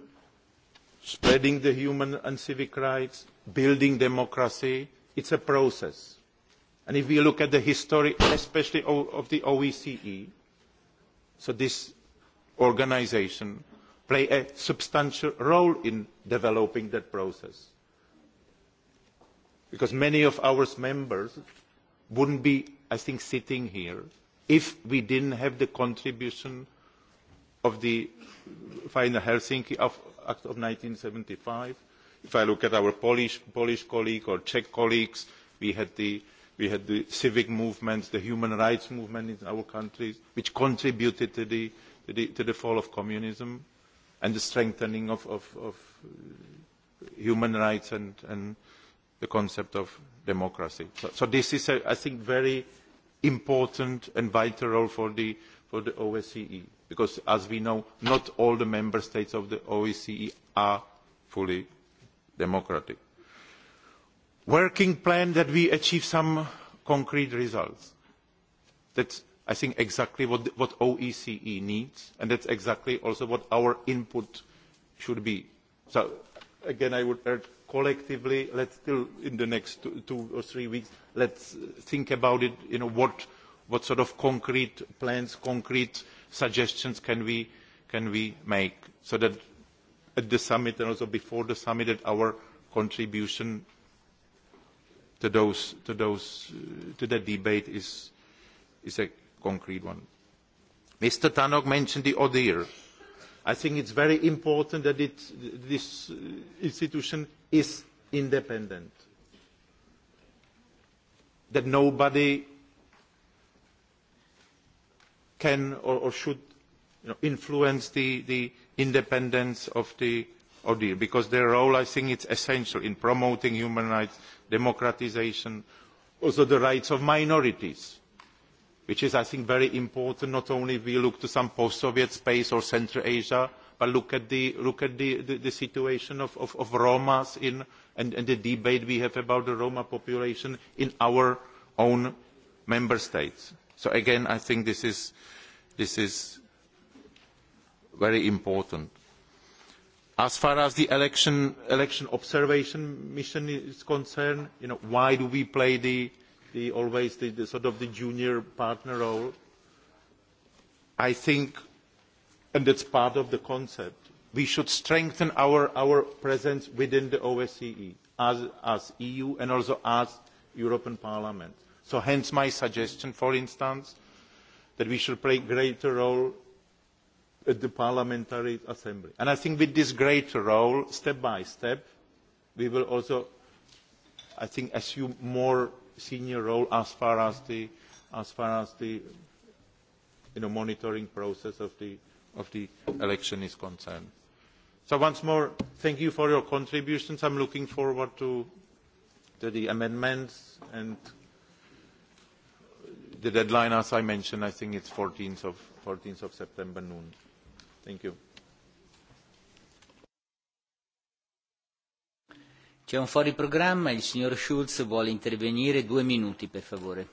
spreading the human and civic rights, building democracy, it's a process. And if we look at the history, especially of the OECE, e, so this organisation play a substantial role in developing that process. Because many of our members would not be, I think, sitting here if we did not have the contribution of the final Helsinki of, Act of seventy five. If I look at our Polish, Polish colleague or Czech colleagues, we had, the, we had the civic movements, the human rights movement in our countries, which contributed to the to the, to the fall of communism and the strengthening of, of, of human rights and, and the concept of democracy. So, so this is, a, I think, very important and vital role for the, for the OSCE, because as we know, not all the member states of the OSCE are fully democratic. Working plan that we achieve some concrete results. That's I think exactly what, what OECE e needs, and that's exactly also what our input should be. So again, I would urge collectively, let's still in the next two, two or three weeks, let's think about it, you know, what, what sort of concrete plans, concrete suggestions can we, can we make so that at the summit and also before the summit that our contribution to those, to those, uh, to that debate is, is a concrete one. Mr. Tannock mentioned the ODIR. I think it is very important that it, this institution is independent, that nobody can or, or should you know, influence the, the independence of the ODIR, because their role, I think, is essential in promoting human rights, democratisation, also the rights of minorities which is, I think, very important, not only if we look to some post-Soviet space or Central Asia, but look at the, look at the, the, the situation of, of, of Romas in, and, and the debate we have about the Roma population in our own member states. So again, I think this is, this is very important. As far as the election, election observation mission is concerned, you know, why do we play the the, always the, the sort of the junior partner role. I think, and it's part of the concept, we should strengthen our, our presence within the OSCE as, as EU and also as European Parliament. So hence my suggestion, for instance, that we should play a greater role at the Parliamentary Assembly. And I think with this greater role, step by step, we will also, I think, assume more senior role as far as the, as far as the you know, monitoring process of the, of the election is concerned. So once more, thank you for your contributions. I'm looking forward to, to the amendments and the deadline, as I mentioned, I think it's 14th of, 14th of September noon. Thank you. C'è un fuori programma, il signor Schulz vuole intervenire, due minuti per favore.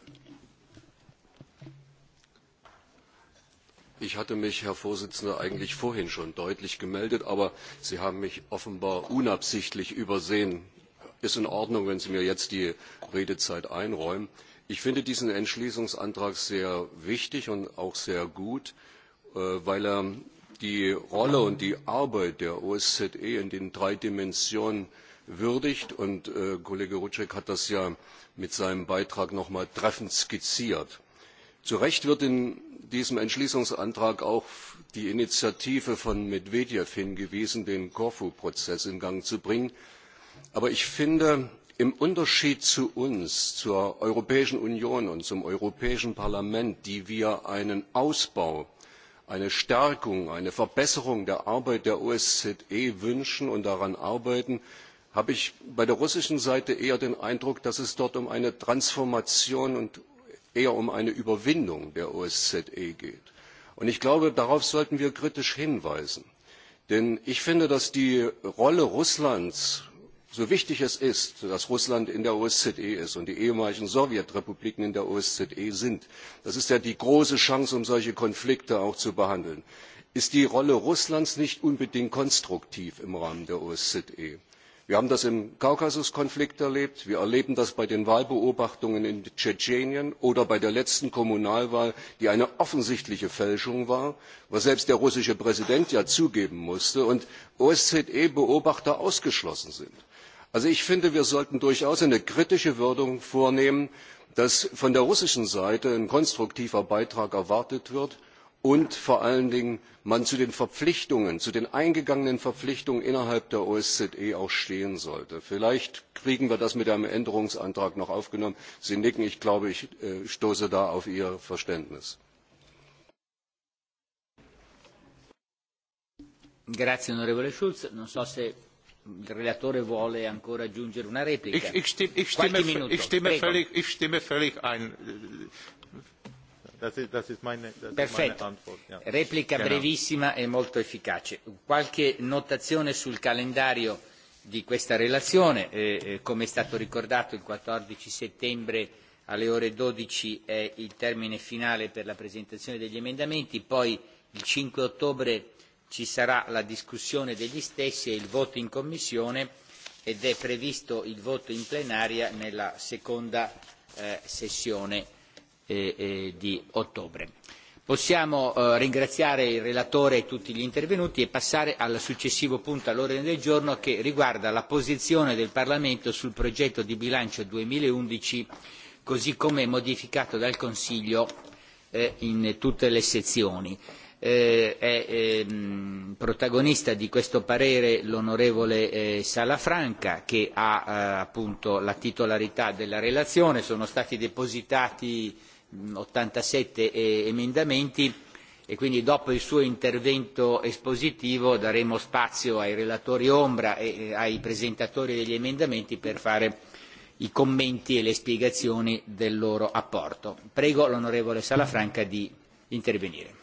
Ich hatte mich, Herr Vorsitzender, eigentlich vorhin schon deutlich gemeldet, aber Sie haben mich offenbar unabsichtlich übersehen. Ist in Ordnung, wenn Sie mir jetzt die Redezeit einräumen. Ich finde diesen Entschließungsantrag sehr wichtig und auch sehr gut, äh, weil er die Rolle und die Arbeit der OSZE in den drei Dimensionen würdigt. Und äh, Kollege Rutschek hat das ja mit seinem Beitrag noch nochmal treffend skizziert. Zu Recht wird in diesem Entschließungsantrag auch die Initiative von Medvedev hingewiesen, den Korfu-Prozess in Gang zu bringen. Aber ich finde, im Unterschied zu uns, zur Europäischen Union und zum Europäischen Parlament, die wir einen Ausbau, eine Stärkung, eine Verbesserung der Arbeit der OSZE wünschen und daran arbeiten, habe ich bei der russischen Seite eher den Eindruck, dass es dort um eine Transformation und eher um eine Überwindung der OSZE geht. Und ich glaube, darauf sollten wir kritisch hinweisen. Denn ich finde, dass die Rolle Russlands, so wichtig es ist, dass Russland in der OSZE ist und die ehemaligen Sowjetrepubliken in der OSZE sind, das ist ja die große Chance, um solche Konflikte auch zu behandeln, ist die Rolle Russlands nicht unbedingt konstruktiv im Rahmen der OSZE. Wir haben das im Kaukasuskonflikt erlebt, wir erleben das bei den Wahlbeobachtungen in Tschetschenien oder bei der letzten Kommunalwahl, die eine offensichtliche Fälschung war, was selbst der russische Präsident ja zugeben musste und OSZE-Beobachter ausgeschlossen sind. Also ich finde, wir sollten durchaus eine kritische Würdung vornehmen, dass von der russischen Seite ein konstruktiver Beitrag erwartet wird und vor allen Dingen man zu den Verpflichtungen, zu den eingegangenen Verpflichtungen innerhalb der OSZE auch stehen sollte. Vielleicht kriegen wir das mit einem Änderungsantrag noch aufgenommen. Sie nicken, ich glaube, ich äh, stoße da auf Ihr Verständnis. Grazie onorevole Schulz, non so se il relatore vuole ancora aggiungere una replica. Ich, ich, stimme, ich, stimme, ich stimme, völlig, ich stimme völlig ein my, Perfetto. yeah. Replica brevissima e molto efficace. Qualche notazione sul calendario di questa relazione. Eh, eh, come è stato ricordato, il 14 settembre alle ore 12 è il termine finale per la presentazione degli emendamenti, poi il 5 ottobre ci sarà la discussione degli stessi e il voto in commissione ed è previsto il voto in plenaria nella seconda eh, sessione E, e, di ottobre. Possiamo eh, ringraziare il relatore e tutti gli intervenuti e passare al successivo punto all'ordine del giorno che riguarda la posizione del Parlamento sul progetto di bilancio duemilaundici così come modificato dal Consiglio eh, in tutte le sezioni. Eh, è ehm, protagonista di questo parere l'onorevole Salafranca che ha appunto la titolarità della relazione, sono stati depositati 87 eh, emendamenti e quindi dopo il suo intervento espositivo daremo spazio ai relatori ombra e, e ai presentatori degli emendamenti per fare i commenti e le spiegazioni del loro apporto. Prego l'onorevole Salafranca di intervenire.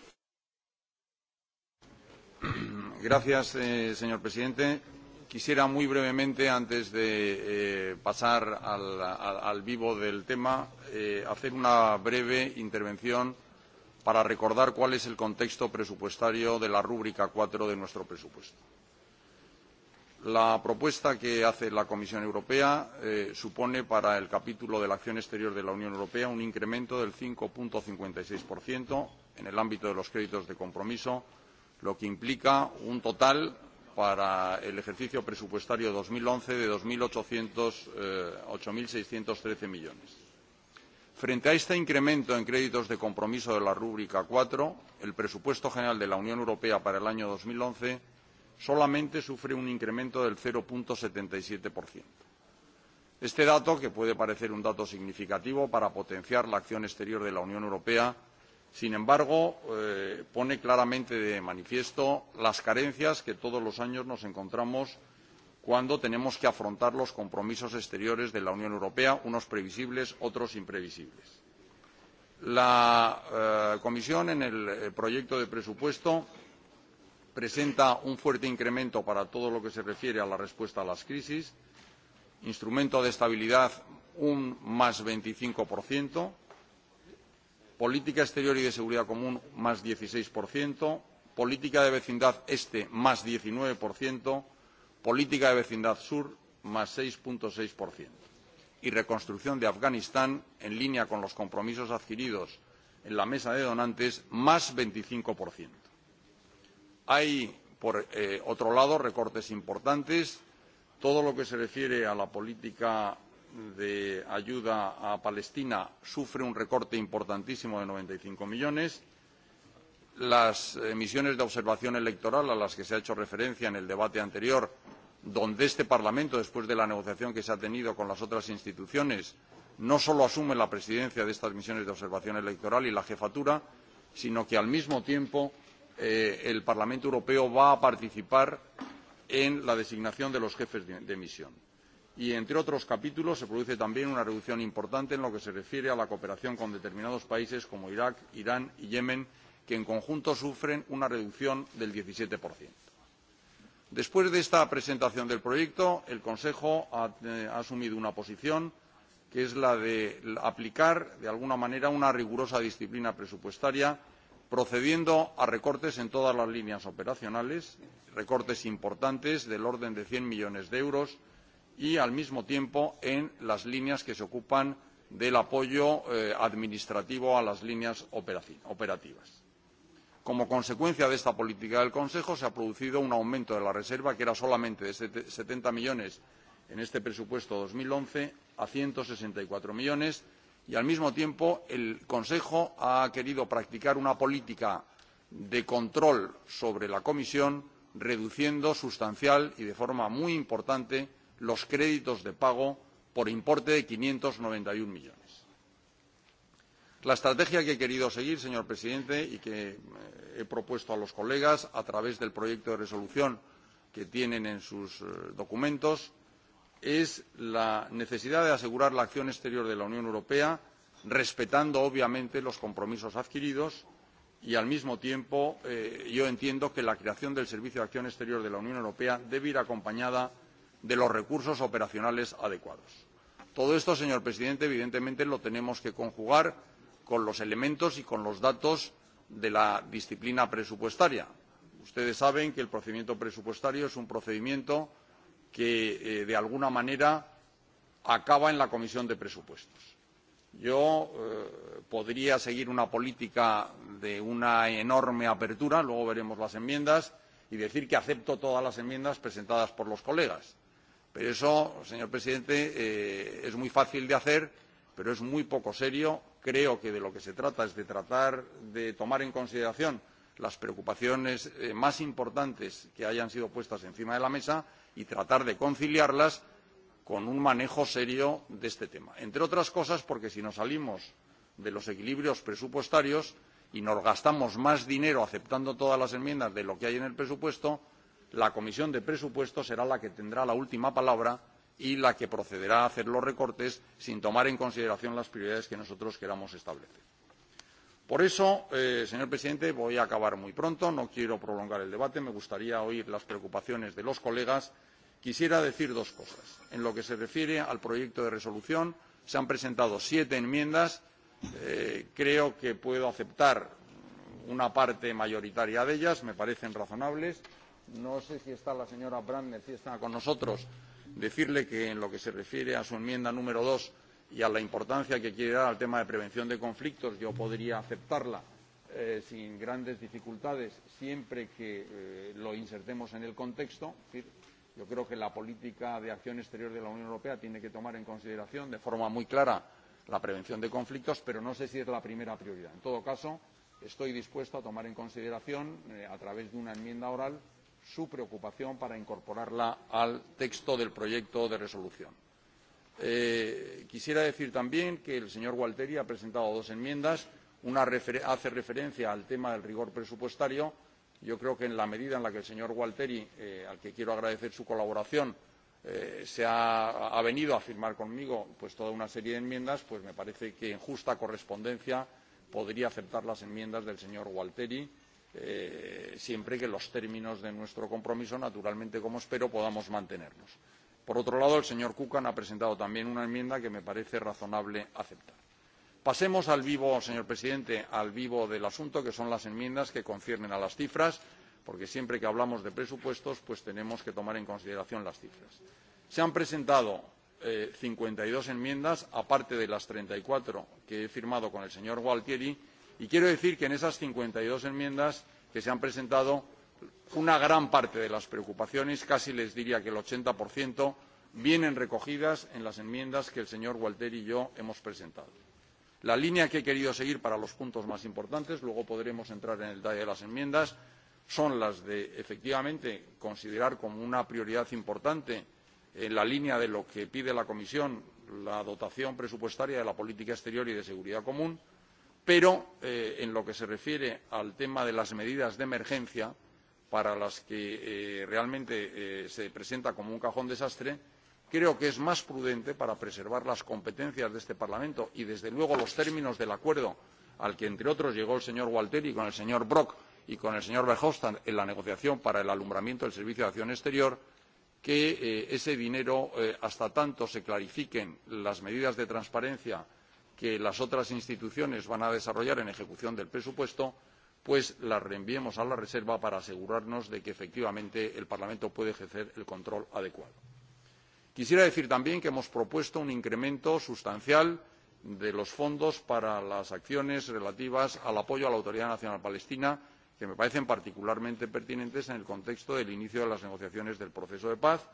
Grazie, eh, signor presidente. Quisiera muy brevemente, antes de eh, pasar al, al, al vivo del tema, eh, hacer una breve intervención para recordar cuál es el contexto presupuestario de la rúbrica 4 de nuestro presupuesto. La propuesta que hace la Comisión Europea eh, supone para el capítulo de la acción exterior de la Unión Europea un incremento del 5.56% en el ámbito de los créditos de compromiso, lo que implica un total para el ejercicio presupuestario dos mil once de dos eh, ocho seiscientos trece millones. Frente a este incremento en créditos de compromiso de la rúbrica cuatro, el presupuesto general de la Unión Europea para el año dos mil once solamente sufre un incremento del cero setenta y siete. Este dato, que puede parecer un dato significativo para potenciar la acción exterior de la Unión Europea, Sin embargo, eh, pone claramente de manifiesto las carencias que todos los años nos encontramos cuando tenemos que afrontar los compromisos exteriores de la Unión Europea, unos previsibles, otros imprevisibles. La eh, Comisión, en el eh, proyecto de presupuesto, presenta un fuerte incremento para todo lo que se refiere a la respuesta a las crisis, instrumento de estabilidad un más veinticinco política exterior y de seguridad común más dieciséis política de vecindad este más diecinueve política de vecindad sur más seis seis y reconstrucción de Afganistán en línea con los compromisos adquiridos en la mesa de donantes más veinticinco Hay, por eh, otro lado, recortes importantes. Todo lo que se refiere a la política de ayuda a Palestina sufre un recorte importantísimo de 95 millones. Las misiones de observación electoral a las que se ha hecho referencia en el debate anterior, donde este Parlamento, después de la negociación que se ha tenido con las otras instituciones, no solo asume la presidencia de estas misiones de observación electoral y la jefatura, sino que al mismo tiempo eh, el Parlamento Europeo va a participar en la designación de los jefes de, de misión y entre otros capítulos se produce también una reducción importante en lo que se refiere a la cooperación con determinados países como Irak, Irán y Yemen, que en conjunto sufren una reducción del diecisiete. Después de esta presentación del proyecto, el Consejo ha, eh, ha asumido una posición que es la de aplicar, de alguna manera, una rigurosa disciplina presupuestaria, procediendo a recortes en todas las líneas operacionales, recortes importantes del orden de cien millones de euros, y al mismo tiempo en las líneas que se ocupan del apoyo eh, administrativo a las líneas operativas. Como consecuencia de esta política del Consejo se ha producido un aumento de la reserva que era solamente de 70 millones en este presupuesto 2011 a 164 millones y al mismo tiempo el Consejo ha querido practicar una política de control sobre la Comisión reduciendo sustancial y de forma muy importante los créditos de pago por importe de quinientos noventa y uno millones. La estrategia que he querido seguir, señor presidente, y que eh, he propuesto a los colegas a través del proyecto de resolución que tienen en sus eh, documentos es la necesidad de asegurar la acción exterior de la Unión Europea, respetando obviamente los compromisos adquiridos y al mismo tiempo eh, yo entiendo que la creación del Servicio de Acción Exterior de la Unión Europea debe ir acompañada de los recursos operacionales adecuados. Todo esto, señor presidente, evidentemente lo tenemos que conjugar con los elementos y con los datos de la disciplina presupuestaria. Ustedes saben que el procedimiento presupuestario es un procedimiento que, eh, de alguna manera, acaba en la Comisión de Presupuestos. Yo eh, podría seguir una política de una enorme apertura, luego veremos las enmiendas, y decir que acepto todas las enmiendas presentadas por los colegas. Pero eso, señor presidente, eh, es muy fácil de hacer, pero es muy poco serio. Creo que de lo que se trata es de tratar de tomar en consideración las preocupaciones eh, más importantes que hayan sido puestas encima de la mesa y tratar de conciliarlas con un manejo serio de este tema. Entre otras cosas, porque si nos salimos de los equilibrios presupuestarios y nos gastamos más dinero aceptando todas las enmiendas de lo que hay en el presupuesto, la Comisión de Presupuestos será la que tendrá la última palabra y la que procederá a hacer los recortes sin tomar en consideración las prioridades que nosotros queramos establecer. Por eso, eh, señor presidente, voy a acabar muy pronto. No quiero prolongar el debate. Me gustaría oír las preocupaciones de los colegas. Quisiera decir dos cosas. En lo que se refiere al proyecto de resolución, se han presentado siete enmiendas. Eh, creo que puedo aceptar una parte mayoritaria de ellas. Me parecen razonables no sé si está la señora Brandner, si está con nosotros, decirle que en lo que se refiere a su enmienda número dos y a la importancia que quiere dar al tema de prevención de conflictos, yo podría aceptarla eh, sin grandes dificultades siempre que eh, lo insertemos en el contexto. Es decir, yo creo que la política de acción exterior de la Unión Europea tiene que tomar en consideración de forma muy clara la prevención de conflictos, pero no sé si es la primera prioridad. En todo caso, estoy dispuesto a tomar en consideración, eh, a través de una enmienda oral, su preocupación para incorporarla al texto del proyecto de resolución. Eh, quisiera decir también que el señor Gualteri ha presentado dos enmiendas. Una refer hace referencia al tema del rigor presupuestario. Yo creo que en la medida en la que el señor Gualteri, eh, al que quiero agradecer su colaboración, eh, se ha, ha venido a firmar conmigo pues, toda una serie de enmiendas, pues me parece que en justa correspondencia podría aceptar las enmiendas del señor Gualteri eh, siempre que los términos de nuestro compromiso, naturalmente, como espero, podamos mantenerlos. Por otro lado, el señor Kukan ha presentado también una enmienda que me parece razonable aceptar. Pasemos al vivo, señor presidente, al vivo del asunto, que son las enmiendas que conciernen a las cifras, porque siempre que hablamos de presupuestos, pues tenemos que tomar en consideración las cifras. Se han presentado eh, cincuenta y dos enmiendas, aparte de las treinta y cuatro que he firmado con el señor Gualtieri, Y quiero decir que en esas cincuenta y dos enmiendas que se han presentado, una gran parte de las preocupaciones, casi les diría que el ochenta vienen recogidas en las enmiendas que el señor Gualteri y yo hemos presentado. La línea que he querido seguir para los puntos más importantes, luego podremos entrar en el detalle de las enmiendas, son las de efectivamente considerar como una prioridad importante en la línea de lo que pide la Comisión la dotación presupuestaria de la política exterior y de seguridad común, Pero eh, en lo que se refiere al tema de las medidas de emergencia, para las que eh, realmente eh, se presenta como un cajón desastre, creo que es más prudente para preservar las competencias de este Parlamento y, desde luego, los términos del acuerdo al que, entre otros, llegó el señor Gualteri con el señor Brok y con el señor Verhofstadt en la negociación para el alumbramiento del Servicio de Acción Exterior, que eh, ese dinero, eh, hasta tanto se clarifiquen las medidas de transparencia que las otras instituciones van a desarrollar en ejecución del presupuesto, pues las reenviemos a la reserva para asegurarnos de que efectivamente el Parlamento puede ejercer el control adecuado. Quisiera decir también que hemos propuesto un incremento sustancial de los fondos para las acciones relativas al apoyo a la Autoridad Nacional Palestina, que me parecen particularmente pertinentes en el contexto del inicio de las negociaciones del proceso de paz.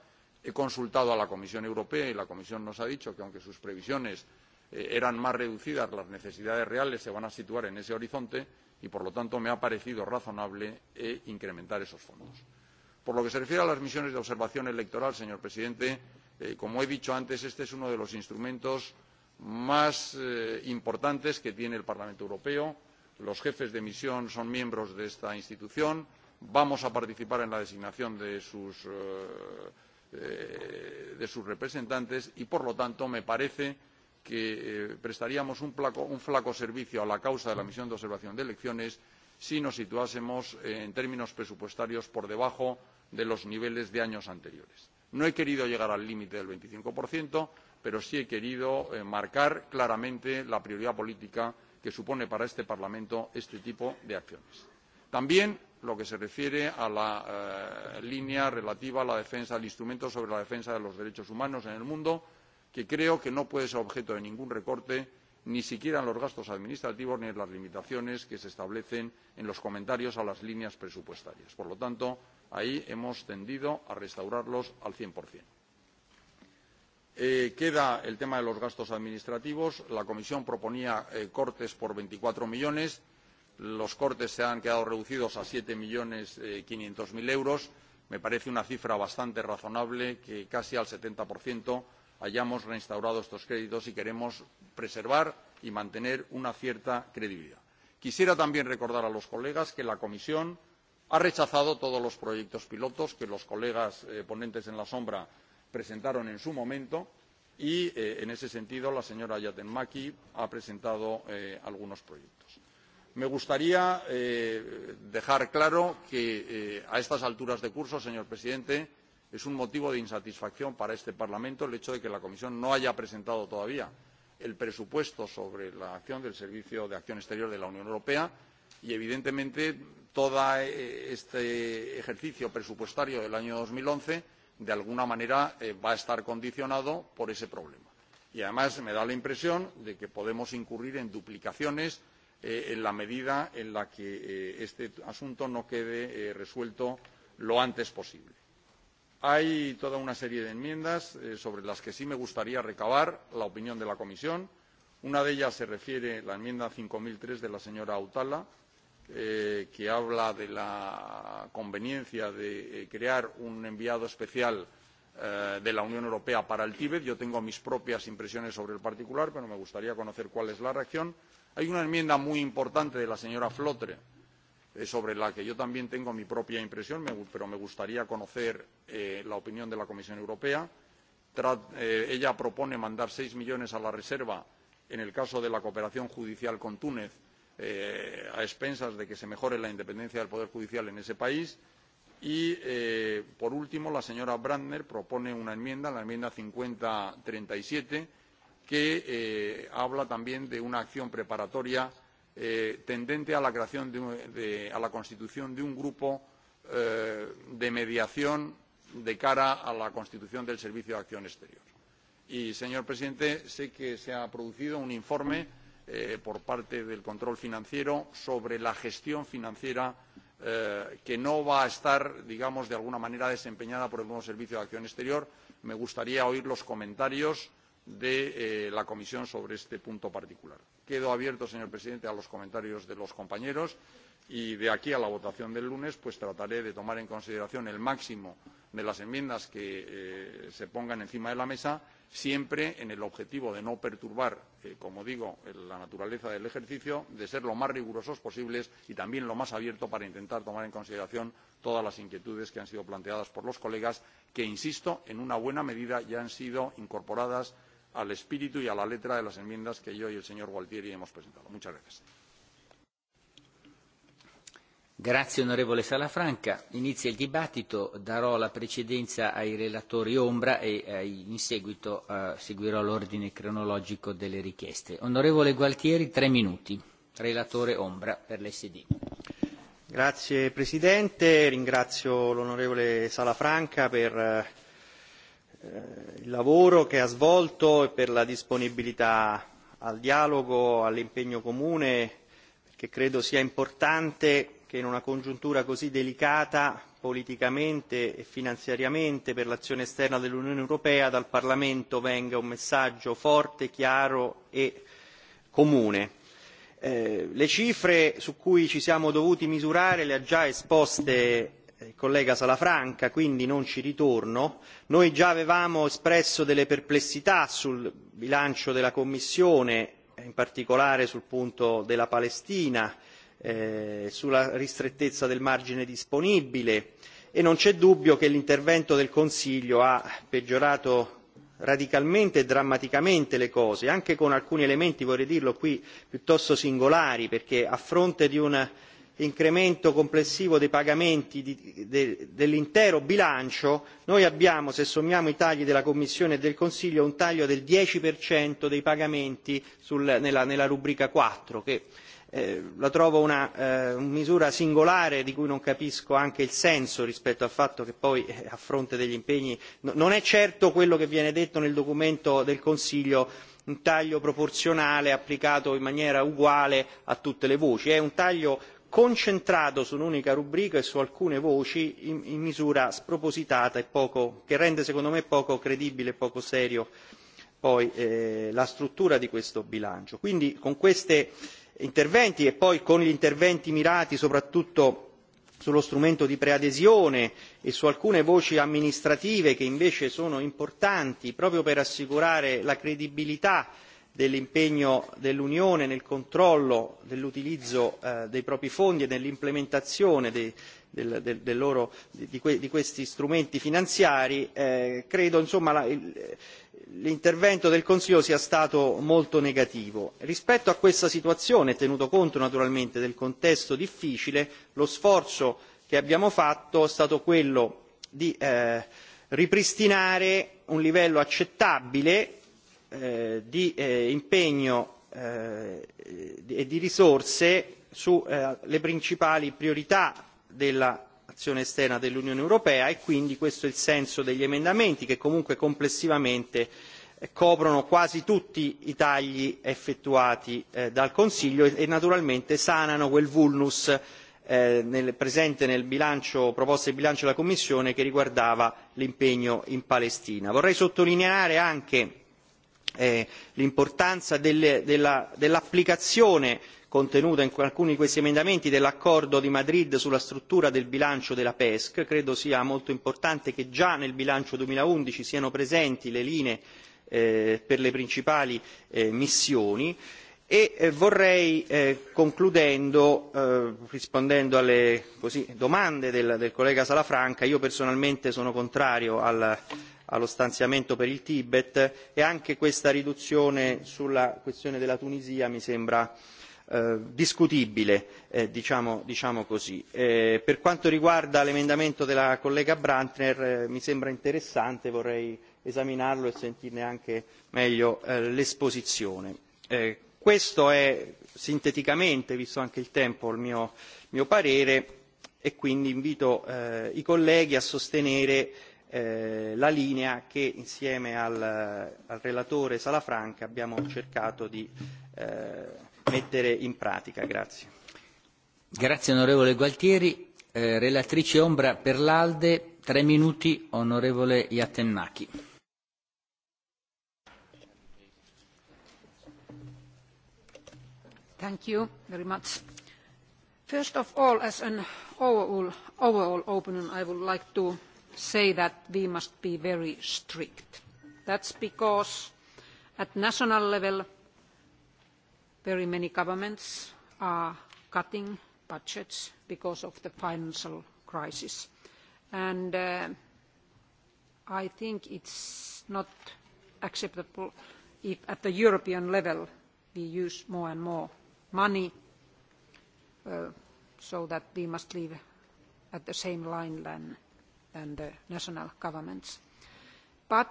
He consultado a la Comisión Europea y la Comisión nos ha dicho que, aunque sus previsiones eh, eran más reducidas las necesidades reales, se van a situar en ese horizonte y, por lo tanto, me ha parecido razonable eh, incrementar esos fondos. Por lo que se refiere a las misiones de observación electoral, señor presidente, eh, como he dicho antes, este es uno de los instrumentos más eh, importantes que tiene el Parlamento Europeo. Los jefes de misión son miembros de esta institución. Vamos a participar en la designación de sus, eh, eh de sus representantes y, por lo tanto, me parece que eh, prestaríamos un, placo, un flaco servicio a la causa de la misión de observación de elecciones si nos situásemos eh, en términos presupuestarios por debajo de los niveles de años anteriores. No he querido llegar al límite del 25%, pero sí he querido eh, marcar claramente la prioridad política que supone para este Parlamento este tipo de acciones. También lo que se refiere a la eh, línea relativa a la defensa, al instrumento sobre la defensa de los derechos humanos en el mundo, que creo que no puede ser objeto de ningún recorte ni siquiera en los gastos administrativos ni en las limitaciones que se establecen en los comentarios a las líneas presupuestarias. Por lo tanto, ahí hemos tendido a restaurarlos al cien por Eh, queda el tema de los gastos administrativos. La Comisión proponía eh, cortes por veinticuatro millones. Los cortes se han quedado reducidos a siete millones eh, quinientos cero euros. Me parece una cifra bastante razonable que casi al setenta hayamos reinstaurado estos créditos y queremos preservar y mantener una cierta credibilidad. Quisiera también recordar a los colegas que la Comisión ha rechazado todos los proyectos pilotos que los colegas eh, ponentes en la sombra presentaron en su momento y, eh, en ese sentido, la señora Yatenmaki ha presentado eh, algunos proyectos. Me gustaría eh, dejar claro que eh, a estas alturas de curso, señor presidente, es un motivo de insatisfacción para este Parlamento el hecho de que la Comisión no haya presentado todavía el presupuesto sobre la acción del Servicio de Acción Exterior de la Unión Europea y, evidentemente, todo eh, este ejercicio presupuestario del año dos mil once de alguna manera eh, va a estar condicionado por ese problema. Y, además, me da la impresión de que podemos incurrir en duplicaciones eh, en la medida en la que este asunto no quede resuelto lo antes posible. Hay toda una serie de enmiendas eh, sobre las que sí me gustaría recabar la opinión de la Comisión. Una de ellas se refiere a la enmienda 5003 de la señora Autala, eh, que habla de la conveniencia de eh, crear un enviado especial eh, de la Unión Europea para el Tíbet. Yo tengo mis propias impresiones sobre el particular, pero me gustaría conocer cuál es la reacción. Hay una enmienda muy importante de la señora Flotre, Eh, sobre la que yo también tengo mi propia impresión, pero me gustaría conocer eh, la opinión de la Comisión Europea. Tra eh, ella propone mandar seis millones a la reserva en el caso de la cooperación judicial con Túnez, eh, a expensas de que se mejore la independencia del Poder Judicial en ese país. Y, eh, por último, la señora Brandner propone una enmienda, la enmienda cincuenta treinta y siete, que eh, habla también de una acción preparatoria eh, tendente a la, creación de, de, a la constitución de un grupo eh, de mediación de cara a la constitución del Servicio de Acción Exterior. Y, señor presidente, sé que se ha producido un informe eh, por parte del control financiero sobre la gestión financiera eh, que no va a estar, digamos, de alguna manera desempeñada por el nuevo Servicio de Acción Exterior. Me gustaría oír los comentarios de eh, la comisión sobre este punto particular. Quedo abierto, señor presidente, a los comentarios de los compañeros y de aquí a la votación del lunes pues trataré de tomar en consideración el máximo de las enmiendas que eh, se pongan encima de la mesa, siempre en el objetivo de no perturbar, eh, como digo, la naturaleza del ejercicio, de ser lo más rigurosos posibles y también lo más abierto para intentar tomar en consideración todas las inquietudes que han sido planteadas por los colegas, que, insisto, en una buena medida ya han sido incorporadas al espíritu y a la letra de las enmiendas que yo y el señor Gualtieri hemos presentado. Muchas gracias. Grazie onorevole Salafranca. Inizia il dibattito, darò la precedenza ai relatori ombra e eh, in seguito eh, seguirò l'ordine cronologico delle richieste. Onorevole Gualtieri, tre minuti. Relatore ombra per l'SD. Grazie Presidente, ringrazio l'onorevole Salafranca per eh, Eh, il lavoro che ha svolto e per la disponibilità al dialogo, all'impegno comune, perché credo sia importante che in una congiuntura così delicata politicamente e finanziariamente per l'azione esterna dell'Unione Europea dal Parlamento venga un messaggio forte, chiaro e comune. Eh, le cifre su cui ci siamo dovuti misurare le ha già esposte il eh, collega Salafranca, quindi non ci ritorno. Noi già avevamo espresso delle perplessità sul bilancio della Commissione, in particolare sul punto della Palestina, eh, sulla ristrettezza del margine disponibile e non c'è dubbio che l'intervento del Consiglio ha peggiorato radicalmente e drammaticamente le cose, anche con alcuni elementi, vorrei dirlo qui, piuttosto singolari, perché a fronte di un incremento complessivo dei pagamenti dell'intero bilancio, noi abbiamo, se sommiamo i tagli della Commissione e del Consiglio, un taglio del dieci dei pagamenti nella, rubrica quattro, che eh, la trovo eh, una misura singolare di cui non capisco anche il senso rispetto al fatto che poi eh, a fronte degli impegni non è certo quello che viene detto nel documento del Consiglio un taglio proporzionale applicato in maniera uguale a tutte le voci, è un taglio concentrato su un'unica rubrica e su alcune voci in, in misura spropositata e poco, che rende secondo me poco credibile e poco serio poi eh, la struttura di questo bilancio. Quindi con questi interventi e poi con gli interventi mirati soprattutto sullo strumento di preadesione e su alcune voci amministrative che invece sono importanti proprio per assicurare la credibilità dell'impegno dell'Unione nel controllo dell'utilizzo eh, dei propri fondi e nell'implementazione dei, del, del, del loro, di, que, di questi strumenti finanziari, eh, credo insomma l'intervento del Consiglio sia stato molto negativo. Rispetto a questa situazione, tenuto conto naturalmente del contesto difficile, lo sforzo che abbiamo fatto è stato quello di eh, ripristinare un livello accettabile Eh, di eh, impegno eh, e di risorse sulle eh, principali priorità dell'azione esterna dell'Unione Europea e quindi questo è il senso degli emendamenti che comunque complessivamente eh, coprono quasi tutti i tagli effettuati eh, dal Consiglio e, e naturalmente sanano quel vulnus eh, nel, presente nel bilancio, proposto di bilancio della Commissione che riguardava l'impegno in Palestina. Vorrei sottolineare anche Eh, l'importanza dell'applicazione contenuta in alcuni di questi emendamenti dell'accordo di Madrid sulla struttura del bilancio della PESC. Credo sia molto importante che già nel bilancio duemilaundici siano presenti le linee eh, per le principali eh, missioni e vorrei concludendo rispondendo alle domande del, collega Salafranca, io personalmente sono contrario alla allo stanziamento per il Tibet e anche questa riduzione sulla questione della Tunisia mi sembra eh, discutibile, eh, diciamo, diciamo così. Eh, per quanto riguarda l'emendamento della collega Brantner eh, mi sembra interessante, vorrei esaminarlo e sentirne anche meglio eh, l'esposizione. Eh, questo è sinteticamente, visto anche il tempo, il mio, mio parere e quindi invito eh, i colleghi a sostenere Eh, la linea che insieme al, al relatore Salafranca abbiamo cercato di eh, mettere in pratica. Grazie. Grazie onorevole Gualtieri. Eh, relatrice Ombra per l'Alde, tre minuti, onorevole Iattennaki. Thank you very much. First of all, as an overall, overall opening, I would like to say that we must be very strict. That is because at national level, very many governments are cutting budgets because of the financial crisis. And uh, I think it is not acceptable if at the European level we use more and more money uh, so that we must live at the same line than than the national governments. But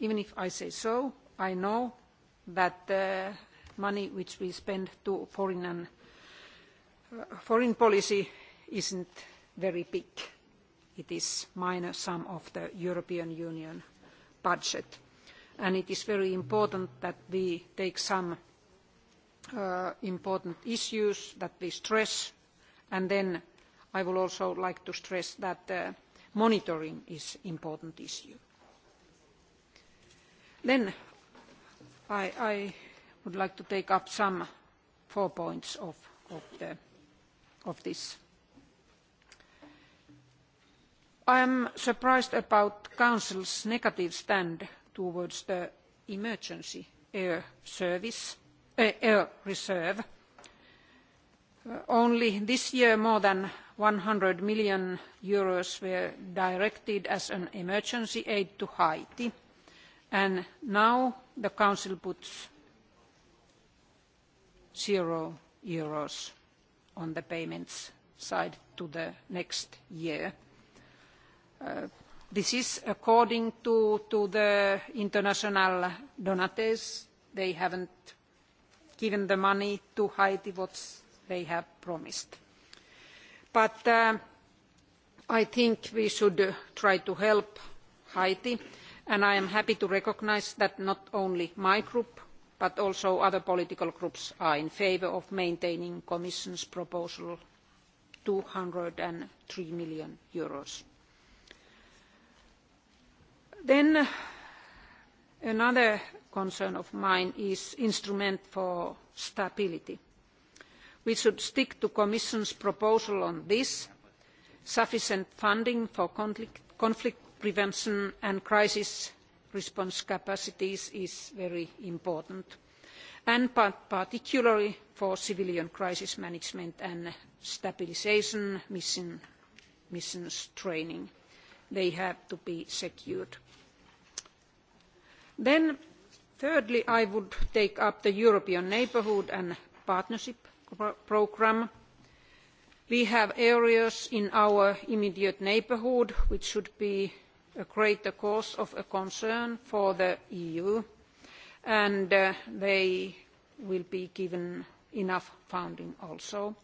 even if I say so, I know that the money which we spend to foreign, and, uh, foreign policy isn't very big. It is minor sum of the European Union budget. And it is very important that we take some uh, important issues that we stress. And then I would also like to stress that uh, monitoring is an important issue. Then I, I would like to take up some four points of, of, the, of this. I am surprised about the Council's negative stand towards the emergency air service, uh, air reserve. Uh, only this year more than one hundred million Euros were directed as an emergency aid to Haiti. And now the Council puts zero euros on the payments side to the next year. Uh, this is according to, to the international donators. They haven't given the money to Haiti what they have promised. But uh, I think we should uh, try to help Haiti, and I am happy to recognise that not only my group, but also other political groups are in favour of maintaining the Commission's proposal of two hundred and three million euros. Then another concern of mine is the instrument for stability we should stick to the commission's proposal on this sufficient funding for conflict, prevention and crisis response capacities is very important and particularly for civilian crisis management and stabilisation mission, missions training. They have to be secured. Then, thirdly, I would take up the European Neighbourhood and Partnership programme. We have areas in our immediate neighbourhood which should be a greater cause of concern for the EU and uh, they will be given enough funding also.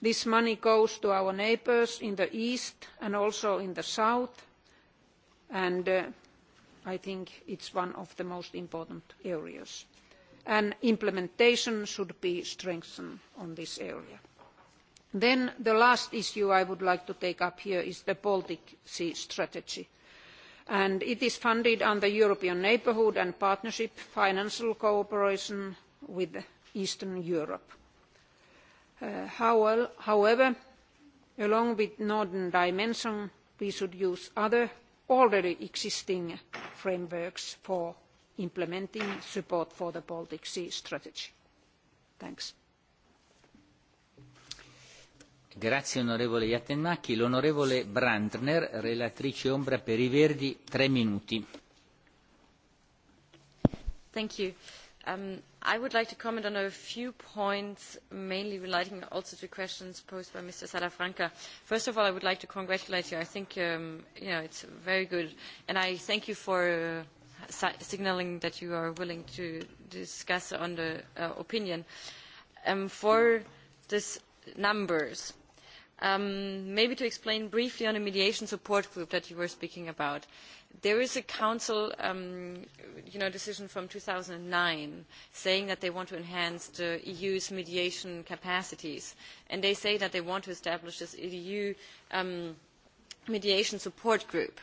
This money goes to our neighbours in the east and also in the south and uh, I think it is one of the most important areas and implementation should be strengthened in this area. Then the last issue I would like to take up here is the Baltic Sea Strategy. And it is funded under European Neighbourhood and Partnership Financial Cooperation with Eastern Europe. Uh, however, along with Northern Dimension, we should use other already existing frameworks for implementing support for the Baltic Sea strategy. Thanks. Grazie onorevole Iattennacchi. L'onorevole Brandner, relatrice ombra per i Verdi, tre minuti. Thank you. Um, I would like to comment on a few points, mainly relating also to questions posed by Mr. Salafranca. First of all, I would like to congratulate you. I think um, you know, it's very good, and I thank you for uh, signaling that you are willing to discuss on the uh, opinion. Um, for this numbers, um, maybe to explain briefly on the mediation support group that you were speaking about. There is a council um, you know, decision from 2009 saying that they want to enhance the EU's mediation capacities. And they say that they want to establish this EU um, mediation support group.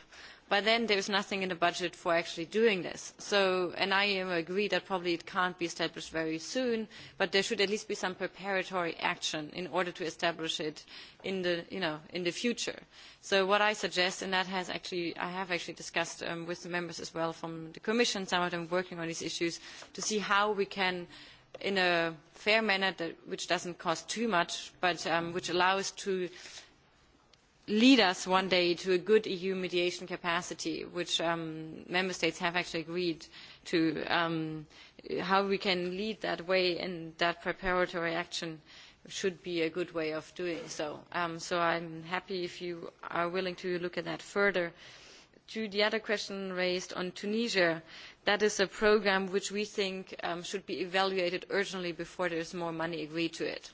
But then there is nothing in the budget for actually doing this. So, and I agree that probably it can't be established very soon, but there should at least be some preparatory action in order to establish it in the, you know, in the future. So what I suggest, and that has actually, I have actually discussed um, with the members as well from the Commission, some of them working on these issues, to see how we can in a fair manner that, which doesn't cost too much, but um, which allows to lead us one day to a good EU mediation capacity, which um, member states have actually agreed to, um, how we can lead that way and that preparatory action should be a good way of doing so. Um, so I'm happy if you are willing to look at that further. To the other question raised on Tunisia, that is a program which we think um, should be evaluated urgently before there is more money agreed to it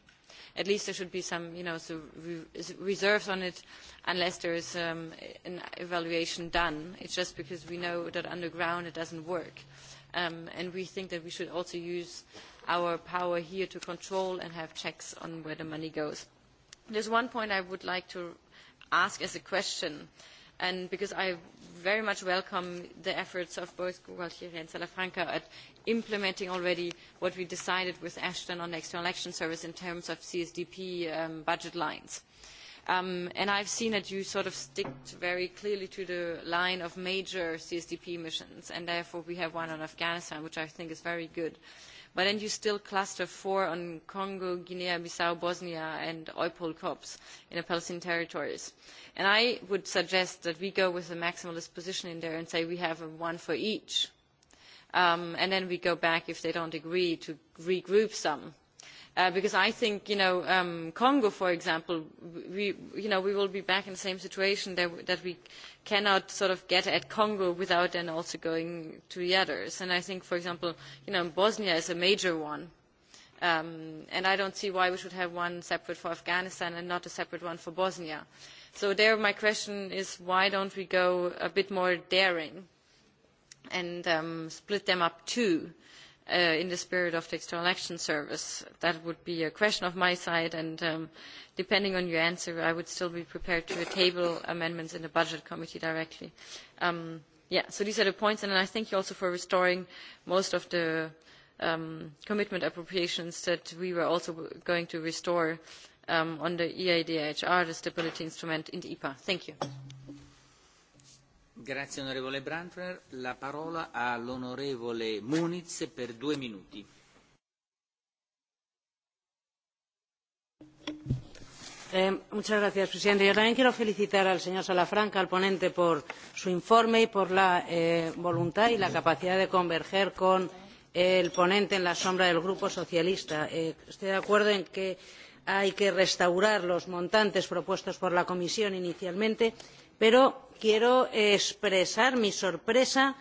at least there should be some, you know, so re reserves on it unless there is um, an evaluation done. It's just because we know that underground it doesn't work. Um, and we think that we should also use our power here to control and have checks on where the money goes. There's one point I would like to ask as a question, and because I very much welcome the efforts of both Gualtieri and Salafranca at implementing already what we decided with Ashton on the External Action Service in terms of CSDP um, budget lines. Um, and I've seen that you sort of stick very clearly to the line of major CSDP missions, and therefore we have one on Afghanistan, which I think is very good. But then you still cluster four on Congo, Guinea-Bissau, Bosnia, and Eupol COPs in the Palestinian territories. And I would suggest that we go with a maximalist position in there and say we have one for each um, and then we go back if they don't agree to regroup some. Uh, because I think, you know, um, Congo, for example, we, you know, we will be back in the same situation that, that we cannot sort of get at Congo without then also going to the others. And I think, for example, you know, Bosnia is a major one. Um, and I don't see why we should have one separate for Afghanistan and not a separate one for Bosnia. So there my question is why don't we go a bit more daring? and um, split them up too uh, in the spirit of the External Action Service? That would be a question of my side, and um, depending on your answer, I would still be prepared to table amendments in the Budget Committee directly. Um, yeah, so these are the points, and I thank you also for restoring most of the um, commitment appropriations that we were also going to restore um, on the EIDHR, the Stability Instrument, in the EPA. Thank you. Grazie onorevole La parola all'onorevole Muniz per due minuti. Eh, muchas gracias, presidente. Yo también quiero felicitar al señor Salafranca, al ponente, por su informe y por la eh, voluntad y la capacidad de converger con el ponente en la sombra del Grupo Socialista. Eh, estoy de acuerdo en que hay que restaurar los montantes propuestos por la Comisión inicialmente pero quiero expresar mi sorpresa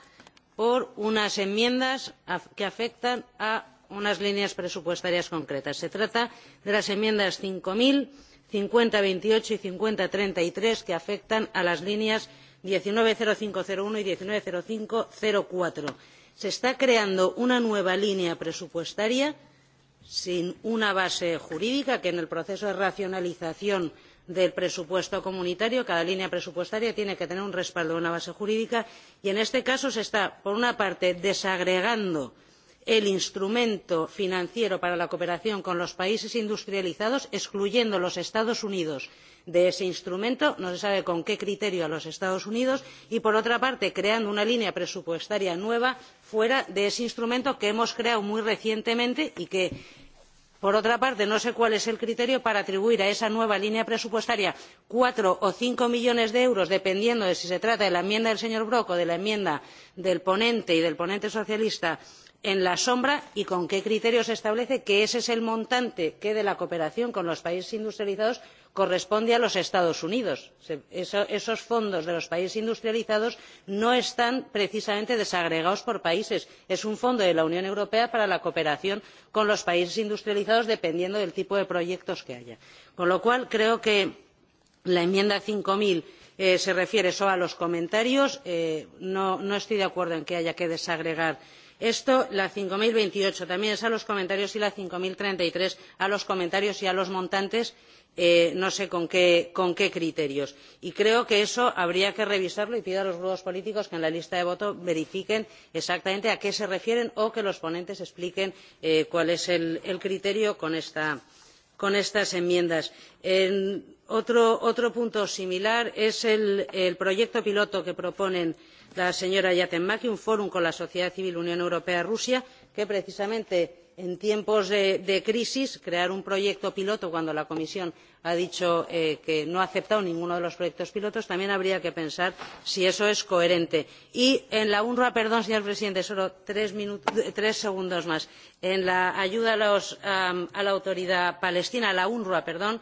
por unas enmiendas que afectan a unas líneas presupuestarias concretas. Se trata de las enmiendas cinco mil, cincuenta veintiocho y cincuenta treinta y tres que afectan a las líneas diecinueve cero cinco cero uno y diecinueve cero cinco cero cuatro. Se está creando una nueva línea presupuestaria sin una base jurídica que en el proceso de racionalización del presupuesto comunitario. Cada línea presupuestaria tiene que tener un respaldo, una base jurídica y en este caso se está, por una parte, desagregando el instrumento financiero para la cooperación con los países industrializados, excluyendo a los Estados Unidos de ese instrumento, no se sabe con qué criterio a los Estados Unidos, y por otra parte creando una línea presupuestaria nueva fuera de ese instrumento que hemos creado muy recientemente y que Por otra parte, no sé cuál es el criterio para atribuir a esa nueva línea presupuestaria cuatro o cinco millones de euros, dependiendo de si se trata de la enmienda del señor Brok o de la enmienda del ponente y del ponente socialista en la sombra y con qué criterio se establece que ese es el montante que de la cooperación con los países industrializados corresponde a los Estados Unidos. esos fondos de los países industrializados no están precisamente desagregados por países. Es un fondo de la Unión Europea para la cooperación con los países industrializados dependiendo del tipo de proyectos que haya. Con lo cual, creo que la enmienda cinco mil eh, se refiere solo a los comentarios. Eh, no, no estoy de acuerdo en que haya que desagregar Esto, la cinco mil veintiocho también es a los comentarios y la cinco mil treinta y tres a los comentarios y a los montantes, eh, no sé con qué, con qué criterios. Y creo que eso habría que revisarlo y pido a los grupos políticos que en la lista de voto verifiquen exactamente a qué se refieren o que los ponentes expliquen eh, cuál es el, el criterio con, esta, con estas enmiendas. En otro, otro punto similar es el, el proyecto piloto que proponen la señora Yatemaki, un fórum con la sociedad civil Unión Europea-Rusia, que precisamente en tiempos de, de, crisis crear un proyecto piloto cuando la Comisión ha dicho eh, que no ha aceptado ninguno de los proyectos pilotos, también habría que pensar si eso es coherente. Y en la UNRWA, perdón, señor presidente, solo tres, minutos, tres segundos más, en la ayuda a, los, um, a la autoridad palestina, a la UNRWA, perdón,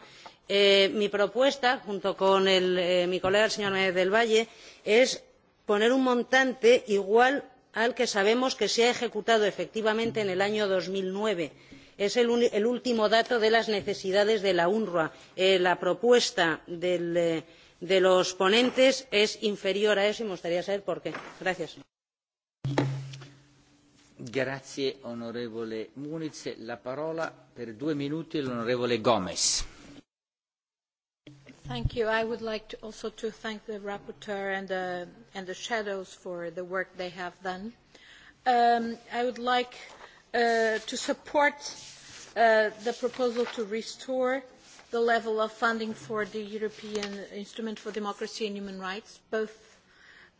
eh, mi propuesta, junto con el, eh, mi colega el señor Méndez del Valle, es poner un montante igual al que sabemos que se ha ejecutado efectivamente en el año dos mil nueve es el, el, último dato de las necesidades de la UNRWA. Eh, la propuesta del, eh, de los ponentes es inferior a eso y me gustaría saber por qué. Gracias. Grazie, onorevole Muniz. La parola per due minuti all'onorevole Gomez. Thank you. I would like to also to thank the rapporteur and the, and the shadows for the work they have done. Um, I would like uh, to support uh, the proposal to restore the level of funding for the European Instrument for Democracy and Human Rights, both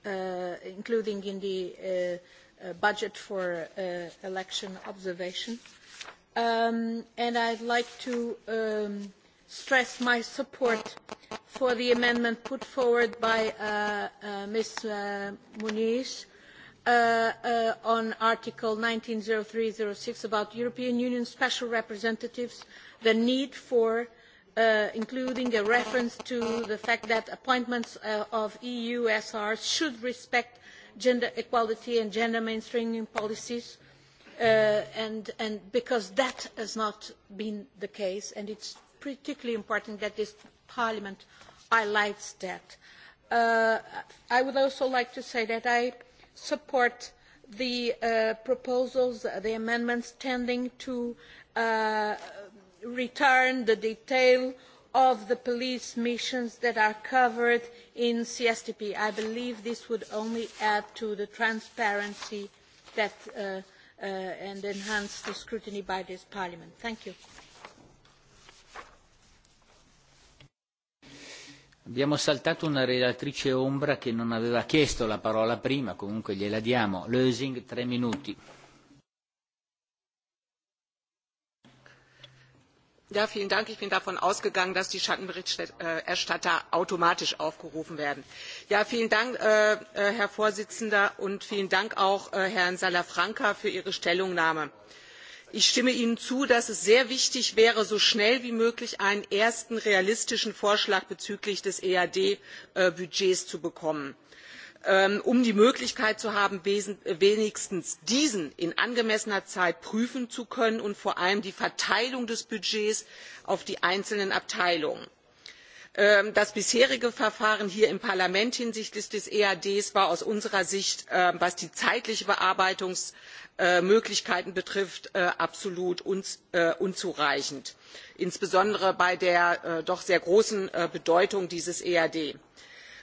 uh, including in the uh, uh, budget for uh, election observation. Um, and I'd like to um, stress my support for the amendment put forward by uh, uh, Ms. Uh, Muniz uh, uh, on Article 190306 about European Union special representatives, the need for uh, including a reference to the fact that appointments uh, of EU SRs should respect gender equality and gender mainstreaming policies, uh, and, and because that has not been the case, and it's particularly important that this Parliament highlights that. Uh, I would also like to say that I support the uh, proposals, the amendments tending to uh, return the detail of the police missions that are covered in CSTP. I believe this would only add to the transparency that, uh, uh, and enhance the scrutiny by this Parliament. Thank you. Abbiamo saltato una relatrice ombra che non aveva chiesto la parola prima, comunque gliela diamo. Lösing, tre minuti. Ja, vielen Dank. Ich bin davon ausgegangen, dass die Schattenberichterstatter automatisch aufgerufen werden. Ja, vielen Dank, äh, äh Herr Vorsitzender, und vielen Dank auch äh, Herrn Salafranca für Ihre Stellungnahme. Äh, Ich stimme Ihnen zu, dass es sehr wichtig wäre, so schnell wie möglich einen ersten realistischen Vorschlag bezüglich des EAD-Budgets zu bekommen ähm, um die Möglichkeit zu haben, äh, wenigstens diesen in angemessener Zeit prüfen zu können und vor allem die Verteilung des Budgets auf die einzelnen Abteilungen. Ähm, das bisherige Verfahren hier im Parlament hinsichtlich des EAD war aus unserer Sicht, ähm, was die zeitliche Bearbeitungsmöglichkeiten äh, betrifft, äh, absolut äh, unzureichend, insbesondere bei der doch sehr großen Bedeutung dieses EAD.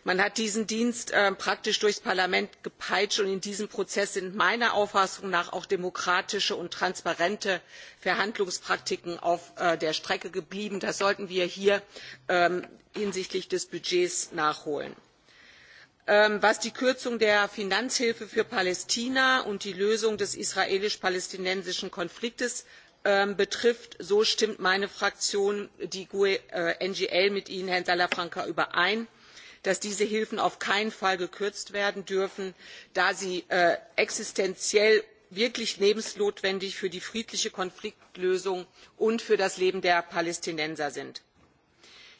Man hat diesen Dienst äh, praktisch durchs Parlament gepeitscht und in diesem Prozess sind meiner Auffassung nach auch demokratische und transparente Verhandlungspraktiken auf äh, der Strecke geblieben. Das sollten wir hier ähm, hinsichtlich des Budgets nachholen. Ähm, was die Kürzung der Finanzhilfe für Palästina und die Lösung des israelisch-palästinensischen Konfliktes ähm, betrifft, so stimmt meine Fraktion, die GUE äh, NGL, mit Ihnen, Herrn Salafranca, überein dass diese Hilfen auf keinen Fall gekürzt werden dürfen, da sie äh, existenziell wirklich lebensnotwendig für die friedliche Konfliktlösung und für das Leben der Palästinenser sind.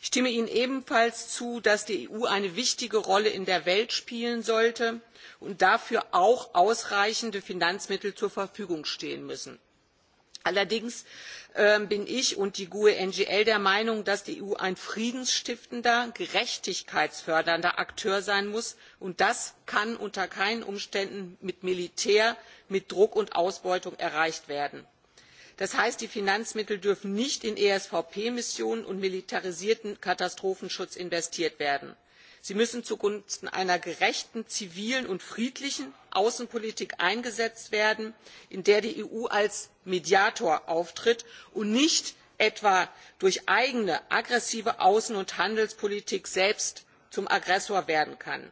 Ich stimme Ihnen ebenfalls zu, dass die EU eine wichtige Rolle in der Welt spielen sollte und dafür auch ausreichende Finanzmittel zur Verfügung stehen müssen. Allerdings ähm, bin ich und die GUE NGL der Meinung, dass die EU ein friedensstiftender, gerechtigkeitsfördernder Akteur sein muss. Und das kann unter keinen Umständen mit Militär, mit Druck und Ausbeutung erreicht werden. Das heißt, die Finanzmittel dürfen nicht in ESVP-Missionen und militarisierten Katastrophenschutz investiert werden. Sie müssen zugunsten einer gerechten, zivilen und friedlichen Außenpolitik eingesetzt werden, in der die EU als Mediator auftritt und nicht etwa durch eigene aggressive Außen- und Handelspolitik selbst zum Aggressor werden kann.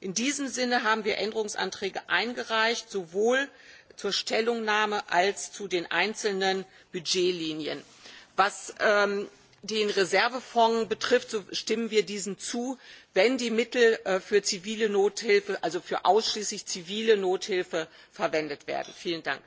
In diesem Sinne haben wir Änderungsanträge eingereicht, sowohl zur Stellungnahme als zu den einzelnen Budgetlinien. Was ähm, den Reservefonds betrifft, so stimmen wir diesem zu, wenn die Mittel äh, für zivile Nothilfe, also für ausschließlich zivile Nothilfe verwendet werden. Vielen Dank.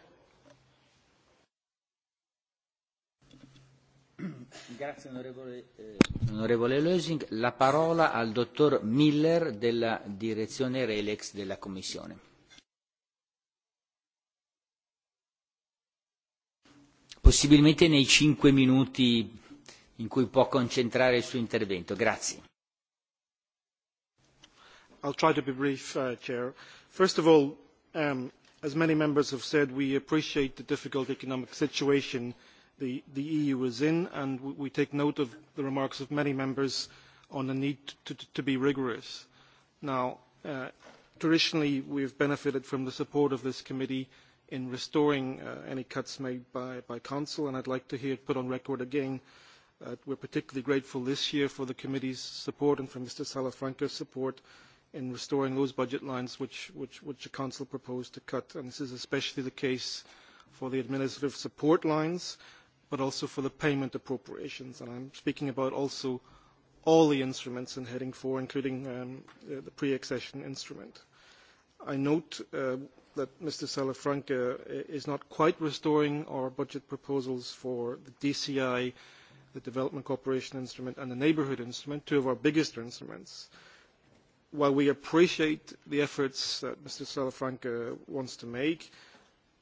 Grazie onorevole, eh, onorevole Lösing. La parola al dottor Miller della direzione Relex della Commissione. Possibilmente nei cinque minuti in cui può concentrare il suo intervento. Grazie. I'll try to be brief, uh, Chair. First of all, um, as many members have said, we appreciate the difficult economic situation the, the EU is in, and we, we take note of the remarks of many members on the need to, to, to be rigorous. Now, uh, traditionally, we have benefited from the support of this committee in restoring uh, any cuts made by, by Council, and I'd like to hear it put on record again Uh, we're particularly grateful this year for the committee's support and for Mr. Salafranca's support in restoring those budget lines which, which, which the Council proposed to cut. And this is especially the case for the administrative support lines, but also for the payment appropriations. And I'm speaking about also all the instruments in Heading 4, including um, uh, the pre-accession instrument. I note uh, that Mr. Salafranca uh, is not quite restoring our budget proposals for the DCI the Development Cooperation Instrument and the Neighbourhood Instrument, two of our biggest instruments. While we appreciate the efforts that Mr. Salafranca wants to make,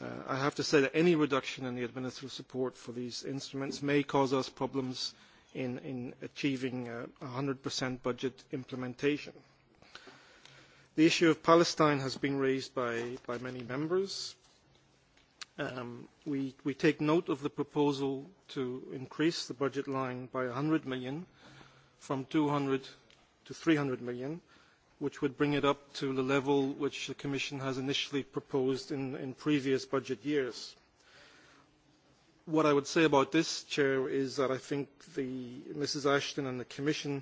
uh, I have to say that any reduction in the administrative support for these instruments may cause us problems in, in achieving uh, 100% budget implementation. The issue of Palestine has been raised by, by many members. Um, we, we take note of the proposal to increase the budget line by 100 million from 200 to 300 million, which would bring it up to the level which the Commission has initially proposed in, in previous budget years. What I would say about this, Chair, is that I think the, Mrs. Ashton and the Commission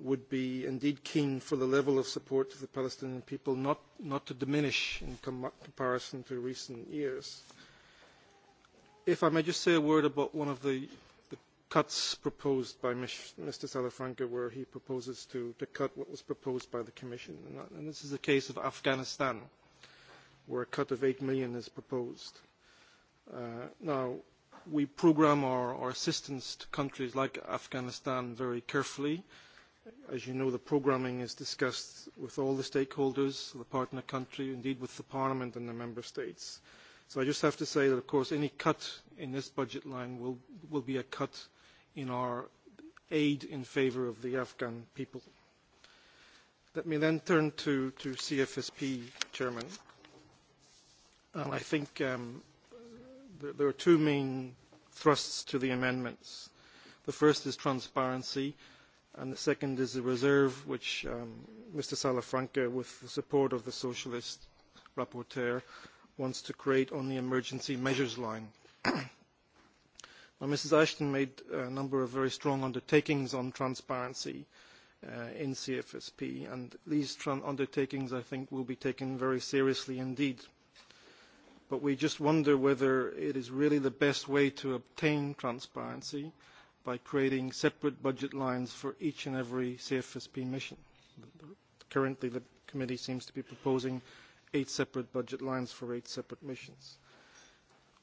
would be indeed keen for the level of support to the Palestinian people not, not to diminish in com comparison to recent years. If I may just say a word about one of the, the cuts proposed by Mr. Salafranca, where he proposes to, to cut what was proposed by the Commission. And, that, and this is the case of Afghanistan, where a cut of 8 million is proposed. Uh, now, we program our, our assistance to countries like Afghanistan very carefully. As you know, the programming is discussed with all the stakeholders, the partner country, indeed with the Parliament and the Member States. Uh, So I just have to say that, of course, any cut in this budget line will, will be a cut in our aid in favor of the Afghan people. Let me then turn to, to CFSP, Chairman. And um, I think um, there, are two main thrusts to the amendments. The first is transparency, and the second is the reserve, which um, Mr. Salafranca, with the support of the Socialist rapporteur, wants to create on the emergency measures line. Now, Mrs. Ashton made a number of very strong undertakings on transparency uh, in CFSP, and these undertakings, I think, will be taken very seriously indeed. But we just wonder whether it is really the best way to obtain transparency by creating separate budget lines for each and every CFSP mission. Currently, the committee seems to be proposing eight separate budget lines for eight separate missions.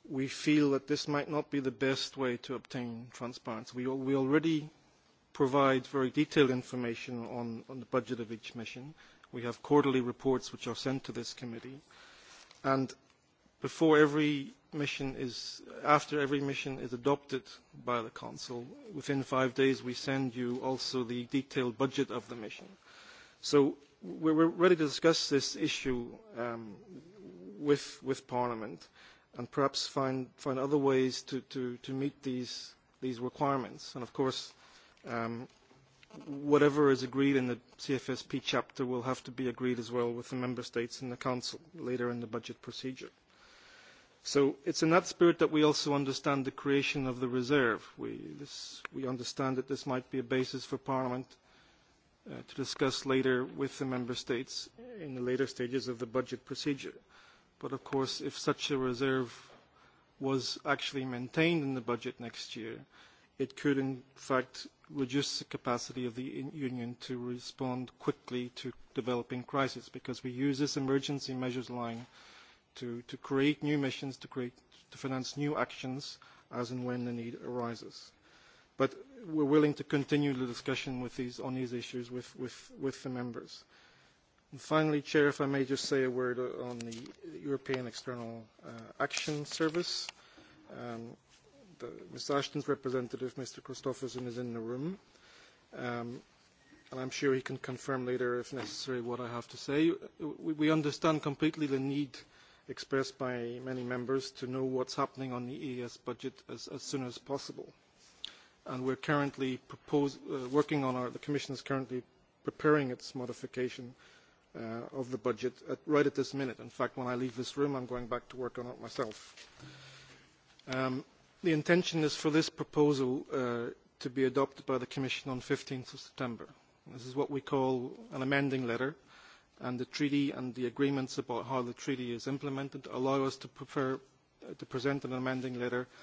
We feel that this might not be the best way to obtain transparency. We, we already provide very detailed information on, on the budget of each mission. We have quarterly reports which are sent to this committee. And before every mission is, after every mission is adopted by the Council, within five days we send you also the detailed budget of the mission. So we we're ready to discuss this issue um, with, with Parliament and perhaps find, find other ways to, to, to meet these, these requirements. And of course, um, whatever is agreed in the CFSP chapter will have to be agreed as well with the Member States and the Council later in the budget procedure. So it's in that spirit that we also understand the creation of the reserve. We, this, we understand that this might be a basis for Parliament Uh, to discuss later with the Member States in the later stages of the budget procedure. But of course, if such a reserve was actually maintained in the budget next year, it could in fact reduce the capacity of the Union to respond quickly to developing crises, because we use this emergency measures line to, to create new missions, to, create, to finance new actions as and when the need arises. But we're willing to continue the discussion with these, on these issues with, with, with the members. And finally, Chair, if I may just say a word on the European External uh, Action Service. Um, the, Ms. Ashton's representative, Mr. Christofferson, is in the room. Um, and I'm sure he can confirm later, if necessary, what I have to say. We, we understand completely the need expressed by many members to know what's happening on the EES budget as, as soon as possible and we're currently propose, uh, working on our, the Commission is currently preparing its modification uh, of the budget at, right at this minute. In fact, when I leave this room, I'm going back to work on it myself. Um, the intention is for this proposal uh, to be adopted by the Commission on 15th of September. This is what we call an amending letter, and the treaty and the agreements about how the treaty is implemented allow us to, prefer uh, to present an amending letter uh,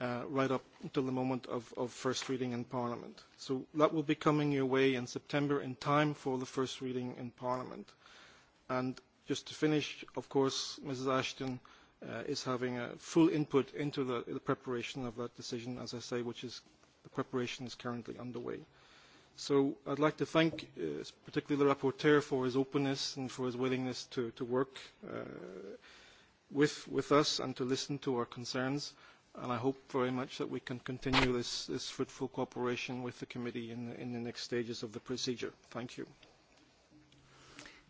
uh, right up until the moment of, of first reading in Parliament. So that will be coming your way in September in time for the first reading in Parliament. And just to finish, of course, Mrs. Ashton uh, is having a full input into the, the preparation of that decision, as I say, which is the preparation is currently underway. So I'd like to thank uh, particularly the rapporteur for his openness and for his willingness to, to work uh, with, with us and to listen to our concerns and I hope very much that we can continue this, this fruitful cooperation with the committee in, the, in the next stages of the procedure. Thank you.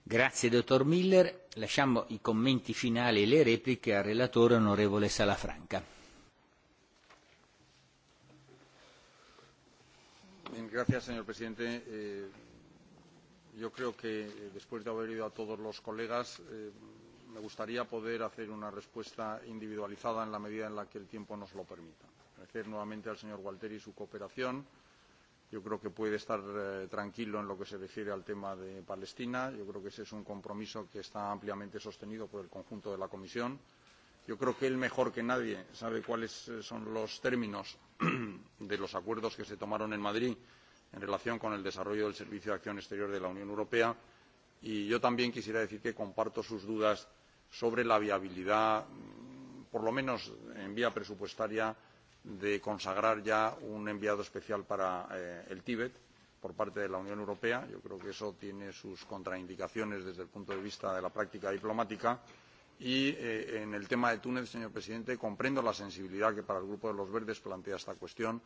Grazie dottor Miller. Lasciamo i commenti finali e le repliche al relatore onorevole Salafranca. Bien, gracias señor presidente. Eh, yo creo que eh, después de haber oído a todos los colegas eh, me gustaría poder hacer una respuesta individualizada en la medida en la que el tiempo nos lo permita. Agradecer nuevamente al señor Gualteri su cooperación. Yo creo que puede estar eh, tranquilo en lo que se refiere al tema de Palestina. Yo creo que ese es un compromiso que está ampliamente sostenido por el conjunto de la Comisión. Yo creo que él mejor que nadie sabe cuáles eh, son los términos de los acuerdos que se tomaron en Madrid en relación con el desarrollo del Servicio de Acción Exterior de la Unión Europea y yo también quisiera decir que comparto sus dudas sobre la viabilidad, por lo menos en vía presupuestaria, de consagrar ya un enviado especial para eh, el Tíbet por parte de la Unión Europea. Yo creo que eso tiene sus contraindicaciones desde el punto de vista de la práctica diplomática. Y eh, en el tema de Túnez, señor presidente, comprendo la sensibilidad que para el Grupo de los Verdes plantea esta cuestión,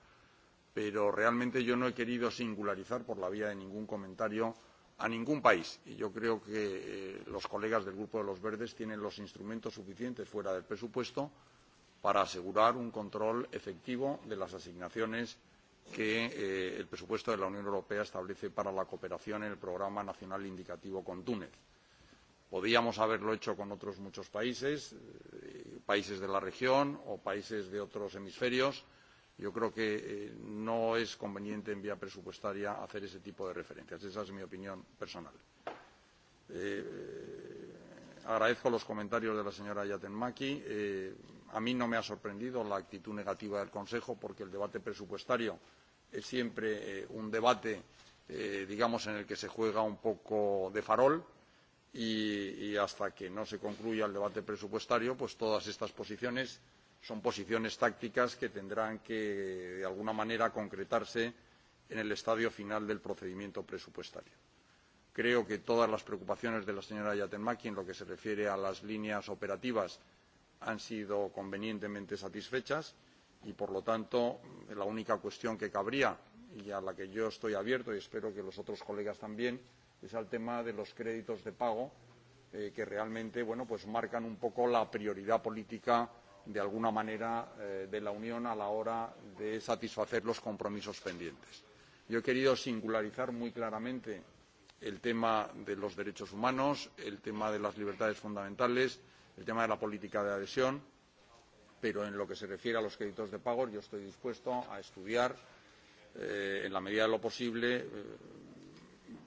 pero realmente yo no he querido singularizar por la vía de ningún comentario a ningún país. Y yo creo que eh, los colegas del Grupo de los Verdes tienen los instrumentos suficientes fuera del presupuesto para asegurar un control efectivo de las asignaciones que eh, el presupuesto de la Unión Europea establece para la cooperación en el Programa Nacional Indicativo con Túnez. Podíamos haberlo hecho con otros muchos países, eh, países de la región o países de otros hemisferios, yo creo que eh, no es conveniente en vía presupuestaria hacer ese tipo de referencias. Esa es mi opinión personal. Eh, agradezco los comentarios de la señora Yatenmaki. Eh, a mí no me ha sorprendido la actitud negativa del Consejo porque el debate presupuestario es siempre eh, un debate, eh, digamos, en el que se juega un poco de farol y, y hasta que no se concluya el debate presupuestario, pues todas estas posiciones son posiciones tácticas que tendrán que, de alguna manera, concretarse en el estadio final del procedimiento presupuestario. Creo que todas las preocupaciones de la señora Yatenmaki en lo que se refiere a las líneas operativas han sido convenientemente satisfechas y, por lo tanto, la única cuestión que cabría y a la que yo estoy abierto y espero que los otros colegas también es al tema de los créditos de pago eh, que realmente bueno, pues marcan un poco la prioridad política de alguna manera, eh, de la Unión a la hora de satisfacer los compromisos pendientes. Yo he querido singularizar muy claramente el tema de los derechos humanos, el tema de las libertades fundamentales, el tema de la política de adhesión, pero en lo que se refiere a los créditos de pago yo estoy dispuesto a estudiar eh, en la medida de lo posible eh,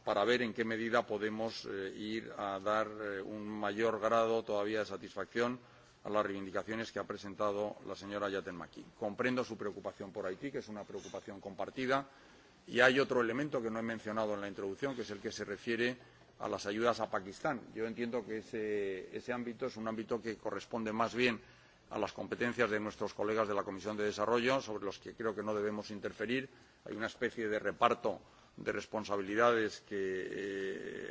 para ver en qué medida podemos eh, ir a dar eh, un mayor grado todavía de satisfacción a las reivindicaciones que ha presentado la señora Yatenmaki. Comprendo su preocupación por Haití, que es una preocupación compartida, y hay otro elemento que no he mencionado en la introducción, que es el que se refiere a las ayudas a Pakistán. Yo entiendo que ese, ese ámbito es un ámbito que corresponde más bien a las competencias de nuestros colegas de la Comisión de Desarrollo, sobre los que creo que no debemos interferir. Hay una especie de reparto de responsabilidades que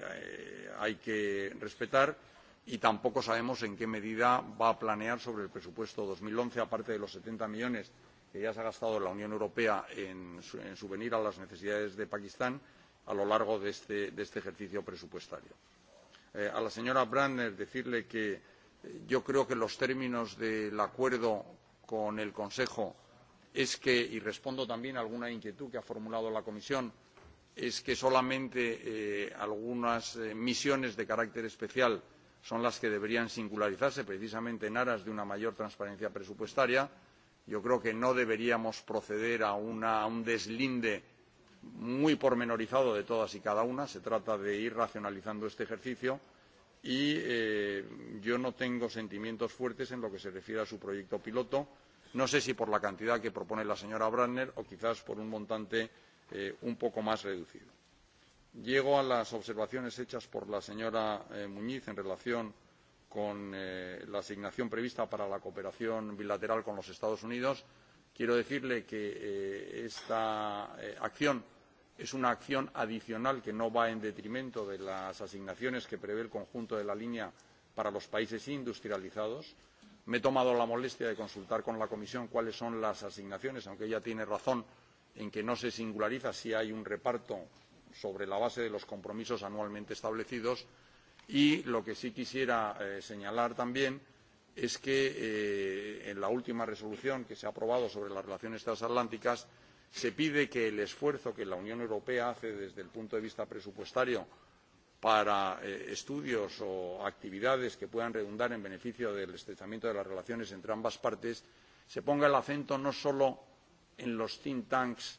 eh, hay que respetar y tampoco sabemos en qué medida va a planear sobre el presupuesto dos mil once, aparte de los setenta millones que ya se ha gastado la Unión Europea en, en subvenir a las necesidades de Pakistán a lo largo de este, de este ejercicio presupuestario. Eh, a la señora Brandner decirle que eh, yo creo que los términos del acuerdo con el Consejo es que, y respondo también a alguna inquietud que ha formulado la Comisión, es que solamente eh, algunas eh, misiones de carácter especial son las que deberían singularizarse precisamente en aras de una mayor transparencia presupuestaria. Yo creo que no deberíamos proceder a, una, a un deslinde muy pormenorizado de todas y cada una. Se trata de ir racionalizando este ejercicio y eh, yo no tengo sentimientos fuertes en lo que se refiere a su proyecto piloto. No sé si por la cantidad que propone la señora Brandner o quizás por un montante eh, un poco más reducido. Llego a las observaciones hechas por la señora eh, Muñiz en relación con eh, la asignación prevista para la cooperación bilateral con los Estados Unidos. Quiero decirle que eh, esta eh, acción es una acción adicional que no va en detrimento de las asignaciones que prevé el conjunto de la línea para los países industrializados. Me he tomado la molestia de consultar con la Comisión cuáles son las asignaciones, aunque ella tiene razón en que no se singulariza si hay un reparto sobre la base de los compromisos anualmente establecidos y lo que sí quisiera eh, señalar también es que eh, en la última resolución que se ha aprobado sobre las relaciones transatlánticas se pide que el esfuerzo que la Unión Europea hace desde el punto de vista presupuestario para eh, estudios o actividades que puedan redundar en beneficio del estrechamiento de las relaciones entre ambas partes se ponga el acento no solo en los think tanks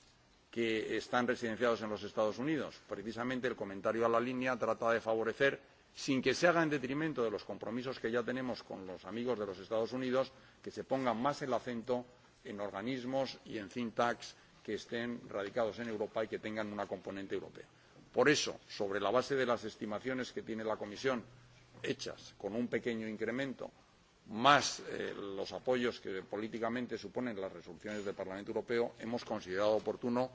que están residenciados en los Estados Unidos. Precisamente el comentario a la línea trata de favorecer, sin que se haga en detrimento de los compromisos que ya tenemos con los amigos de los Estados Unidos, que se ponga más el acento en organismos y en think tanks que estén radicados en Europa y que tengan una componente europea. Por eso, sobre la base de las estimaciones que tiene la Comisión, hechas con un pequeño incremento más eh, los apoyos que políticamente suponen las resoluciones del Parlamento Europeo, hemos considerado oportuno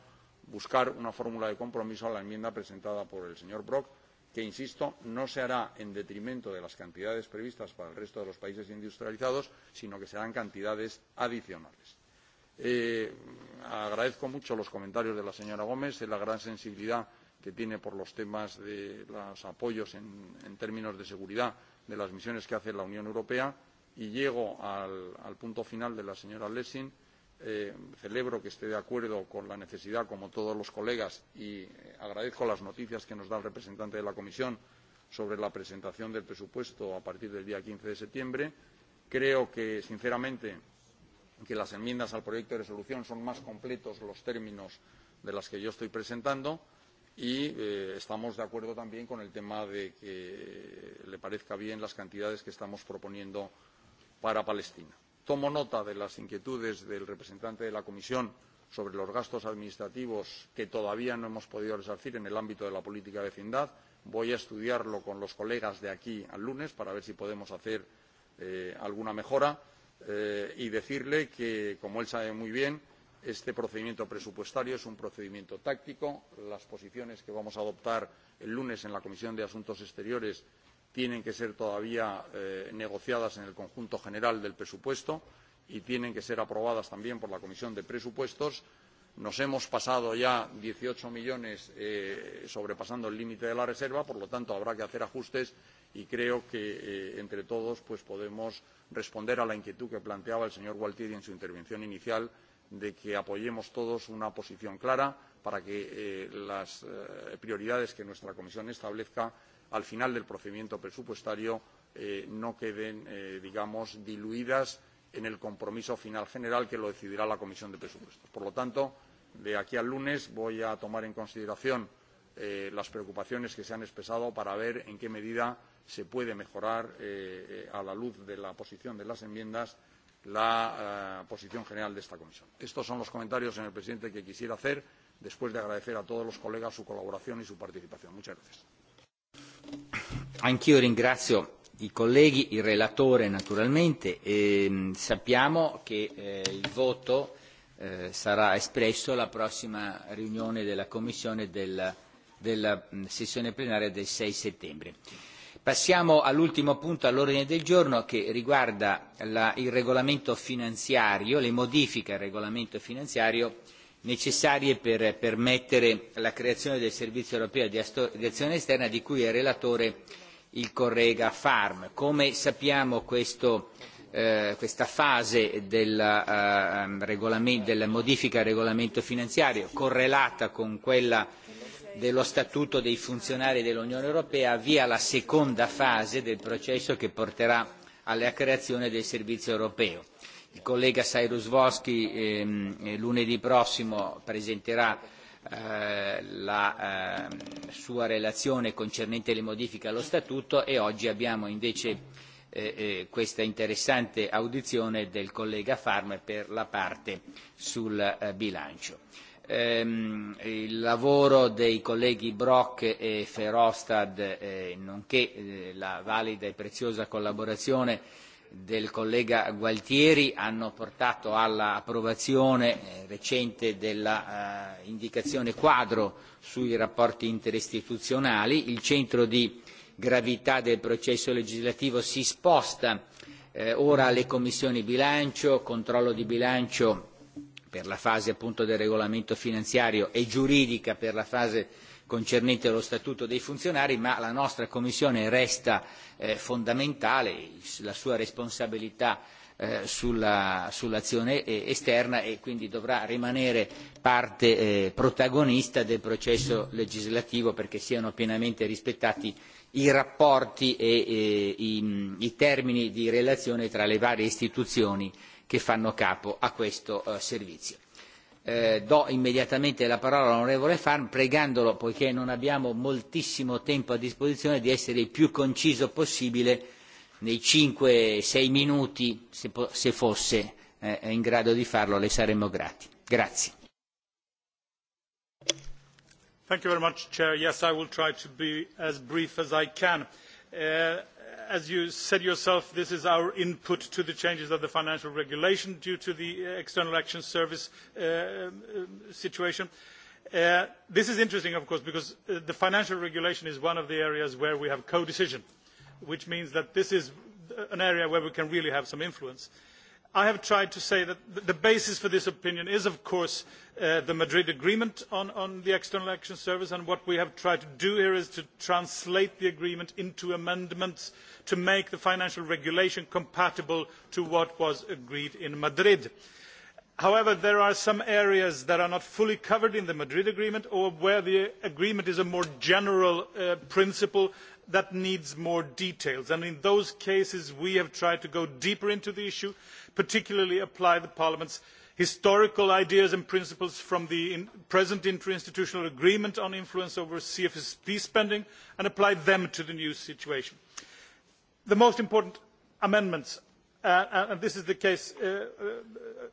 buscar una fórmula de compromiso a la enmienda presentada por el señor Brok, que, insisto, no se hará en detrimento de las cantidades previstas para el resto de los países industrializados, sino que serán cantidades adicionales. Eh, agradezco mucho los comentarios de la señora Gómez, y la gran sensibilidad que tiene por los temas de los apoyos en, en términos de seguridad de las misiones que hace la Unión Europea y llego al, al punto final de la señora Lessing, eh, celebro que esté de acuerdo con la necesidad, como todos los colegas, y eh, agradezco las noticias que nos da el representante de la Comisión sobre la presentación del presupuesto a partir del día 15 de septiembre. Creo que, sinceramente, que las enmiendas al proyecto de resolución son más completos los términos de las que yo estoy presentando y eh, estamos de acuerdo también con el tema de que eh, le parezca bien las cantidades que estamos proponiendo para Palestina. Tomo nota de las inquietudes del representante de la Comisión sobre los gastos administrativos que todavía no hemos podido resarcir en el ámbito de la política de vecindad. Voy a estudiarlo con los colegas de aquí al lunes para ver si podemos hacer eh, alguna mejora eh, y decirle que, como él sabe muy bien, este procedimiento presupuestario es un procedimiento táctico. Las posiciones que vamos a adoptar el lunes en la Comisión de Asuntos Exteriores tienen que ser todavía eh, negociadas en el conjunto general del presupuesto y tienen que ser aprobadas también por la Comisión de Presupuestos. Nos hemos pasado ya 18 millones eh, sobrepasando el límite de la reserva, por lo tanto habrá que hacer ajustes y creo que eh, entre todos pues, podemos responder a la inquietud que planteaba el señor Gualtieri en su intervención inicial de que apoyemos todos una posición clara para que eh, las eh, prioridades que nuestra comisión establezca al final del procedimiento presupuestario eh, no queden, eh, digamos, diluidas en el compromiso final general que lo decidirá la Comisión de Presupuestos. Por lo tanto, de aquí al lunes voy a tomar en consideración eh, las preocupaciones que se han expresado para ver en qué medida se puede mejorar, eh, eh a la luz de la posición de las enmiendas, la eh, posición general de esta comisión. Estos son los comentarios, señor presidente, que quisiera hacer después de agradecer a todos los colegas su colaboración y su participación. Muchas gracias. Anch'io ringrazio i colleghi, il relatore naturalmente. E mm, sappiamo che eh, il voto eh, sarà espresso alla prossima riunione della Commissione della mm, sessione plenaria del 6 settembre. Passiamo all'ultimo punto all'ordine del giorno che riguarda la, il regolamento finanziario, le modifiche al regolamento finanziario necessarie per permettere la creazione del Servizio europeo di azione esterna di cui è relatore il collega Farm. Come sappiamo questo, eh, questa fase della, eh, ehm, della modifica al regolamento finanziario correlata con quella dello Statuto dei funzionari dell'Unione Europea avvia la seconda fase del processo che porterà alla creazione del servizio europeo. Il collega Cyrus Voschi ehm, lunedì prossimo presenterà Eh, la eh, sua relazione concernente le modifiche allo statuto e oggi abbiamo invece eh, eh, questa interessante audizione del collega Farmer per la parte sul eh, bilancio. Ehm, il lavoro dei colleghi Brock e Ferostad, eh, nonché eh, la valida e preziosa collaborazione del collega Gualtieri hanno portato all'approvazione eh, recente dell'indicazione eh, quadro sui rapporti interistituzionali. Il centro di gravità del processo legislativo si sposta eh, ora alle commissioni bilancio, controllo di bilancio per la fase appunto del regolamento finanziario e giuridica per la fase concernente lo statuto dei funzionari, ma la nostra Commissione resta eh, fondamentale, la sua responsabilità eh, sulla, sull'azione eh, esterna e quindi dovrà rimanere parte eh, protagonista del processo legislativo perché siano pienamente rispettati i rapporti e, e i, i termini di relazione tra le varie istituzioni che fanno capo a questo eh, servizio. Eh, do immediatamente la parola all'onorevole Farm pregandolo, poiché non abbiamo moltissimo tempo a disposizione, di essere il più conciso possibile nei 5-6 minuti, se, se fosse eh, in grado di farlo, le saremmo grati. Grazie. Thank you very much, Chair. Yes, I will try to be as brief as I can. Uh, as you said yourself, this is our input to the changes of the financial regulation due to the uh, External Action Service uh, um, um, situation. Uh, this is interesting, of course, because uh, the financial regulation is one of the areas where we have codecision, which means that this is uh, an area where we can really have some influence. Uh, I have tried to say that the basis for this opinion is, of course, uh, the Madrid Agreement on, on, the External Action Service, and what we have tried to do here is to translate the agreement into amendments to make the financial regulation compatible to what was agreed in Madrid however there are some areas that are not fully covered in the madrid agreement or where the agreement is a more general uh, principle that needs more details and in those cases we have tried to go deeper into the issue particularly apply parliament's historical ideas and principles from the present interinstitutional agreement on influence over cfsp spending and apply them to the new situation. the most important amendments Uh, uh, and this is the case, uh, uh,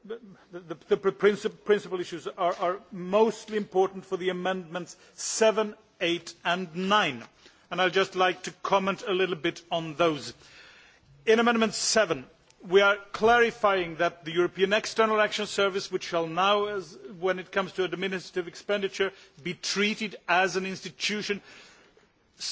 the, the, the princip principal issues are, are mostly important for the amendments seven, eight and nine. And I'd just like to comment a little bit on those. In Amendment seven, we are clarifying that the European External Action Service, which shall now, as, when it comes to administrative expenditure, be treated as an institution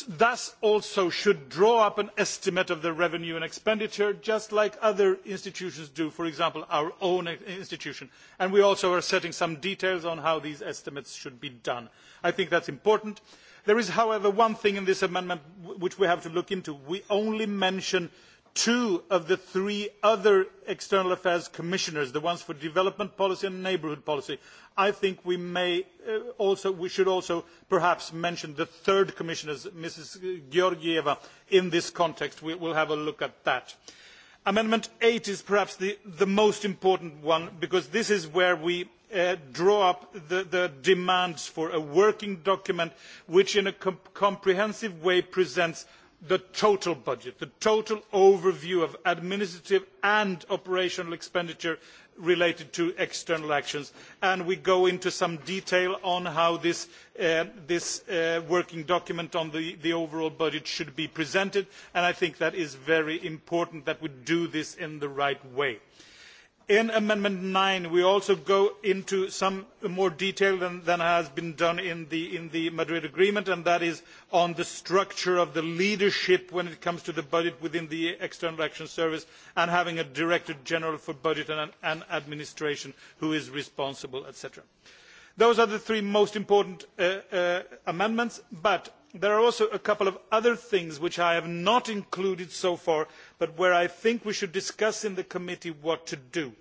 thus also should draw up an estimate of the revenue and expenditure just like other institutions do for example our own institution and we also are setting some details on how these estimates should be done i think that is important there is however one thing in this amendment which we have to look into we only mention two of the three other external affairs commissioners the ones for development policy and neighbourhood policy i think we may uh, also we should also perhaps mention the third commissioner Ms georgieva in this context we will have a look at that amendment eight is perhaps the, most important one because this is where we uh, draw up the, demands for a working document which in a comprehensive way presents the total budget, the total overview of administrative and operational expenditure related to external actions. And we go into some detail on how this, uh, uh, working document on the, overall budget should be presented. And I think that is very important that we do this in the right way in amendment nine we also go into some more detail than, than has been done in the, in the madrid agreement and that is on the structure of the leadership when it comes to the budget within the external action service and having a director general for budget and, and administration who is responsible etc. those are the three most important uh, uh, amendments but there are also a couple of other things which i have not included so far but where I think we should discuss in the committee what to do.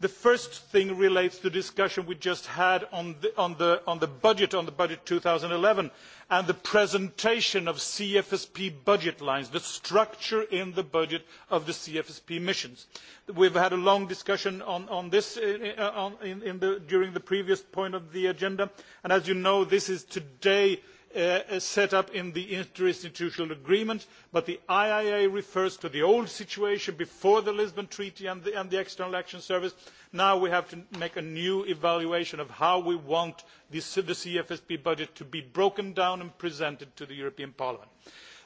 The first thing relates to the discussion we just had on the, on the, on the budget, on the budget 2011, and the presentation of CFSP budget lines, the structure in the budget of the CFSP missions. We have had a long discussion on, on this uh, uh, in, in the, during the previous point of the agenda, and as you know, this is today Uh, uh, set up in the interinstitutional agreement, but the IIA refers to the old situation before the Lisbon Treaty and the, and the External Action Service. Now we have to make a new evaluation of how we want the, the CFSP budget to be broken down and presented to the European Parliament.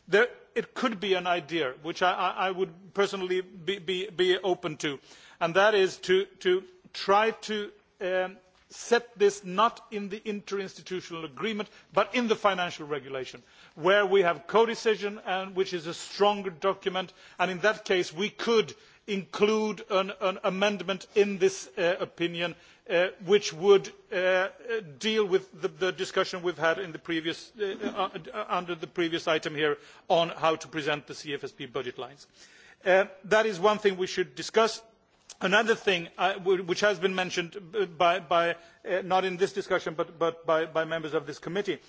There, it could be an idea, which I, I would personally be, be, be, open to, and that is to, to try to um, set this not in the interinstitutional agreement but in the financial regulation where we have codecision and which is a stronger document and in that case we could include an, an amendment in this uh, opinion uh, which would uh, deal with the, the discussion we have had the previous, uh, uh, uh, under the previous item here on how to present the cfsp budget lines. that is one thing we should discuss Another thing uh, which has been mentioned by, by uh, not in this discussion but, but by, by members of this committee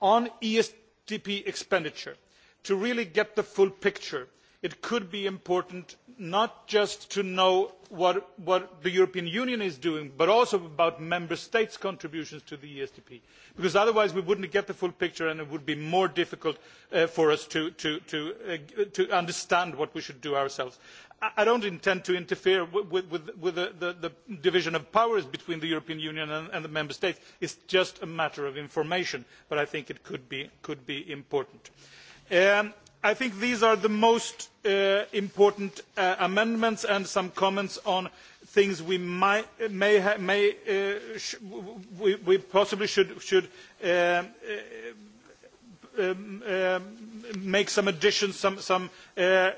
on ESTP expenditure to really get the full picture it could be important not just to know what, what, the European Union is doing, but also about member states' contributions to the ESDP, because otherwise we would not get the full picture and it would be more difficult uh, for us to, to, to, uh, to, understand what we should do ourselves. I, don't do not intend to interfere with, with, with the, the, the, division of powers between the European Union and, and the member states. It is just a matter of information, but I think it could be, could be important. Um, I think these are the most uh, important uh, amendments and some comments on things we might, may, ha, may uh, sh we, we possibly should, should uh, uh um, uh, make some additions, some, some uh, uh,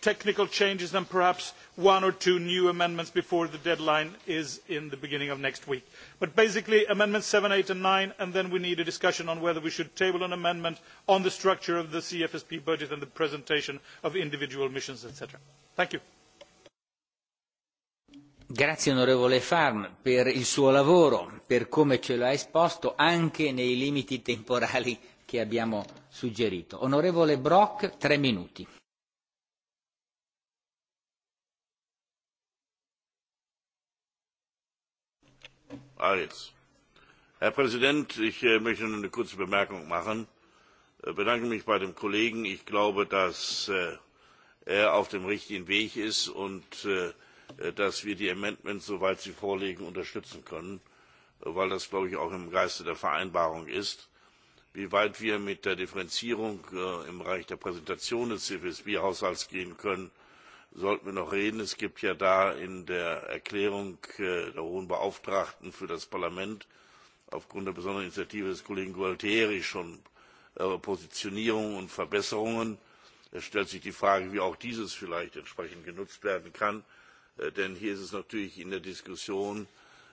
technical changes and perhaps one or two new amendments before the deadline is in the beginning of next week. But basically, amendments seven, eight and nine, and then we need a discussion on whether we should table an amendment on the structure of the CFSP budget and the presentation of individual missions, etc. Thank you. Grazie onorevole Farm per il suo lavoro, per come ce lo ha esposto anche nei limiti temporali che abbiamo suggerito. Onorevole Brok, tre minuti. Aritz. Herr Präsident, ich äh, möchte nur eine kurze Bemerkung machen. Ich äh, bedanke mich bei dem Kollegen. Ich glaube, dass äh, er auf dem richtigen Weg ist und dass wir die Amendments, soweit sie vorliegen, unterstützen können, weil das, glaube ich, auch im Geiste der Vereinbarung ist. Wie weit wir mit der Differenzierung im Bereich der Präsentation des CFSB-Haushalts gehen können, sollten wir noch reden. Es gibt ja da in der Erklärung äh, der Hohen Beauftragten für das Parlament aufgrund der besonderen Initiative des Kollegen Gualtieri schon äh, Positionierungen und Verbesserungen. Es stellt sich die Frage, wie auch dieses vielleicht entsprechend genutzt werden kann. Äh, denn hier ist es natürlich in der Diskussion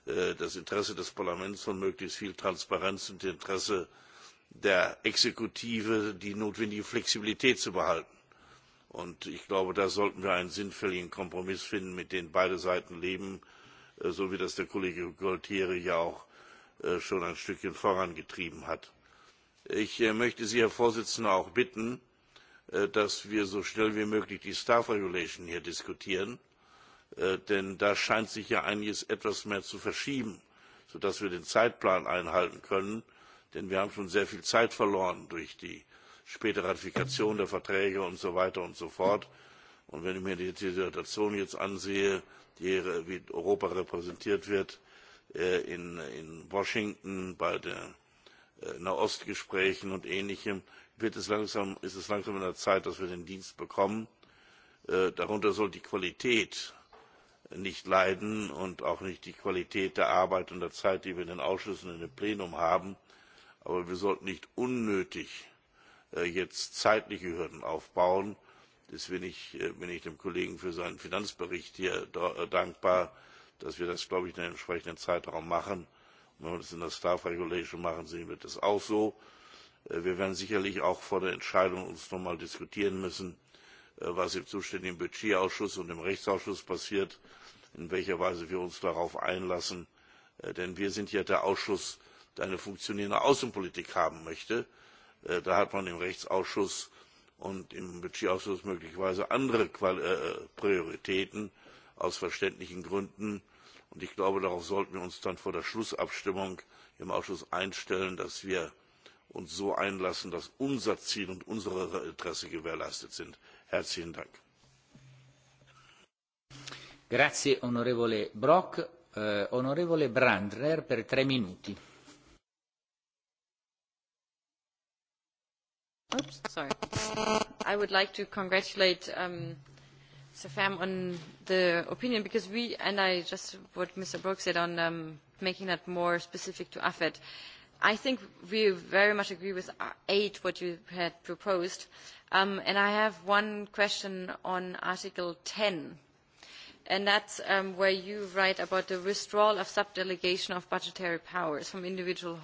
das Interesse des Parlaments von möglichst viel Transparenz und das Interesse der Exekutive, die notwendige Flexibilität zu behalten. Und ich glaube, da sollten wir einen sinnfälligen Kompromiss finden, mit dem beide Seiten leben, äh, so wie das der Kollege Gualtieri ja auch äh, schon ein Stückchen vorangetrieben hat. Ich äh, möchte Sie, Herr Vorsitzender, auch bitten, dass wir so schnell wie möglich die Staff Regulation hier diskutieren, denn da scheint sich ja einiges etwas mehr zu verschieben, sodass wir den Zeitplan einhalten können, denn wir haben schon sehr viel Zeit verloren durch die späte Ratifikation der Verträge und so weiter und so fort. Und wenn ich mir die Situation jetzt ansehe, die, wie Europa repräsentiert wird äh, in, in Washington bei den äh, Nahostgesprächen und Ähnlichem, wird es langsam, ist es langsam in der Zeit, dass wir den Dienst bekommen. Äh, darunter soll die Qualität nicht leiden und auch nicht die Qualität der Arbeit und der Zeit, die wir in den Ausschüssen und im Plenum haben. Aber wir sollten nicht unnötig Äh, jetzt zeitliche Hürden aufbauen. Deswegen bin ich, äh, bin ich dem Kollegen für seinen Finanzbericht hier äh, dankbar, dass wir das, glaube ich, in einem entsprechenden Zeitraum machen. Und wenn wir das in der Staff Regulation machen, sehen wir das auch so. Wir werden sicherlich auch vor der Entscheidung uns nochmal diskutieren müssen, was im zuständigen Budgetausschuss und im Rechtsausschuss passiert, in welcher Weise wir uns darauf einlassen. Denn wir sind ja der Ausschuss, der eine funktionierende Außenpolitik haben möchte. Äh, da hat man im Rechtsausschuss und im Budgetausschuss möglicherweise andere äh, äh, Prioritäten aus verständlichen Gründen. Und ich glaube, darauf sollten wir uns dann vor der Schlussabstimmung im Ausschuss einstellen, dass wir uns so einlassen, dass unser Ziel und unsere Interesse gewährleistet sind. Herzlichen Dank. Grazie, onorevole Brock. Eh, onorevole per tre minuti. Oops, sorry. I would like to congratulate um, Safam on the opinion because we, and I just what Mr. Brooks said on um, making that more specific to AFED, I think we very much agree with uh, eight what you had proposed. Um, and I have one question on Article 10 and that's um, where you write about the withdrawal of sub-delegation of budgetary powers from individual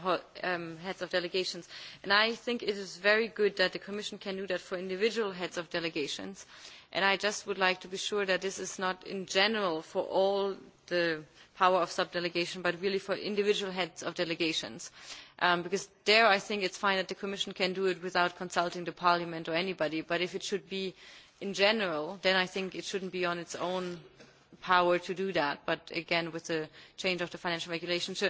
um, heads of delegations. And I think it is very good that the Commission can do that for individual heads of delegations. And I just would like to be sure that this is not in general for all the power of sub-delegation, but really for individual heads of delegations. Um, because there I think it's fine that the Commission can do it without consulting the Parliament or anybody, but if it should be in general, then I think it shouldn't be on its own power to do that, but again with the change of the financial regulation. So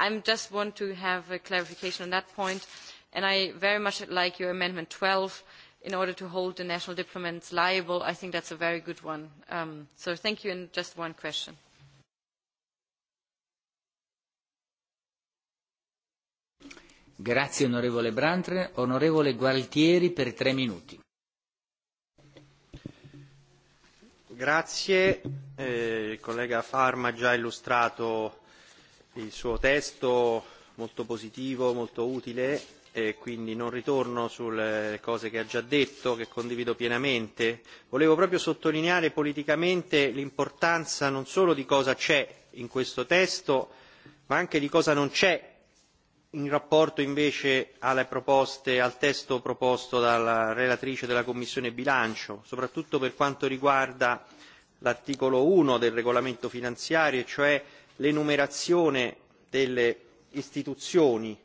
I just want to have a clarification on that point, and I very much like your Amendment twelve in order to hold the national diplomats liable. I think that's a very good one. Um, so thank you, and just one question. Grazie onorevole Brantre. Onorevole Gualtieri per tre minuti. Grazie, eh, il collega Farma ha già illustrato il suo testo molto positivo, molto utile e quindi non ritorno sulle cose che ha già detto, che condivido pienamente. Volevo proprio sottolineare politicamente l'importanza non solo di cosa c'è in questo testo, ma anche di cosa non c'è in rapporto invece alle proposte, al testo proposto dalla relatrice della Commissione Bilancio, soprattutto per quanto riguarda l'articolo 1 del regolamento finanziario, e cioè l'enumerazione delle istituzioni.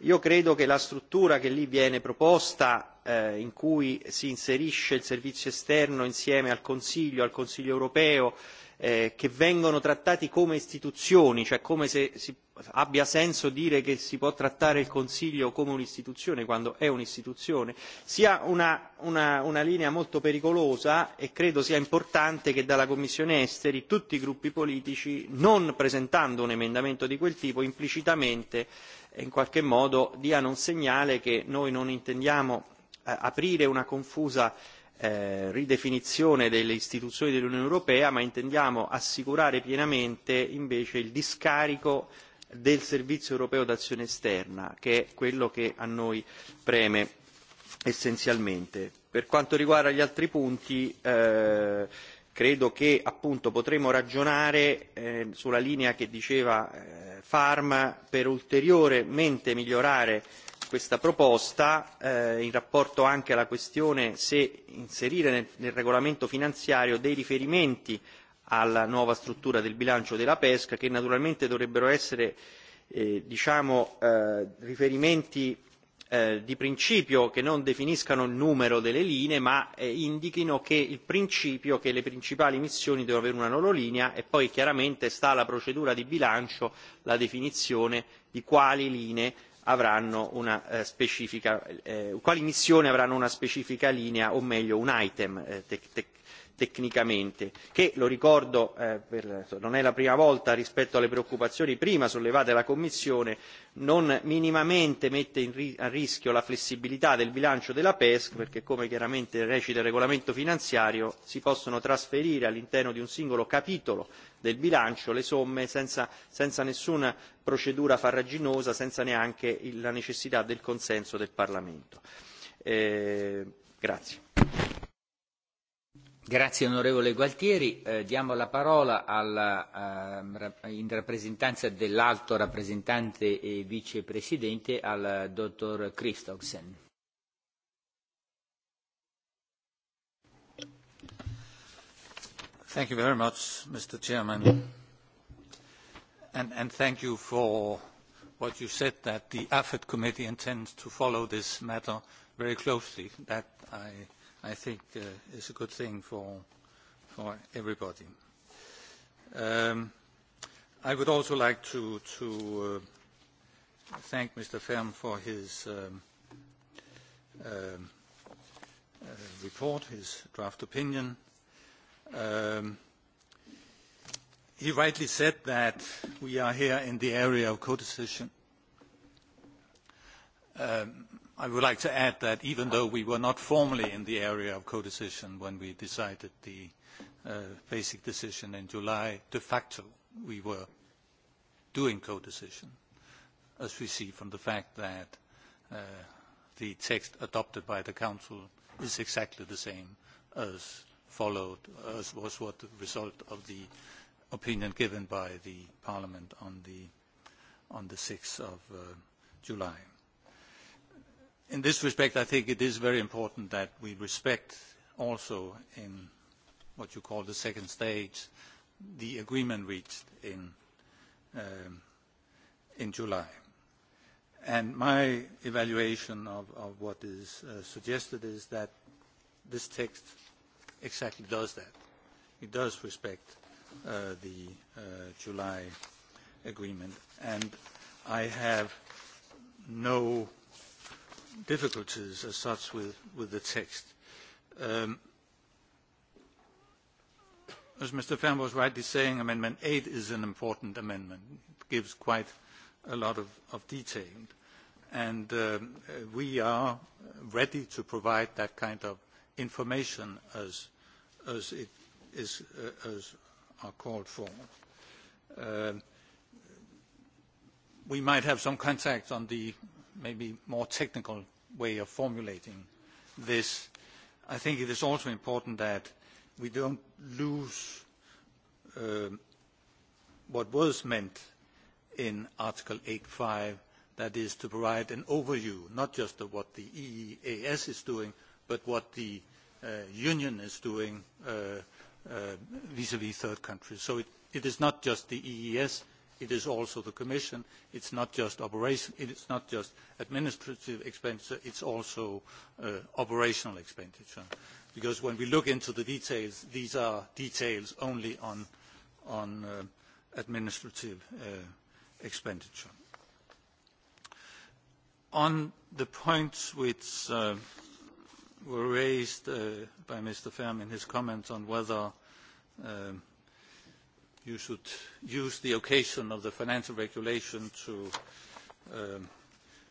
Io credo che la struttura che lì viene proposta, eh, in cui si inserisce il servizio esterno insieme al Consiglio, al Consiglio europeo Eh, che vengono trattati come istituzioni, cioè come se si, abbia senso dire che si può trattare il Consiglio come un'istituzione quando è un'istituzione, sia una, una, una linea molto pericolosa e credo sia importante che dalla Commissione esteri tutti i gruppi politici, non presentando un emendamento di quel tipo, implicitamente eh, in qualche modo diano un segnale che noi non intendiamo eh, aprire una confusa eh, ridefinizione delle istituzioni dell'Unione Europea, ma intendiamo assicurare pienamente invece il discarico del Servizio Europeo d'Azione Esterna, che è quello che a noi preme essenzialmente. Per quanto riguarda gli altri punti, eh, credo che appunto potremo ragionare eh, sulla linea che diceva eh, Farm per ulteriormente migliorare questa proposta eh, in rapporto anche alla questione se inserire nel, nel regolamento finanziario dei riferimenti alla nuova struttura del bilancio della pesca che naturalmente dovrebbero essere eh, diciamo, eh, riferimenti eh, di principio che non definiscano il numero delle linee ma eh, indichino che il principio che le principali missioni devono avere una loro linea e poi chiaramente sta alla procedura di bilancio la definizione di quali linee avranno una eh, specifica, eh, quali missioni avranno una specifica linea o meglio un item eh, tec- tec- tecnicamente, che lo ricordo eh, per, non è la prima volta rispetto alle preoccupazioni prima sollevate dalla Commissione, non minimamente mette in ri- a rischio la flessibilità del bilancio della PESC, perché come chiaramente recita il regolamento finanziario si possono trasferire all'interno di un singolo capitolo del bilancio le somme senza, senza nessuna procedura farraginosa, senza neanche il, la necessità del consenso del Parlamento. Eh, grazie. Grazie onorevole Gualtieri. Eh, diamo la parola alla, eh, in rappresentanza dell'alto rappresentante e vicepresidente al dottor Christophsen. Thank you very much, Mr. Chairman. And, and thank you for what you said, that the AFET committee intends to follow this matter very closely. That, I, I think, uh, is a good thing for, for everybody. Um, I would also like to, to uh, thank Mr. Ferm for his um, uh, uh, report, his draft opinion Um, he rightly said that we are here in the area of codecision. Um, I would like to add that even though we were not formally in the area of codecision when we decided the uh, basic decision in July, de facto we were doing codecision, as we see from the fact that uh, the text adopted by the Council is exactly the same as followed as was what the result of the opinion given by the Parliament on the, on the 6th of uh, July. In this respect, I think it is very important that we respect also in what you call the second stage the agreement reached in, um, in July. And my evaluation of, of what is uh, suggested is that this text exactly does that. It does respect uh, the uh, July agreement. And I have no difficulties as such with, with the text. Um, as Mr. Fan was rightly saying, Amendment 8 is an important amendment. It gives quite a lot of, of detail. And um, we are ready to provide that kind of information as as it is uh, as are called for. Uh, we might have some contact on the maybe more technical way of formulating this. I think it is also important that we don't lose uh, what was meant in Article 8.5, that is to provide an overview, not just of what the EEAS is doing, but what the uh, uh Union is doing uh, uh, vis-à-vis -vis third countries. So it, it is not just the EES, it is also the Commission, it is not just operation, it is not just administrative expenditure, it is also uh, operational expenditure. Because when we look into the details, these are details only on, on administrative expenditure. On the points which were raised uh, by Mr. Pham in his comments on whether um, you should use the occasion of the financial regulation to um,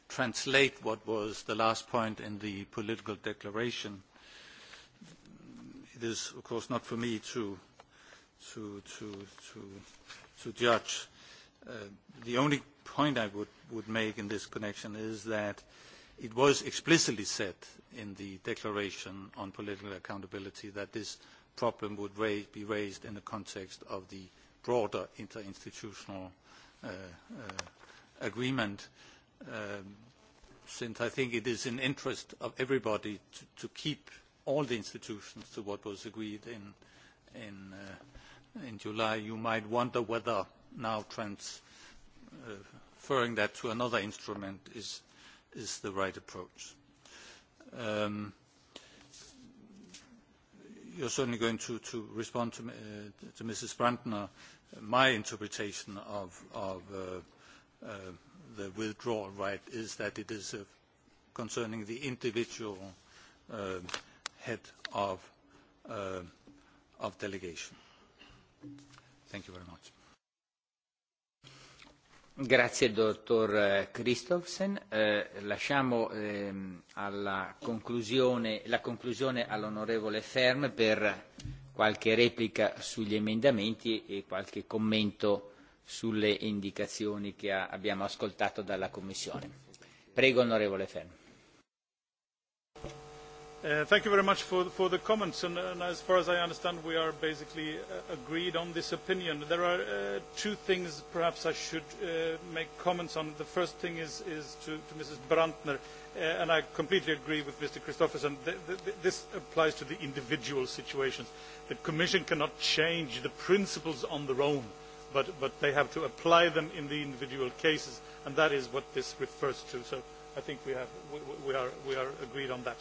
translate what was the last point in the political declaration. It is, of course, not for me to, to, to, to, to judge. Uh, the only point I would, would make in this connection is that uh, it was explicitly said in the Declaration on Political Accountability that this problem would raise, be raised in the context of the broader interinstitutional uh, uh, agreement. Um, since I think it is in interest of everybody to, to keep all the institutions to what was agreed in, in, uh, in July, you might wonder whether now transferring that to another instrument is is the right approach. Um, you're certainly going to, to respond to, uh, to Mrs. Brandner, my interpretation of, of uh, uh, the withdrawal right is that it is uh, concerning the individual uh, head of, uh, of delegation. Thank you very much. Grazie dottor eh, Christophsen. Eh, lasciamo ehm, alla conclusione, la conclusione all'onorevole Ferm per qualche replica sugli emendamenti e qualche commento sulle indicazioni che ha, abbiamo ascoltato dalla Commissione. Prego onorevole Ferm. Uh, thank you very much for, for the comments, and, and as far as I understand, we are basically uh, agreed on this opinion. There are uh, two things perhaps I should uh, make comments on. The first thing is, is to, to Mrs. Brandner, uh, and I completely agree with Mr. Christofferson. Th th this applies to the individual situations. The Commission cannot change the principles on their own, but, but they have to apply them in the individual cases, and that is what this refers to. So I think we, have, we, we, are, we are agreed on that.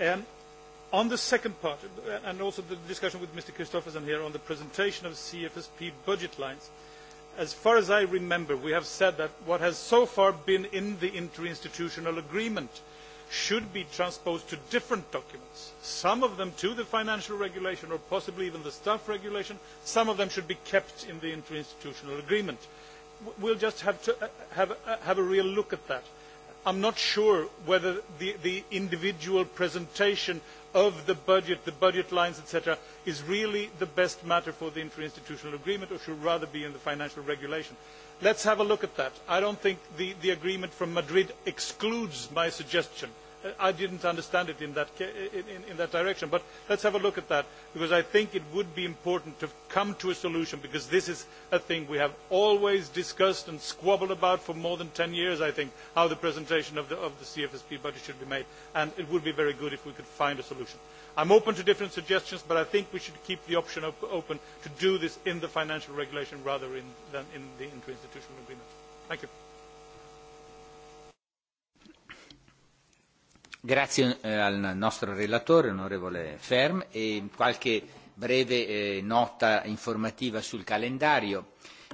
Um, on the second part, uh, and also the discussion with Mr. Christofferson here on the presentation of CFSP budget lines, as far as I remember, we have said that what has so far been in the interinstitutional agreement should be transposed to different documents, some of them to the financial regulation or possibly even the staff regulation, some of them should be kept in the interinstitutional agreement. We'll just have to uh, have, a uh, have a real look at that I'm not sure whether the, the individual presentation of the budget, the budget lines, etc., is really the best matter for the interinstitutional agreement or should rather be in the financial regulation. Let's have a look at that. I don't think the, the agreement from Madrid excludes my suggestion. I didn't understand it in that, in, in that direction. But let's have a look at that, because I think it would be important to come to a solution, because this is a thing we have always discussed and squabbled about for more than ten years, I think, how the presentation of the, of the CFSP budget should be made. And it would be very good if we could find a solution. I am open to different suggestions, but I think we should keep the option op open to do this in the financial regulation rather in, than in the interinstitutional agreement. Thank you. Grazie eh, al nostro relatore, onorevole Ferm, e qualche breve eh, nota informativa sul calendario.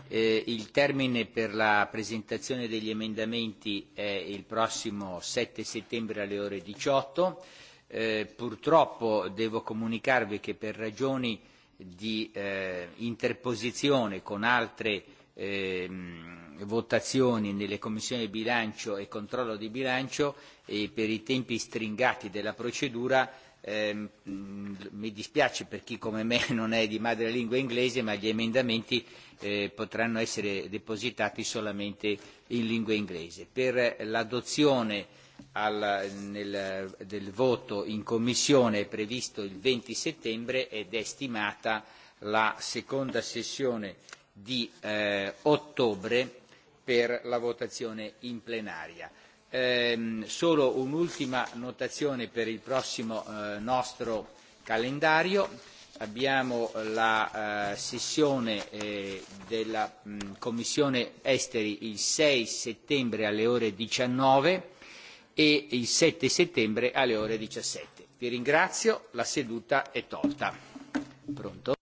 Eh, il termine per la presentazione degli emendamenti è il prossimo 7 settembre alle ore 18. Eh, purtroppo devo comunicarvi che per ragioni di eh, interposizione con altre eh, votazioni nelle commissioni bilancio e controllo di bilancio e per i tempi stringati della procedura eh, mi dispiace per chi come me non è di madrelingua inglese ma gli emendamenti eh, potranno essere depositati solamente in lingua inglese. Per l'adozione al, nel, del voto in commissione è previsto il 20 settembre ed è stimata la seconda sessione di eh, ottobre per la votazione in plenaria. Ehm, solo un'ultima notazione per il prossimo eh, nostro calendario. Abbiamo la eh, sessione eh, della mh, mm, Commissione Esteri il 6 settembre alle ore 19 e il 7 settembre alle ore 17. Vi ringrazio, la seduta è tolta. Pronto?